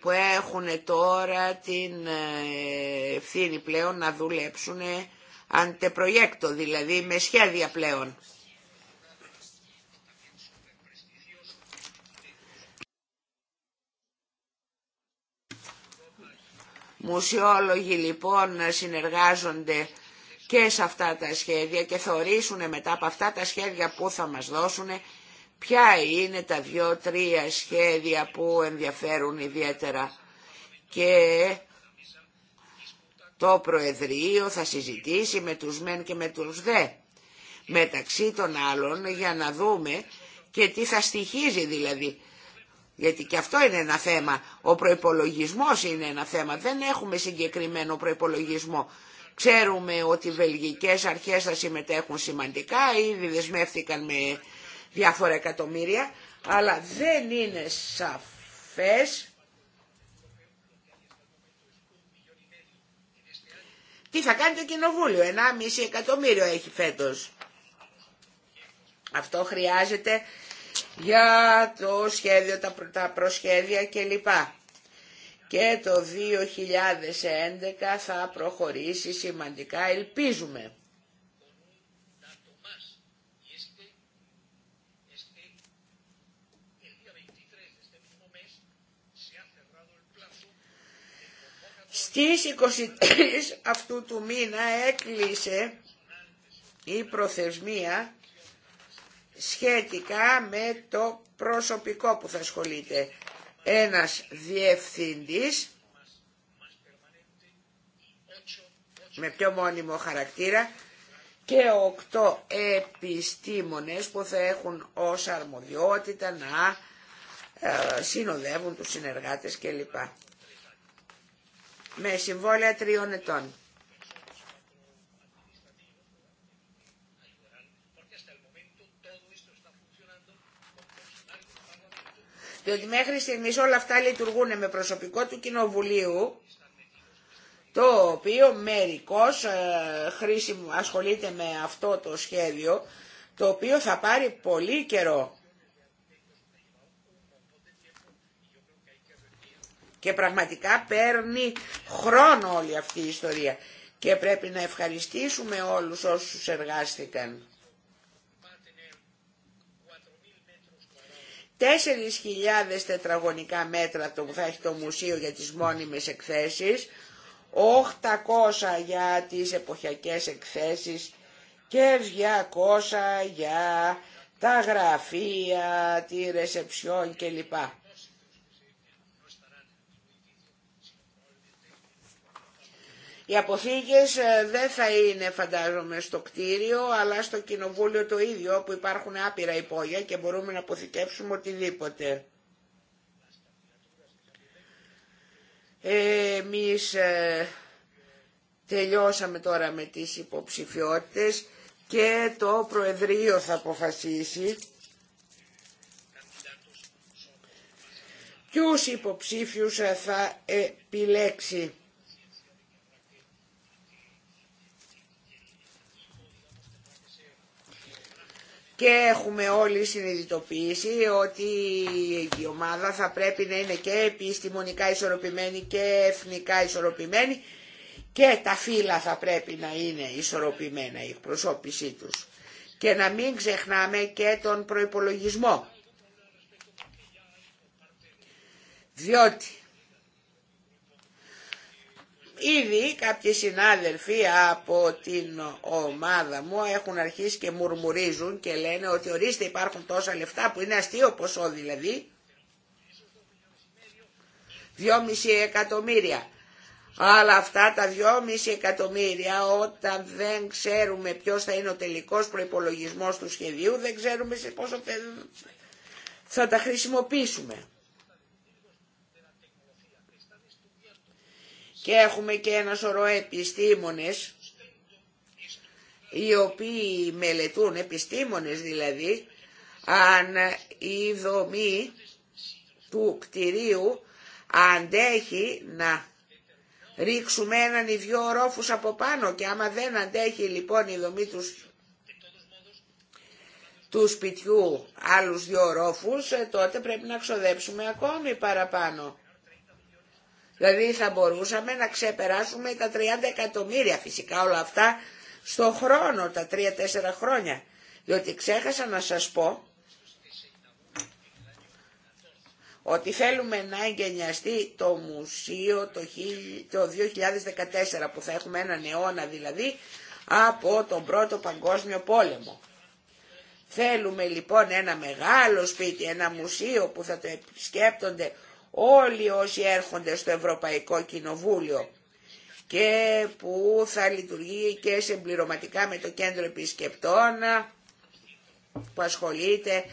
που έχουν τώρα την ε, ευθύνη πλέον να δουλέψουν αντεπροέκτο, δηλαδή με σχέδια πλέον. Μουσιόλογοι λοιπόν συνεργάζονται και σε αυτά τα σχέδια και θεωρήσουν μετά από αυτά τα σχέδια που θα μας δώσουν ποια είναι τα δύο-τρία σχέδια που ενδιαφέρουν ιδιαίτερα και το Προεδρείο θα συζητήσει με τους μεν και με τους δε μεταξύ των άλλων για να δούμε και τι θα στοιχίζει δηλαδή. Γιατί και αυτό είναι ένα θέμα. Ο προϋπολογισμός είναι ένα θέμα. Δεν έχουμε συγκεκριμένο προϋπολογισμό. Ξέρουμε ότι οι βελγικές αρχές θα συμμετέχουν σημαντικά, ήδη δεσμεύτηκαν με διάφορα εκατομμύρια, αλλά δεν είναι σαφές τι θα κάνει το κοινοβούλιο. 1,5 εκατομμύριο έχει φέτος. Αυτό χρειάζεται για το σχέδιο, τα προσχέδια κλπ και το 2011 θα προχωρήσει σημαντικά, ελπίζουμε. Στις 23 αυτού του μήνα έκλεισε η προθεσμία σχετικά με το προσωπικό που θα ασχολείται ένας διευθυντής με πιο μόνιμο χαρακτήρα και οκτώ επιστήμονες που θα έχουν ως αρμοδιότητα να ε, συνοδεύουν τους συνεργάτες κλπ. Με συμβόλαια τριών ετών. διότι μέχρι στιγμής όλα αυτά λειτουργούν με προσωπικό του Κοινοβουλίου, το οποίο μερικώς ε, χρήσιμο, ασχολείται με αυτό το σχέδιο, το οποίο θα πάρει πολύ καιρό. Και πραγματικά παίρνει χρόνο όλη αυτή η ιστορία. Και πρέπει να ευχαριστήσουμε όλους όσους εργάστηκαν. 4.000 τετραγωνικά μέτρα το που θα έχει το μουσείο για τις μόνιμες εκθέσεις, 800 για τις εποχιακές εκθέσεις και 200 για τα γραφεία, τη ρεσεψιόν κλπ. Οι αποθήκες ε, δεν θα είναι φαντάζομαι στο κτίριο αλλά στο κοινοβούλιο το ίδιο όπου υπάρχουν άπειρα υπόγεια και μπορούμε να αποθηκεύσουμε οτιδήποτε. Εμείς ε, τελειώσαμε τώρα με τις υποψηφιότητες και το Προεδρείο θα αποφασίσει ποιους υποψήφιους θα επιλέξει. και έχουμε όλοι συνειδητοποιήσει ότι η ομάδα θα πρέπει να είναι και επιστημονικά ισορροπημένη και εθνικά ισορροπημένη και τα φύλλα θα πρέπει να είναι ισορροπημένα η εκπροσώπησή τους. Και να μην ξεχνάμε και τον προϋπολογισμό. Διότι Ήδη κάποιοι συνάδελφοι από την ομάδα μου έχουν αρχίσει και μουρμουρίζουν και λένε ότι ορίστε υπάρχουν τόσα λεφτά που είναι αστείο ποσό δηλαδή. 2,5 εκατομμύρια. Αλλά αυτά τα 2,5 εκατομμύρια όταν δεν ξέρουμε ποιος θα είναι ο τελικός προϋπολογισμός του σχεδίου δεν ξέρουμε σε πόσο θα τα χρησιμοποιήσουμε. και έχουμε και ένα σωρό επιστήμονες οι οποίοι μελετούν, επιστήμονες δηλαδή, αν η δομή του κτηρίου αντέχει να ρίξουμε έναν ή δυο ορόφους από πάνω και άμα δεν αντέχει λοιπόν η δυο απο πανω και αμα δεν αντεχει λοιπον η δομη του, σπιτιού άλλους δυο ορόφους ε, τότε πρέπει να ξοδέψουμε ακόμη παραπάνω. Δηλαδή θα μπορούσαμε να ξεπεράσουμε τα 30 εκατομμύρια φυσικά όλα αυτά στο χρόνο, τα 3-4 χρόνια. Διότι ξέχασα να σας πω ότι θέλουμε να εγκαινιαστεί το μουσείο το 2014 που θα έχουμε έναν αιώνα δηλαδή από τον πρώτο παγκόσμιο πόλεμο. Θέλουμε λοιπόν ένα μεγάλο σπίτι, ένα μουσείο που θα το επισκέπτονται όλοι όσοι έρχονται στο Ευρωπαϊκό Κοινοβούλιο και που θα λειτουργεί και συμπληρωματικά με το κέντρο επισκεπτών που ασχολείται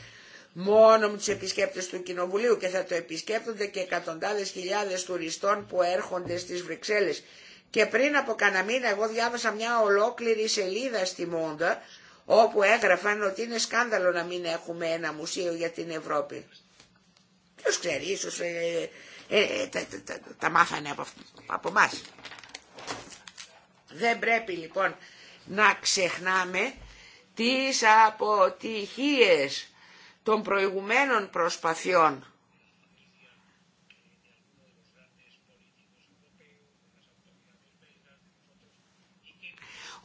μόνο με τους επισκέπτες του Κοινοβουλίου και θα το επισκέπτονται και εκατοντάδες χιλιάδες τουριστών που έρχονται στις Βρυξέλλες. Και πριν από κανένα μήνα εγώ διάβασα μια ολόκληρη σελίδα στη Μόντα όπου έγραφαν ότι είναι σκάνδαλο να μην έχουμε ένα μουσείο για την Ευρώπη. Ποιο ξέρει, ίσω τα, τα, μάθανε από, από Δεν πρέπει λοιπόν να ξεχνάμε τις αποτυχίες των προηγουμένων προσπαθειών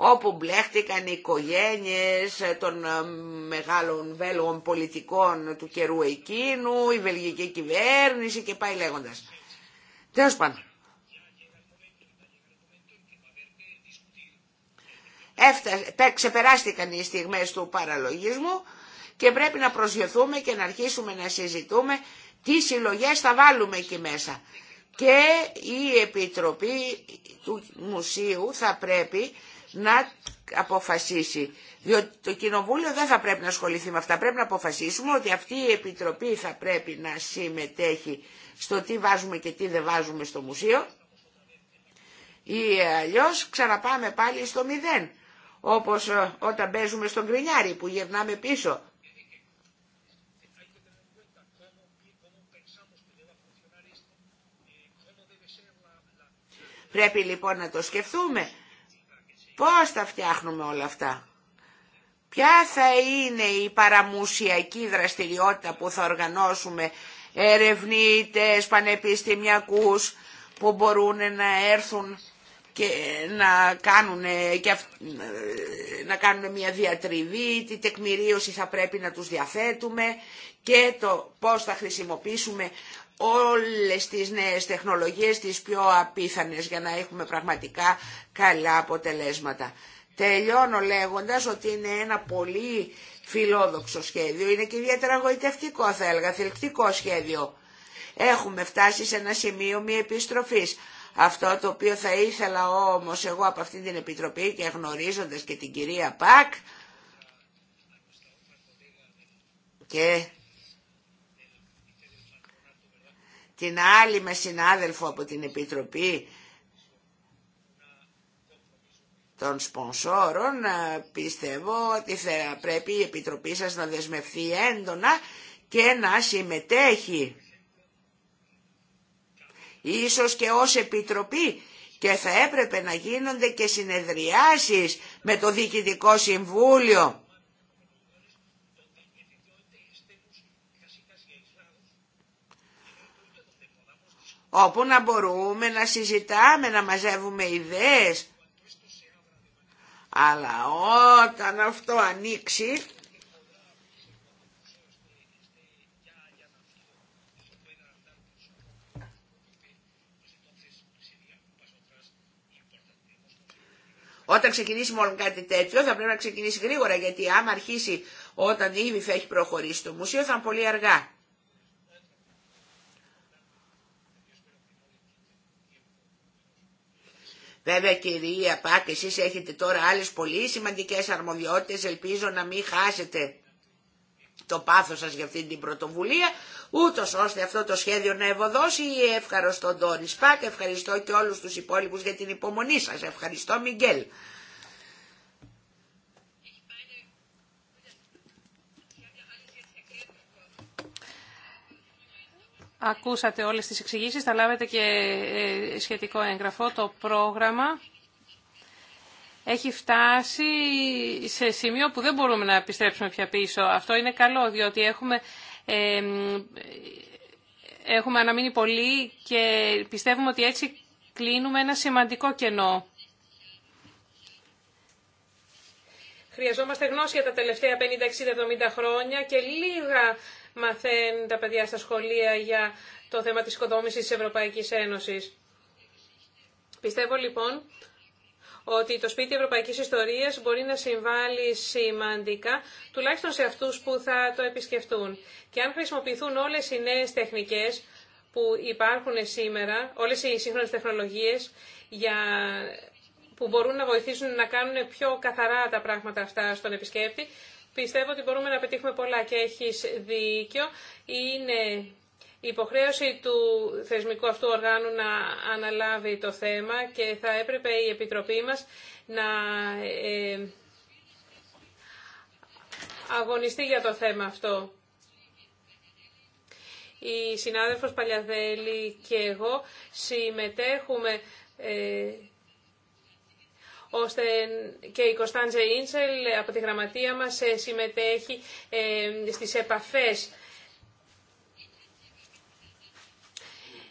όπου μπλέχτηκαν οι οικογένειες των ε, μεγάλων βέλγων πολιτικών του καιρού εκείνου, η βελγική κυβέρνηση και πάει λέγοντας. Τέλος πάντων. ξεπεράστηκαν οι στιγμές του παραλογισμού και πρέπει να προσγειωθούμε και να αρχίσουμε να συζητούμε τι συλλογές θα βάλουμε εκεί μέσα. Και η Επιτροπή του Μουσείου θα πρέπει να αποφασίσει. Διότι το Κοινοβούλιο δεν θα πρέπει να ασχοληθεί με αυτά. Πρέπει να αποφασίσουμε ότι αυτή η Επιτροπή θα πρέπει να συμμετέχει στο τι βάζουμε και τι δεν βάζουμε στο μουσείο ή αλλιώ ξαναπάμε πάλι στο μηδέν. Όπως ε, όταν παίζουμε στον Κρινιάρι που γυρνάμε πίσω. Πρέπει λοιπόν να το σκεφτούμε Πώς θα φτιάχνουμε όλα αυτά. Ποια θα είναι η παραμουσιακή δραστηριότητα που θα οργανώσουμε ερευνήτες, πανεπιστημιακούς που μπορούν να έρθουν και να κάνουν, και να κάνουν μια διατριβή, τι τεκμηρίωση θα πρέπει να τους διαθέτουμε και το πώς θα χρησιμοποιήσουμε όλες τις νέες τεχνολογίες τις πιο απίθανες για να έχουμε πραγματικά καλά αποτελέσματα. Τελειώνω λέγοντας ότι είναι ένα πολύ φιλόδοξο σχέδιο, είναι και ιδιαίτερα γοητευτικό θα έλεγα, θελκτικό σχέδιο. Έχουμε φτάσει σε ένα σημείο μη επιστροφής. Αυτό το οποίο θα ήθελα όμως εγώ από αυτή την Επιτροπή και γνωρίζοντας και την κυρία Πακ και την άλλη με συνάδελφο από την Επιτροπή των Σπονσόρων, ε, πιστεύω ότι θα πρέπει η Επιτροπή σας να δεσμευτεί έντονα και να συμμετέχει. Ίσως και ως Επιτροπή και θα έπρεπε να γίνονται και συνεδριάσεις με το Διοικητικό Συμβούλιο όπου να μπορούμε να συζητάμε, να μαζεύουμε ιδέες. Αλλά όταν αυτό ανοίξει, Όταν ξεκινήσει μόνο κάτι τέτοιο θα πρέπει να ξεκινήσει γρήγορα γιατί άμα αρχίσει όταν ήδη θα έχει προχωρήσει το μουσείο θα είναι πολύ αργά. Βέβαια κυρία Πάκ, εσείς έχετε τώρα άλλες πολύ σημαντικές αρμοδιότητες, ελπίζω να μην χάσετε το πάθος σας για αυτή την πρωτοβουλία, ούτως ώστε αυτό το σχέδιο να ευωδώσει ευχαριστώ τον Τόρις Πάκ, ευχαριστώ και όλους τους υπόλοιπους για την υπομονή σας, ευχαριστώ Μιγγέλ. Ακούσατε όλες τις εξηγήσεις, θα λάβετε και ε, σχετικό έγγραφο. Το πρόγραμμα έχει φτάσει σε σημείο που δεν μπορούμε να επιστρέψουμε πια πίσω. Αυτό είναι καλό, διότι έχουμε, ε, έχουμε αναμείνει πολύ και πιστεύουμε ότι έτσι κλείνουμε ένα σημαντικό κενό. Χρειαζόμαστε γνώση για τα τελευταία 50, 60, 70 χρόνια και λίγα μαθαίνουν τα παιδιά στα σχολεία για το θέμα της οικοδόμησης της Ευρωπαϊκής Ένωσης. Πιστεύω λοιπόν ότι το σπίτι Ευρωπαϊκής Ιστορίας μπορεί να συμβάλλει σημαντικά, τουλάχιστον σε αυτούς που θα το επισκεφτούν. Και αν χρησιμοποιηθούν όλες οι νέες τεχνικές που υπάρχουν σήμερα, όλες οι σύγχρονες τεχνολογίες για... που μπορούν να βοηθήσουν να κάνουν πιο καθαρά τα πράγματα αυτά στον επισκέπτη, Πιστεύω ότι μπορούμε να πετύχουμε πολλά και έχεις δίκιο. Είναι η υποχρέωση του θεσμικού αυτού οργάνου να αναλάβει το θέμα και θα έπρεπε η Επιτροπή μας να ε, αγωνιστεί για το θέμα αυτό. Η συνάδελφος Παλιαδέλη και εγώ συμμετέχουμε ε, ώστε και η Κωνσταντζε Ίνσελ από τη γραμματεία μας ε, συμμετέχει ε, στις επαφές.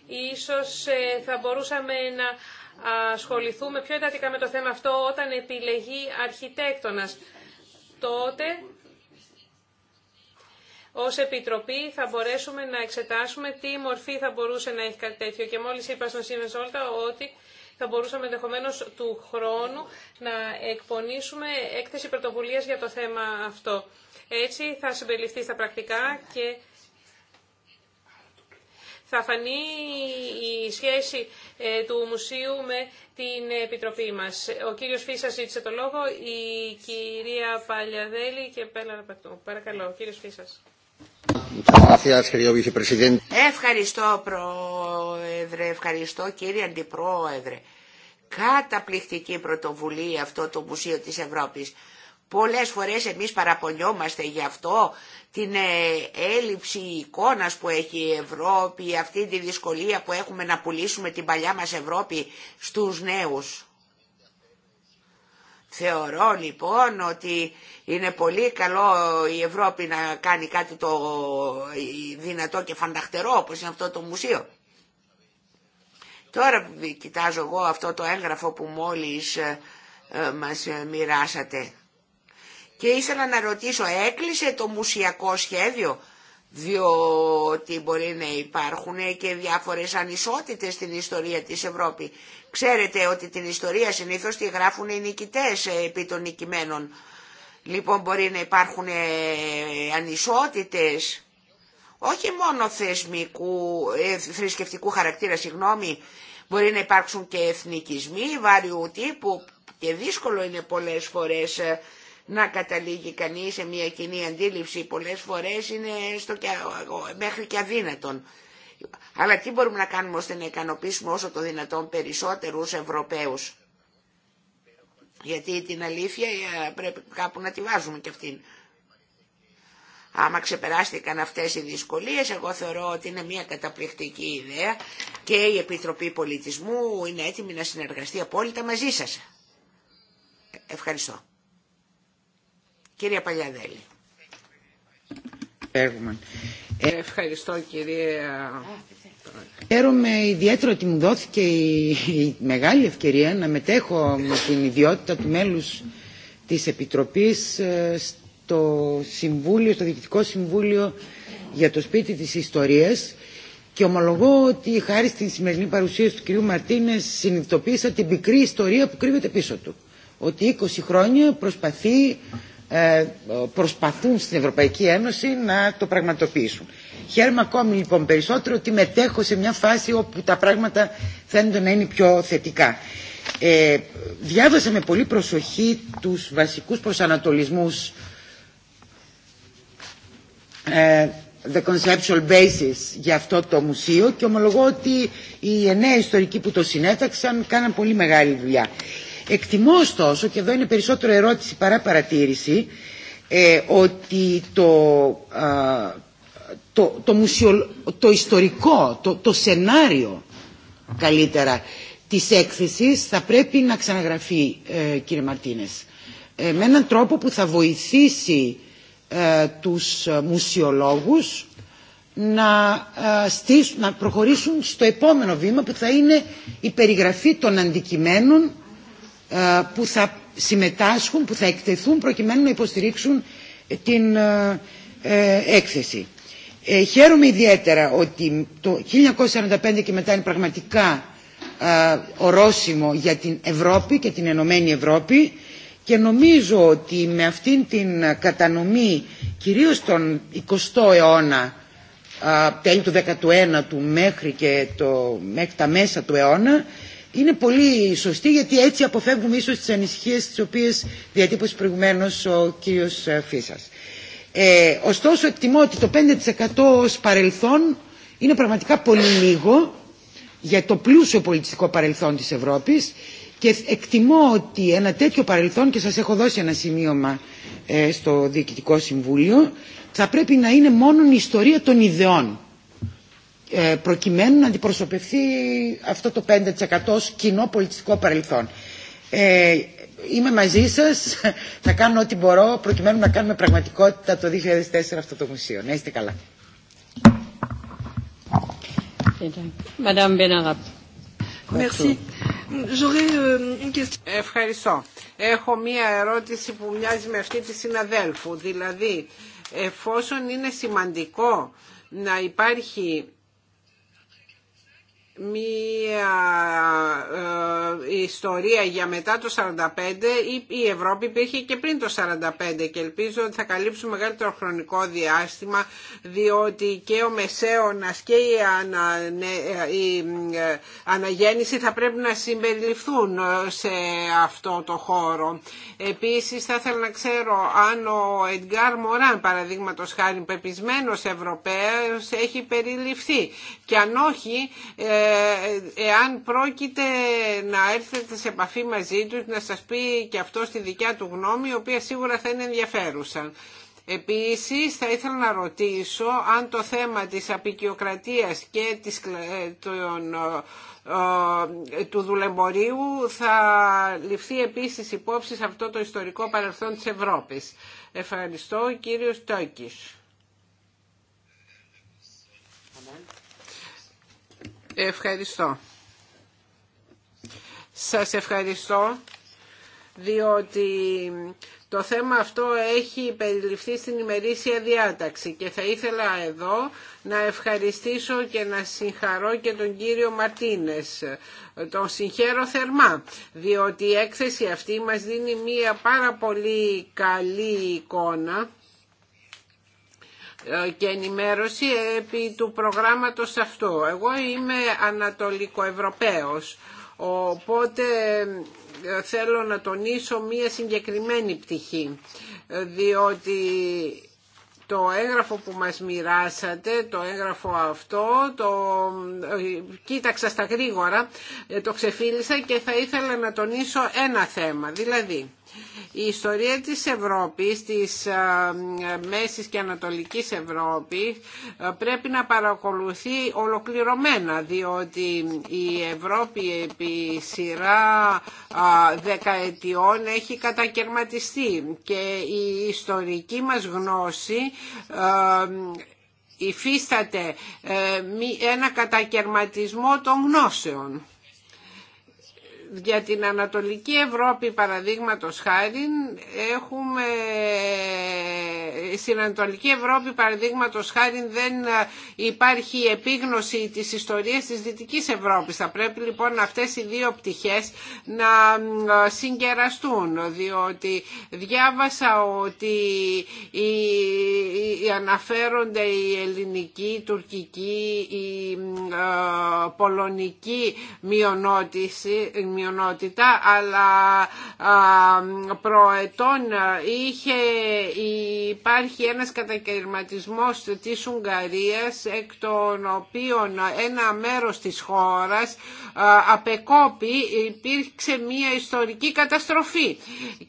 Ίσως ε, θα μπορούσαμε να ασχοληθούμε πιο εντατικά με το θέμα αυτό όταν επιλεγεί αρχιτέκτονας. Τότε ως Επιτροπή θα μπορέσουμε να εξετάσουμε τι μορφή θα μπορούσε να έχει κάτι τέτοιο. Και μόλις είπα στον Σίμεν ότι θα μπορούσαμε ενδεχομένω του χρόνου να εκπονήσουμε έκθεση πρωτοβουλία για το θέμα αυτό. Έτσι θα συμπεριληφθεί στα πρακτικά και θα φανεί η σχέση ε, του Μουσείου με την Επιτροπή μας. Ο κύριος Φίσας ζήτησε το λόγο, η κυρία Παλιαδέλη και Πέλα Παρακαλώ, κύριος Φίσας. Ευχαριστώ Πρόεδρε, ευχαριστώ κύριε Αντιπρόεδρε. Καταπληκτική πρωτοβουλία αυτό το Μουσείο της Ευρώπης. Πολλές φορές εμείς παραπονιόμαστε γι' αυτό την ε, έλλειψη εικόνας που έχει η Ευρώπη, αυτή τη δυσκολία που έχουμε να πουλήσουμε την παλιά μας Ευρώπη στους νέους. Θεωρώ λοιπόν ότι είναι πολύ καλό η Ευρώπη να κάνει κάτι το δυνατό και φανταχτερό όπως είναι αυτό το μουσείο. Τώρα κοιτάζω εγώ αυτό το έγγραφο που μόλις ε, ε, μας ε, μοιράσατε και ήθελα να ρωτήσω έκλεισε το μουσιακό σχέδιο διότι μπορεί να υπάρχουν και διάφορες ανισότητες στην ιστορία της Ευρώπη. Ξέρετε ότι την ιστορία συνήθως τη γράφουν οι νικητές ε, επί των νικημένων. Λοιπόν μπορεί να υπάρχουν ε, ανισότητες, όχι μόνο θεσμικού, ε, θρησκευτικού χαρακτήρα, συγγνώμη, μπορεί να υπάρξουν και εθνικισμοί βάριου τύπου και δύσκολο είναι πολλές φορές να καταλήγει κανείς σε μια κοινή αντίληψη. Πολλές φορές είναι στο και, μέχρι και αδύνατον. Αλλά τι μπορούμε να κάνουμε ώστε να ικανοποιήσουμε όσο το δυνατόν περισσότερους Ευρωπαίους. Γιατί την αλήθεια ε, πρέπει κάπου να τη βάζουμε κι αυτήν. Άμα ξεπεράστηκαν αυτές οι δυσκολίες, εγώ θεωρώ ότι είναι μια καταπληκτική ιδέα και η Επιτροπή Πολιτισμού είναι έτοιμη να συνεργαστεί απόλυτα μαζί σας. Ευχαριστώ. Κυρία Παλιαδέλη. Ε, Ευχαριστώ κυρία. Χαίρομαι ιδιαίτερα ότι μου δόθηκε η μεγάλη ευκαιρία να μετέχω με την ιδιότητα του μέλους της Επιτροπής ε, στο, συμβούλιο, στο Διοικητικό Συμβούλιο για το Σπίτι της Ιστορίας και ομολογώ ότι χάρη στην σημερινή παρουσίαση του κυρίου Μαρτίνες συνειδητοποίησα την πικρή ιστορία που κρύβεται πίσω του. Ότι 20 χρόνια προσπαθεί ε, προσπαθούν στην Ευρωπαϊκή Ένωση να το πραγματοποιήσουν. Χαίρομαι ακόμη λοιπόν περισσότερο ότι μετέχω σε μια φάση όπου τα πράγματα φαίνονται να είναι πιο θετικά. Ε, διάβασα με πολύ προσοχή τους βασικούς προσανατολισμούς ε, the conceptual basis για αυτό το μουσείο και ομολογώ ότι οι εννέα ιστορικοί που το συνέταξαν κάναν πολύ μεγάλη δουλειά. Εκτιμώ ωστόσο, και εδώ είναι περισσότερο ερώτηση παρά παρατήρηση, ε, ότι το, το, το, ιστορικό, το, το σενάριο καλύτερα της έκθεσης θα πρέπει να ξαναγραφεί, ε, κύριε Μαρτίνες, ε, με έναν τρόπο που θα βοηθήσει τους μουσιολόγους να, στήσουν, να προχωρήσουν στο επόμενο βήμα που θα είναι η περιγραφή των αντικειμένων ε, που θα συμμετάσχουν, που θα εκτεθούν προκειμένου να υποστηρίξουν την ε, ε, έκθεση. Χαίρομαι ιδιαίτερα ότι το 1945 και μετά είναι πραγματικά ορόσημο για την Ευρώπη και την Ενωμένη Ευρώπη και νομίζω ότι με αυτήν την κατανομή κυρίως τον 20ο αιώνα τέλη του 19ου μέχρι και το, μέχρι τα μέσα του αιώνα είναι πολύ σωστή γιατί έτσι αποφεύγουμε ίσως τις ανησυχίες τις οποίες διατύπωσε προηγουμένως ο κύριος ε, Φίσας. Ε, ωστόσο εκτιμώ ότι το 5% ως παρελθόν είναι πραγματικά πολύ λίγο για το πλούσιο πολιτιστικό παρελθόν της Ευρώπης και εκτιμώ ότι ένα τέτοιο παρελθόν και σας έχω δώσει ένα σημείωμα ε, στο Διοικητικό Συμβούλιο θα πρέπει να είναι μόνο η ιστορία των ιδεών ε, προκειμένου να αντιπροσωπευθεί αυτό το 5% κοινό πολιτιστικό παρελθόν. Ε, είμαι μαζί σας, θα κάνω ό,τι μπορώ προκειμένου να κάνουμε πραγματικότητα το 2004 αυτό το μουσείο. Να είστε καλά. Euh, Ευχαριστώ. Έχω μία ερώτηση που μοιάζει με αυτή τη συναδέλφου. Δηλαδή, εφόσον είναι σημαντικό να υπάρχει μία ε, ιστορία για μετά το 45 η Ευρώπη υπήρχε και πριν το 45 και ελπίζω ότι θα καλύψουμε μεγαλύτερο χρονικό διάστημα διότι και ο Μεσαίωνας και η, ανα, η ε, αναγέννηση θα πρέπει να συμπεριληφθούν ε, σε αυτό το χώρο. Επίσης θα ήθελα να ξέρω αν ο Εντγκάρ Μωράν παραδείγματος χάρη πεπισμένος Ευρωπαίος έχει περιληφθεί και αν όχι ε, εάν πρόκειται να έρθετε σε επαφή μαζί τους, να σας πει και αυτό στη δικιά του γνώμη, η οποία σίγουρα θα είναι ενδιαφέρουσα. Επίσης θα ήθελα να ρωτήσω αν το θέμα της απεικιοκρατίας και της, ε, ε, του δουλεμπορίου θα ληφθεί επίσης υπόψη σε αυτό το ιστορικό παρελθόν της Ευρώπης. Ευχαριστώ κύριο Στόκης. Ευχαριστώ. Σας ευχαριστώ διότι το θέμα αυτό έχει περιληφθεί στην ημερήσια διάταξη και θα ήθελα εδώ να ευχαριστήσω και να συγχαρώ και τον κύριο Μαρτίνες. Τον συγχαίρω θερμά, διότι η έκθεση αυτή μας δίνει μία πάρα πολύ καλή εικόνα ε, και ενημέρωση επί του προγράμματος αυτού. Εγώ είμαι Ανατολικοευρωπαίος, οπότε ε, θέλω να τονίσω μία συγκεκριμένη πτυχή, ε, διότι το έγγραφο που μας μοιράσατε, το έγγραφο αυτό, το κοίταξα στα γρήγορα, το ξεφίλησα και θα ήθελα να τονίσω ένα θέμα, δηλαδή η ιστορία της Ευρώπης, της ε, Μέσης και Ανατολικής Ευρώπης ε, πρέπει να παρακολουθεί ολοκληρωμένα διότι η Ευρώπη επί σειρά δεκαετιών έχει κατακαιρματιστεί και η ιστορική μας γνώση ε, υφίσταται ένα κατακαιρματισμό των γνώσεων. Για την Ανατολική Ευρώπη παραδείγματος χάρη έχουμε στην Ανατολική Ευρώπη παραδείγματος χάρη δεν υπάρχει επίγνωση της ιστορίας της Δυτικής Ευρώπης. Θα πρέπει λοιπόν αυτές οι δύο πτυχές να συγκεραστούν διότι διάβασα ότι αναφέρονται η ελληνική, η τουρκική, η ε, πολωνική μειονότηση μειονότητα αλλά προετών είχε υπάρχει ένας κατακαιρματισμός της Ουγγαρίας εκ των οποίων ένα μέρος της χώρας απεκόπη υπήρξε μια ιστορική καταστροφή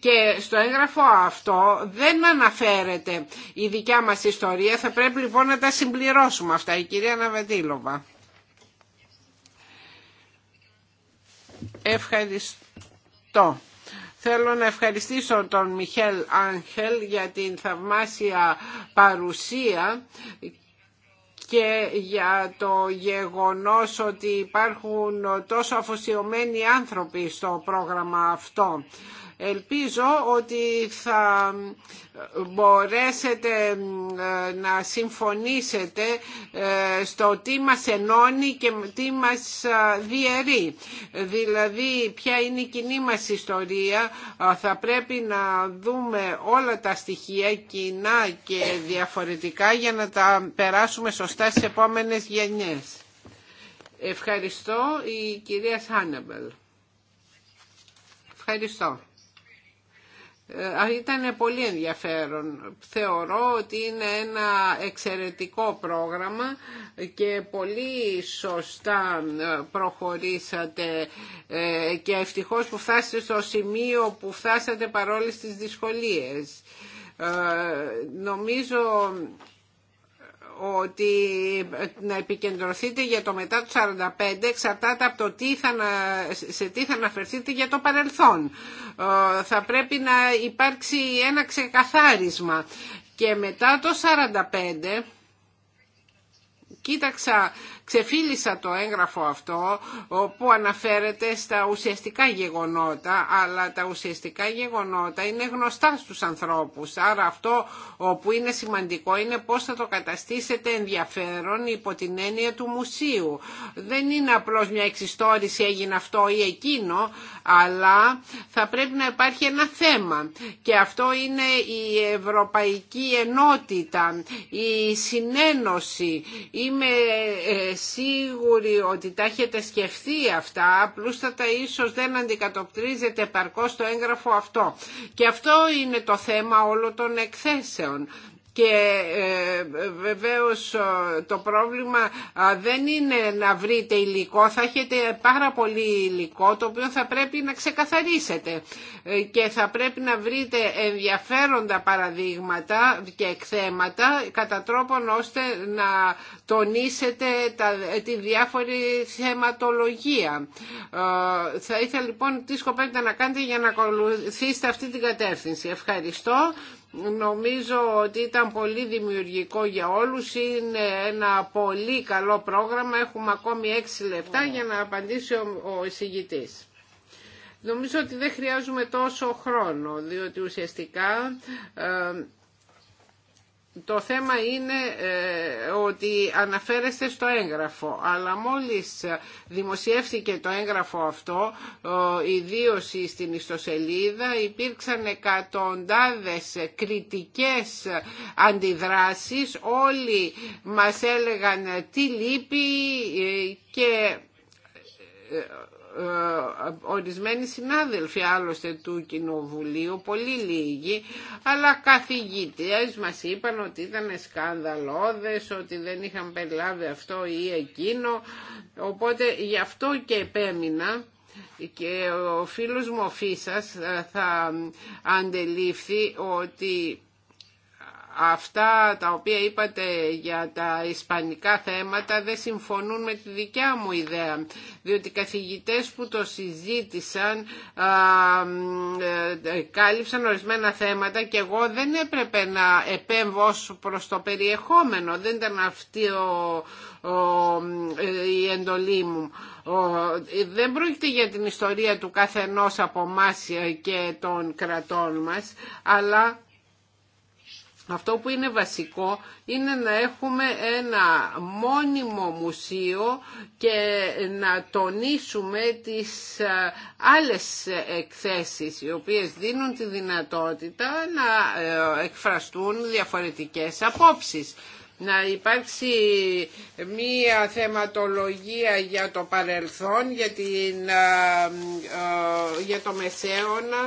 και στο έγγραφο αυτό δεν αναφέρεται η δικιά μας ιστορία θα πρέπει λοιπόν να τα συμπληρώσουμε αυτά η κυρία Ναβατήλοβα Ευχαριστώ. Θέλω να ευχαριστήσω τον Μιχέλ Άγχελ για την θαυμάσια παρουσία και για το γεγονός ότι υπάρχουν τόσο αφοσιωμένοι άνθρωποι στο πρόγραμμα αυτό. Ελπίζω ότι θα μπορέσετε ε, να συμφωνήσετε ε, στο τι μας ενώνει και τι μας διαιρεί. Δηλαδή ποια είναι η κοινή μας ιστορία. Θα πρέπει να δούμε όλα τα στοιχεία κοινά και διαφορετικά για να τα περάσουμε σωστά στις επόμενες γενιές. Ευχαριστώ η κυρία Σάνεμπελ. Ευχαριστώ. Ε, ήταν πολύ ενδιαφέρον. Θεωρώ ότι είναι ένα εξαιρετικό πρόγραμμα και πολύ σωστά ε, προχωρήσατε ε, και ευτυχώς που φτάσατε στο σημείο που φτάσατε παρόλες τις δυσκολίες. Νομίζω ότι ε, να επικεντρωθείτε για το μετά το 45 εξαρτάται από το σε τι θα αναφερθείτε για το παρελθόν. Ε, θα πρέπει να υπάρξει ένα ξεκαθάρισμα. Και μετά το 45 κοίταξα Ξεφίλησα το έγγραφο αυτό που αναφέρεται στα ουσιαστικά γεγονότα, αλλά τα ουσιαστικά γεγονότα είναι γνωστά στους ανθρώπους. Άρα αυτό που είναι σημαντικό είναι πώς θα το καταστήσετε ενδιαφέρον υπό την έννοια του μουσείου. Δεν είναι απλώς μια εξιστόρηση έγινε αυτό ή εκείνο, αλλά θα πρέπει να υπάρχει ένα θέμα. Και αυτό είναι η ευρωπαϊκή ενότητα, η συνένωση. Είμαι ε, σίγουροι ότι τα έχετε σκεφτεί αυτά, απλούστατα ίσως δεν αντικατοπτρίζεται επαρκώς το έγγραφο αυτό. Και αυτό είναι το θέμα όλων των εκθέσεων και ε, βεβαίως ε, το πρόβλημα ε, δεν είναι να βρείτε υλικό, θα έχετε πάρα πολύ υλικό το οποίο θα πρέπει να ξεκαθαρίσετε και θα πρέπει να βρείτε ενδιαφέροντα παραδείγματα και εκθέματα κατά τρόπον ώστε να τονίσετε τα, τη διάφορη θεματολογία. θα ήθελα λοιπόν τι σκοπεύετε να κάνετε για να ακολουθήσετε αυτή την κατεύθυνση. Ευχαριστώ. Νομίζω ότι ήταν πολύ δημιουργικό για όλους, είναι ένα πολύ καλό πρόγραμμα, έχουμε ακόμη έξι λεπτά για να απαντήσει ο εισηγητής. Νομίζω ότι δεν χρειάζομαι τόσο χρόνο, διότι ουσιαστικά ε, το θέμα είναι ε, ότι αναφέρεστε στο έγγραφο, αλλά μόλις δημοσιεύθηκε το έγγραφο αυτό, ιδίω στην ιστοσελίδα, υπήρξαν εκατοντάδες κριτικές αντιδράσεις, όλοι μας έλεγαν τι λείπει ε, και ε, ορισμένοι συνάδελφοι άλλωστε του Κοινοβουλίου, πολύ λίγοι, αλλά καθηγητές μας είπαν ότι ήταν σκανδαλώδες, ότι δεν είχαν περιλάβει αυτό ή εκείνο, οπότε γι' αυτό και επέμεινα και ο φίλος μου ο Φίσας θα αντελήφθη ότι αυτά τα οποία είπατε για τα ισπανικά θέματα δεν συμφωνούν με τη δικιά μου ιδέα διότι οι καθηγητές που το συζήτησαν ε, κάλυψαν ορισμένα θέματα και εγώ δεν έπρεπε να επέμβω προ προς το περιεχόμενο δεν ήταν αυτή ε, η εντολή μου δεν πρόκειται για την ιστορία του καθενός από εμά και των κρατών μας αλλά αυτό που είναι βασικό είναι να έχουμε ένα μόνιμο μουσείο και να τονίσουμε τις ε, άλλες εκθέσεις οι οποίες δίνουν τη δυνατότητα να ε, εκφραστούν διαφορετικές απόψεις να υπάρξει μία θεματολογία για το παρελθόν, για, την, για το μεσαίωνα.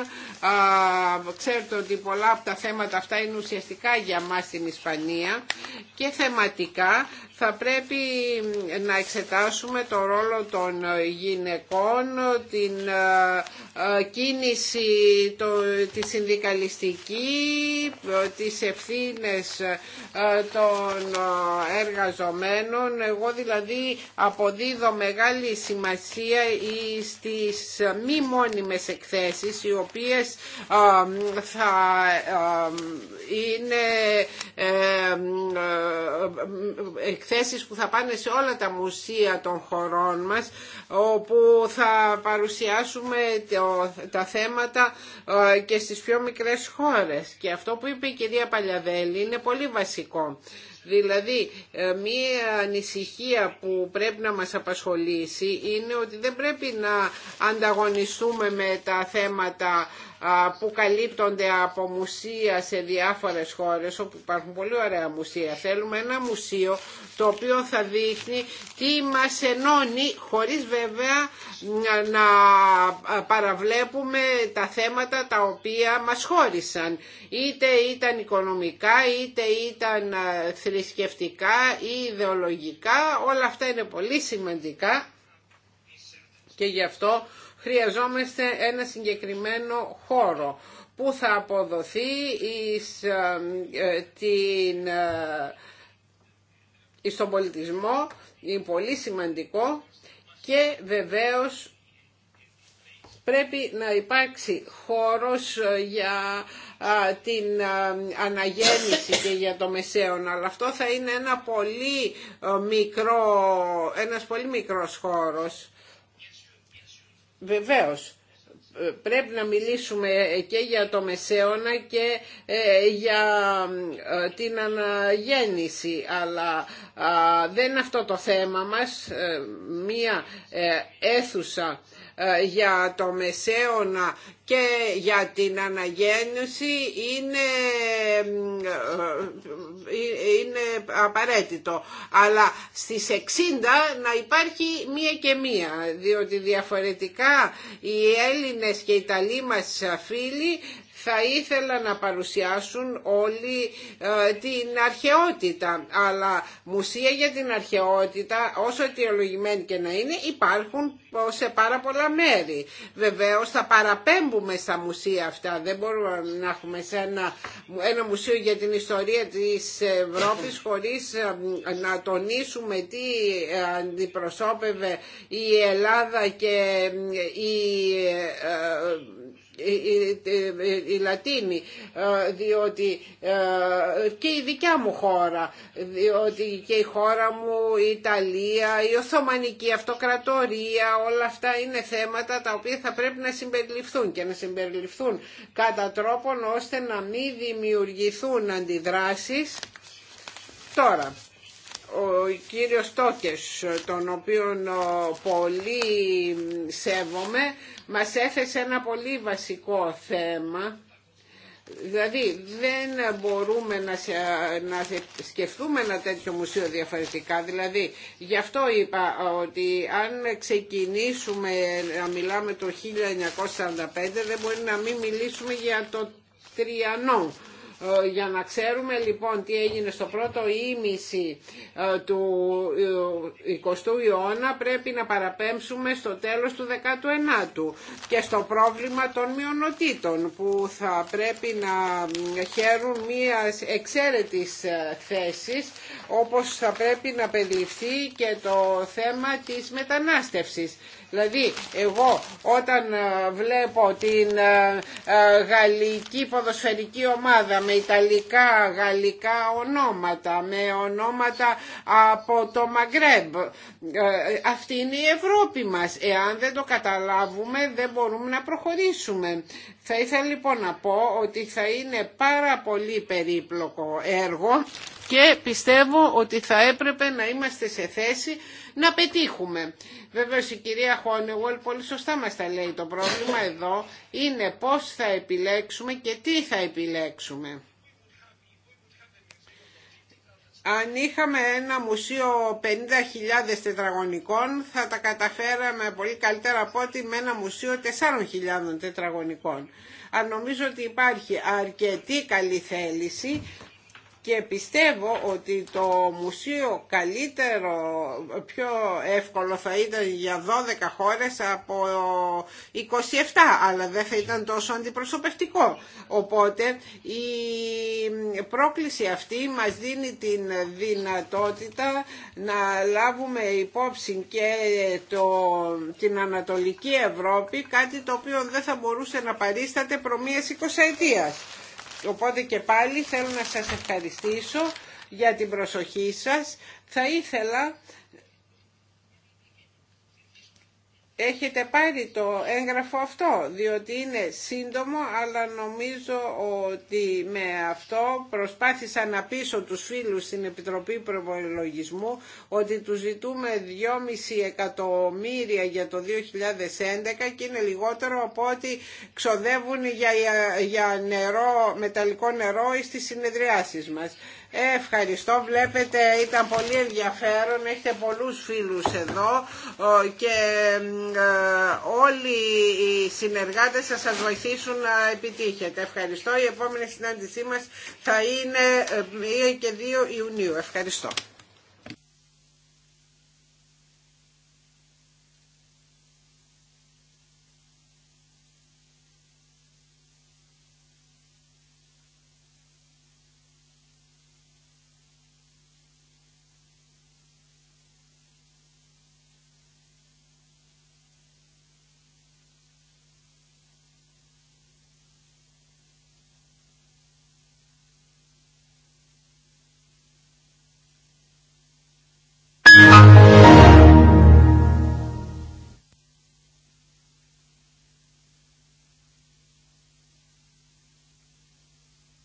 Ξέρετε ότι πολλά από τα θέματα αυτά είναι ουσιαστικά για μας στην Ισπανία και θεματικά θα πρέπει να εξετάσουμε το ρόλο των γυναικών, την ε, ε, κίνηση το, τη συνδικαλιστική, ε, τις ευθύνες των εργαζομένων. Εγώ δηλαδή αποδίδω μεγάλη σημασία στις μη μόνιμες εκθέσεις, οι οποίες θα είναι εκθέσεις που θα πάνε σε όλα τα μουσεία των χωρών μας όπου θα παρουσιάσουμε τα θέματα ε, και στις πιο μικρές χώρες. Και αυτό που είπε η κυρία Παλιαδέλη είναι πολύ βασικό. Δηλαδή ε, μία ανησυχία που πρέπει να μας απασχολήσει είναι ότι δεν πρέπει να ανταγωνιστούμε με τα θέματα που καλύπτονται από μουσεία σε διάφορες χώρες όπου υπάρχουν πολύ ωραία μουσεία. Θέλουμε ένα μουσείο το οποίο θα δείχνει τι μας ενώνει χωρίς βέβαια να παραβλέπουμε τα θέματα τα οποία μας χώρισαν. Είτε ήταν οικονομικά είτε ήταν θρησκευτικά θρησκευτικά ή ιδεολογικά, όλα αυτά είναι πολύ σημαντικά και γι' αυτό χρειαζόμαστε ένα συγκεκριμένο χώρο που θα αποδοθεί ε, ε, την, στον ε, πολιτισμό, είναι πολύ σημαντικό και βεβαίως Πρέπει να υπάρξει χώρος ε, για την ε, αναγέννηση και για το Μεσαίωνα, αλλά αυτό θα είναι ένα πολύ ε, μικρό, ένας πολύ μικρός χώρος. Βεβαίως πρέπει να μιλήσουμε και για το μεσαίωνα και για την αναγέννηση αλλά δεν είναι αυτό το θέμα μας μία αίθουσα ε, για το μεσαίωνα και για την αναγέννηση είναι, ε, ε, είναι απαραίτητο. Αλλά στις 60 να υπάρχει μία και μία, διότι διαφορετικά οι Έλληνες και οι Ιταλοί μας φίλοι θα ήθελα να παρουσιάσουν όλοι ε, την αρχαιότητα. Αλλά μουσεία για την αρχαιότητα, όσο αιτιολογημένη και να είναι, υπάρχουν σε πάρα πολλά μέρη. Βεβαίως θα παραπέμπουμε στα μουσεία αυτά. Δεν μπορούμε να έχουμε σε ένα, ένα μουσείο για την ιστορία της Ευρώπης χωρίς ε, να τονίσουμε τι ε, αντιπροσώπευε η Ελλάδα και η οι ε, ε, ε, Λατίνοι διότι και η δικιά μου χώρα διότι και η χώρα μου η Ιταλία, η Οθωμανική Αυτοκρατορία όλα αυτά είναι θέματα τα οποία θα πρέπει να συμπεριληφθούν και να συμπεριληφθούν κατά τρόπον ώστε να μην δημιουργηθούν αντιδράσεις τώρα ο κύριος Τόκες, τον οποίον πολύ σέβομαι, μας έθεσε ένα πολύ βασικό θέμα. Δηλαδή δεν μπορούμε να, να σκεφτούμε ένα τέτοιο μουσείο διαφορετικά. Δηλαδή γι' αυτό είπα ότι αν ξεκινήσουμε να μιλάμε το 1945 δεν μπορεί να μην μιλήσουμε για το Τριανό ε, για να ξέρουμε λοιπόν τι έγινε στο πρώτο ήμιση ε, του 20ου ε, αιώνα πρέπει να παραπέμψουμε στο τέλος του 19ου και στο πρόβλημα των μειονοτήτων που θα πρέπει να χαίρουν μια εξαίρετη θέση όπως θα πρέπει να περιληφθεί και το θέμα της μετανάστευσης. Δηλαδή εγώ όταν ε, βλέπω την ε, ε, γαλλική ποδοσφαιρική ομάδα με ιταλικά, γαλλικά ονόματα, με ονόματα από το Μαγκρέμπ, αυτή είναι η Ευρώπη μας. Εάν δεν το καταλάβουμε δεν μπορούμε να προχωρήσουμε. Θα ήθελα λοιπόν να πω ότι θα είναι πάρα πολύ περίπλοκο έργο και πιστεύω ότι θα έπρεπε να είμαστε σε θέση να πετύχουμε. Βέβαια η κυρία Χόνεγουελ πολύ σωστά μας τα λέει το πρόβλημα εδώ είναι πώς θα επιλέξουμε και τι θα επιλέξουμε. Αν είχαμε ένα μουσείο 50.000 τετραγωνικών θα τα καταφέραμε πολύ καλύτερα από ότι με ένα μουσείο 4.000 τετραγωνικών. Αν νομίζω ότι υπάρχει αρκετή καλή θέληση και πιστεύω ότι το μουσείο καλύτερο, πιο εύκολο θα ήταν για 12 χώρες από 27, αλλά δεν θα ήταν τόσο αντιπροσωπευτικό. Οπότε η πρόκληση αυτή μας δίνει την δυνατότητα να λάβουμε υπόψη και το, την Ανατολική Ευρώπη, κάτι το οποίο δεν θα μπορούσε να παρίσταται προμίας 20 ετίας. Οπότε και πάλι θέλω να σας ευχαριστήσω για την προσοχή σας. Θα ήθελα έχετε πάρει το έγγραφο αυτό, διότι είναι σύντομο, αλλά νομίζω ότι με αυτό προσπάθησα να πείσω τους φίλους στην Επιτροπή Προπολογισμού ότι τους ζητούμε 2,5 εκατομμύρια για το 2011 και είναι λιγότερο από ό,τι ξοδεύουν για, για νερό, μεταλλικό νερό στις συνεδριάσεις μας. Ευχαριστώ. Βλέπετε ήταν πολύ ενδιαφέρον. Έχετε πολλούς φίλους εδώ και ε, όλοι οι συνεργάτες θα σας βοηθήσουν να επιτύχετε. Ευχαριστώ. Η επόμενη συνάντησή μας θα είναι 2 ε, και 2 Ιουνίου. Ευχαριστώ.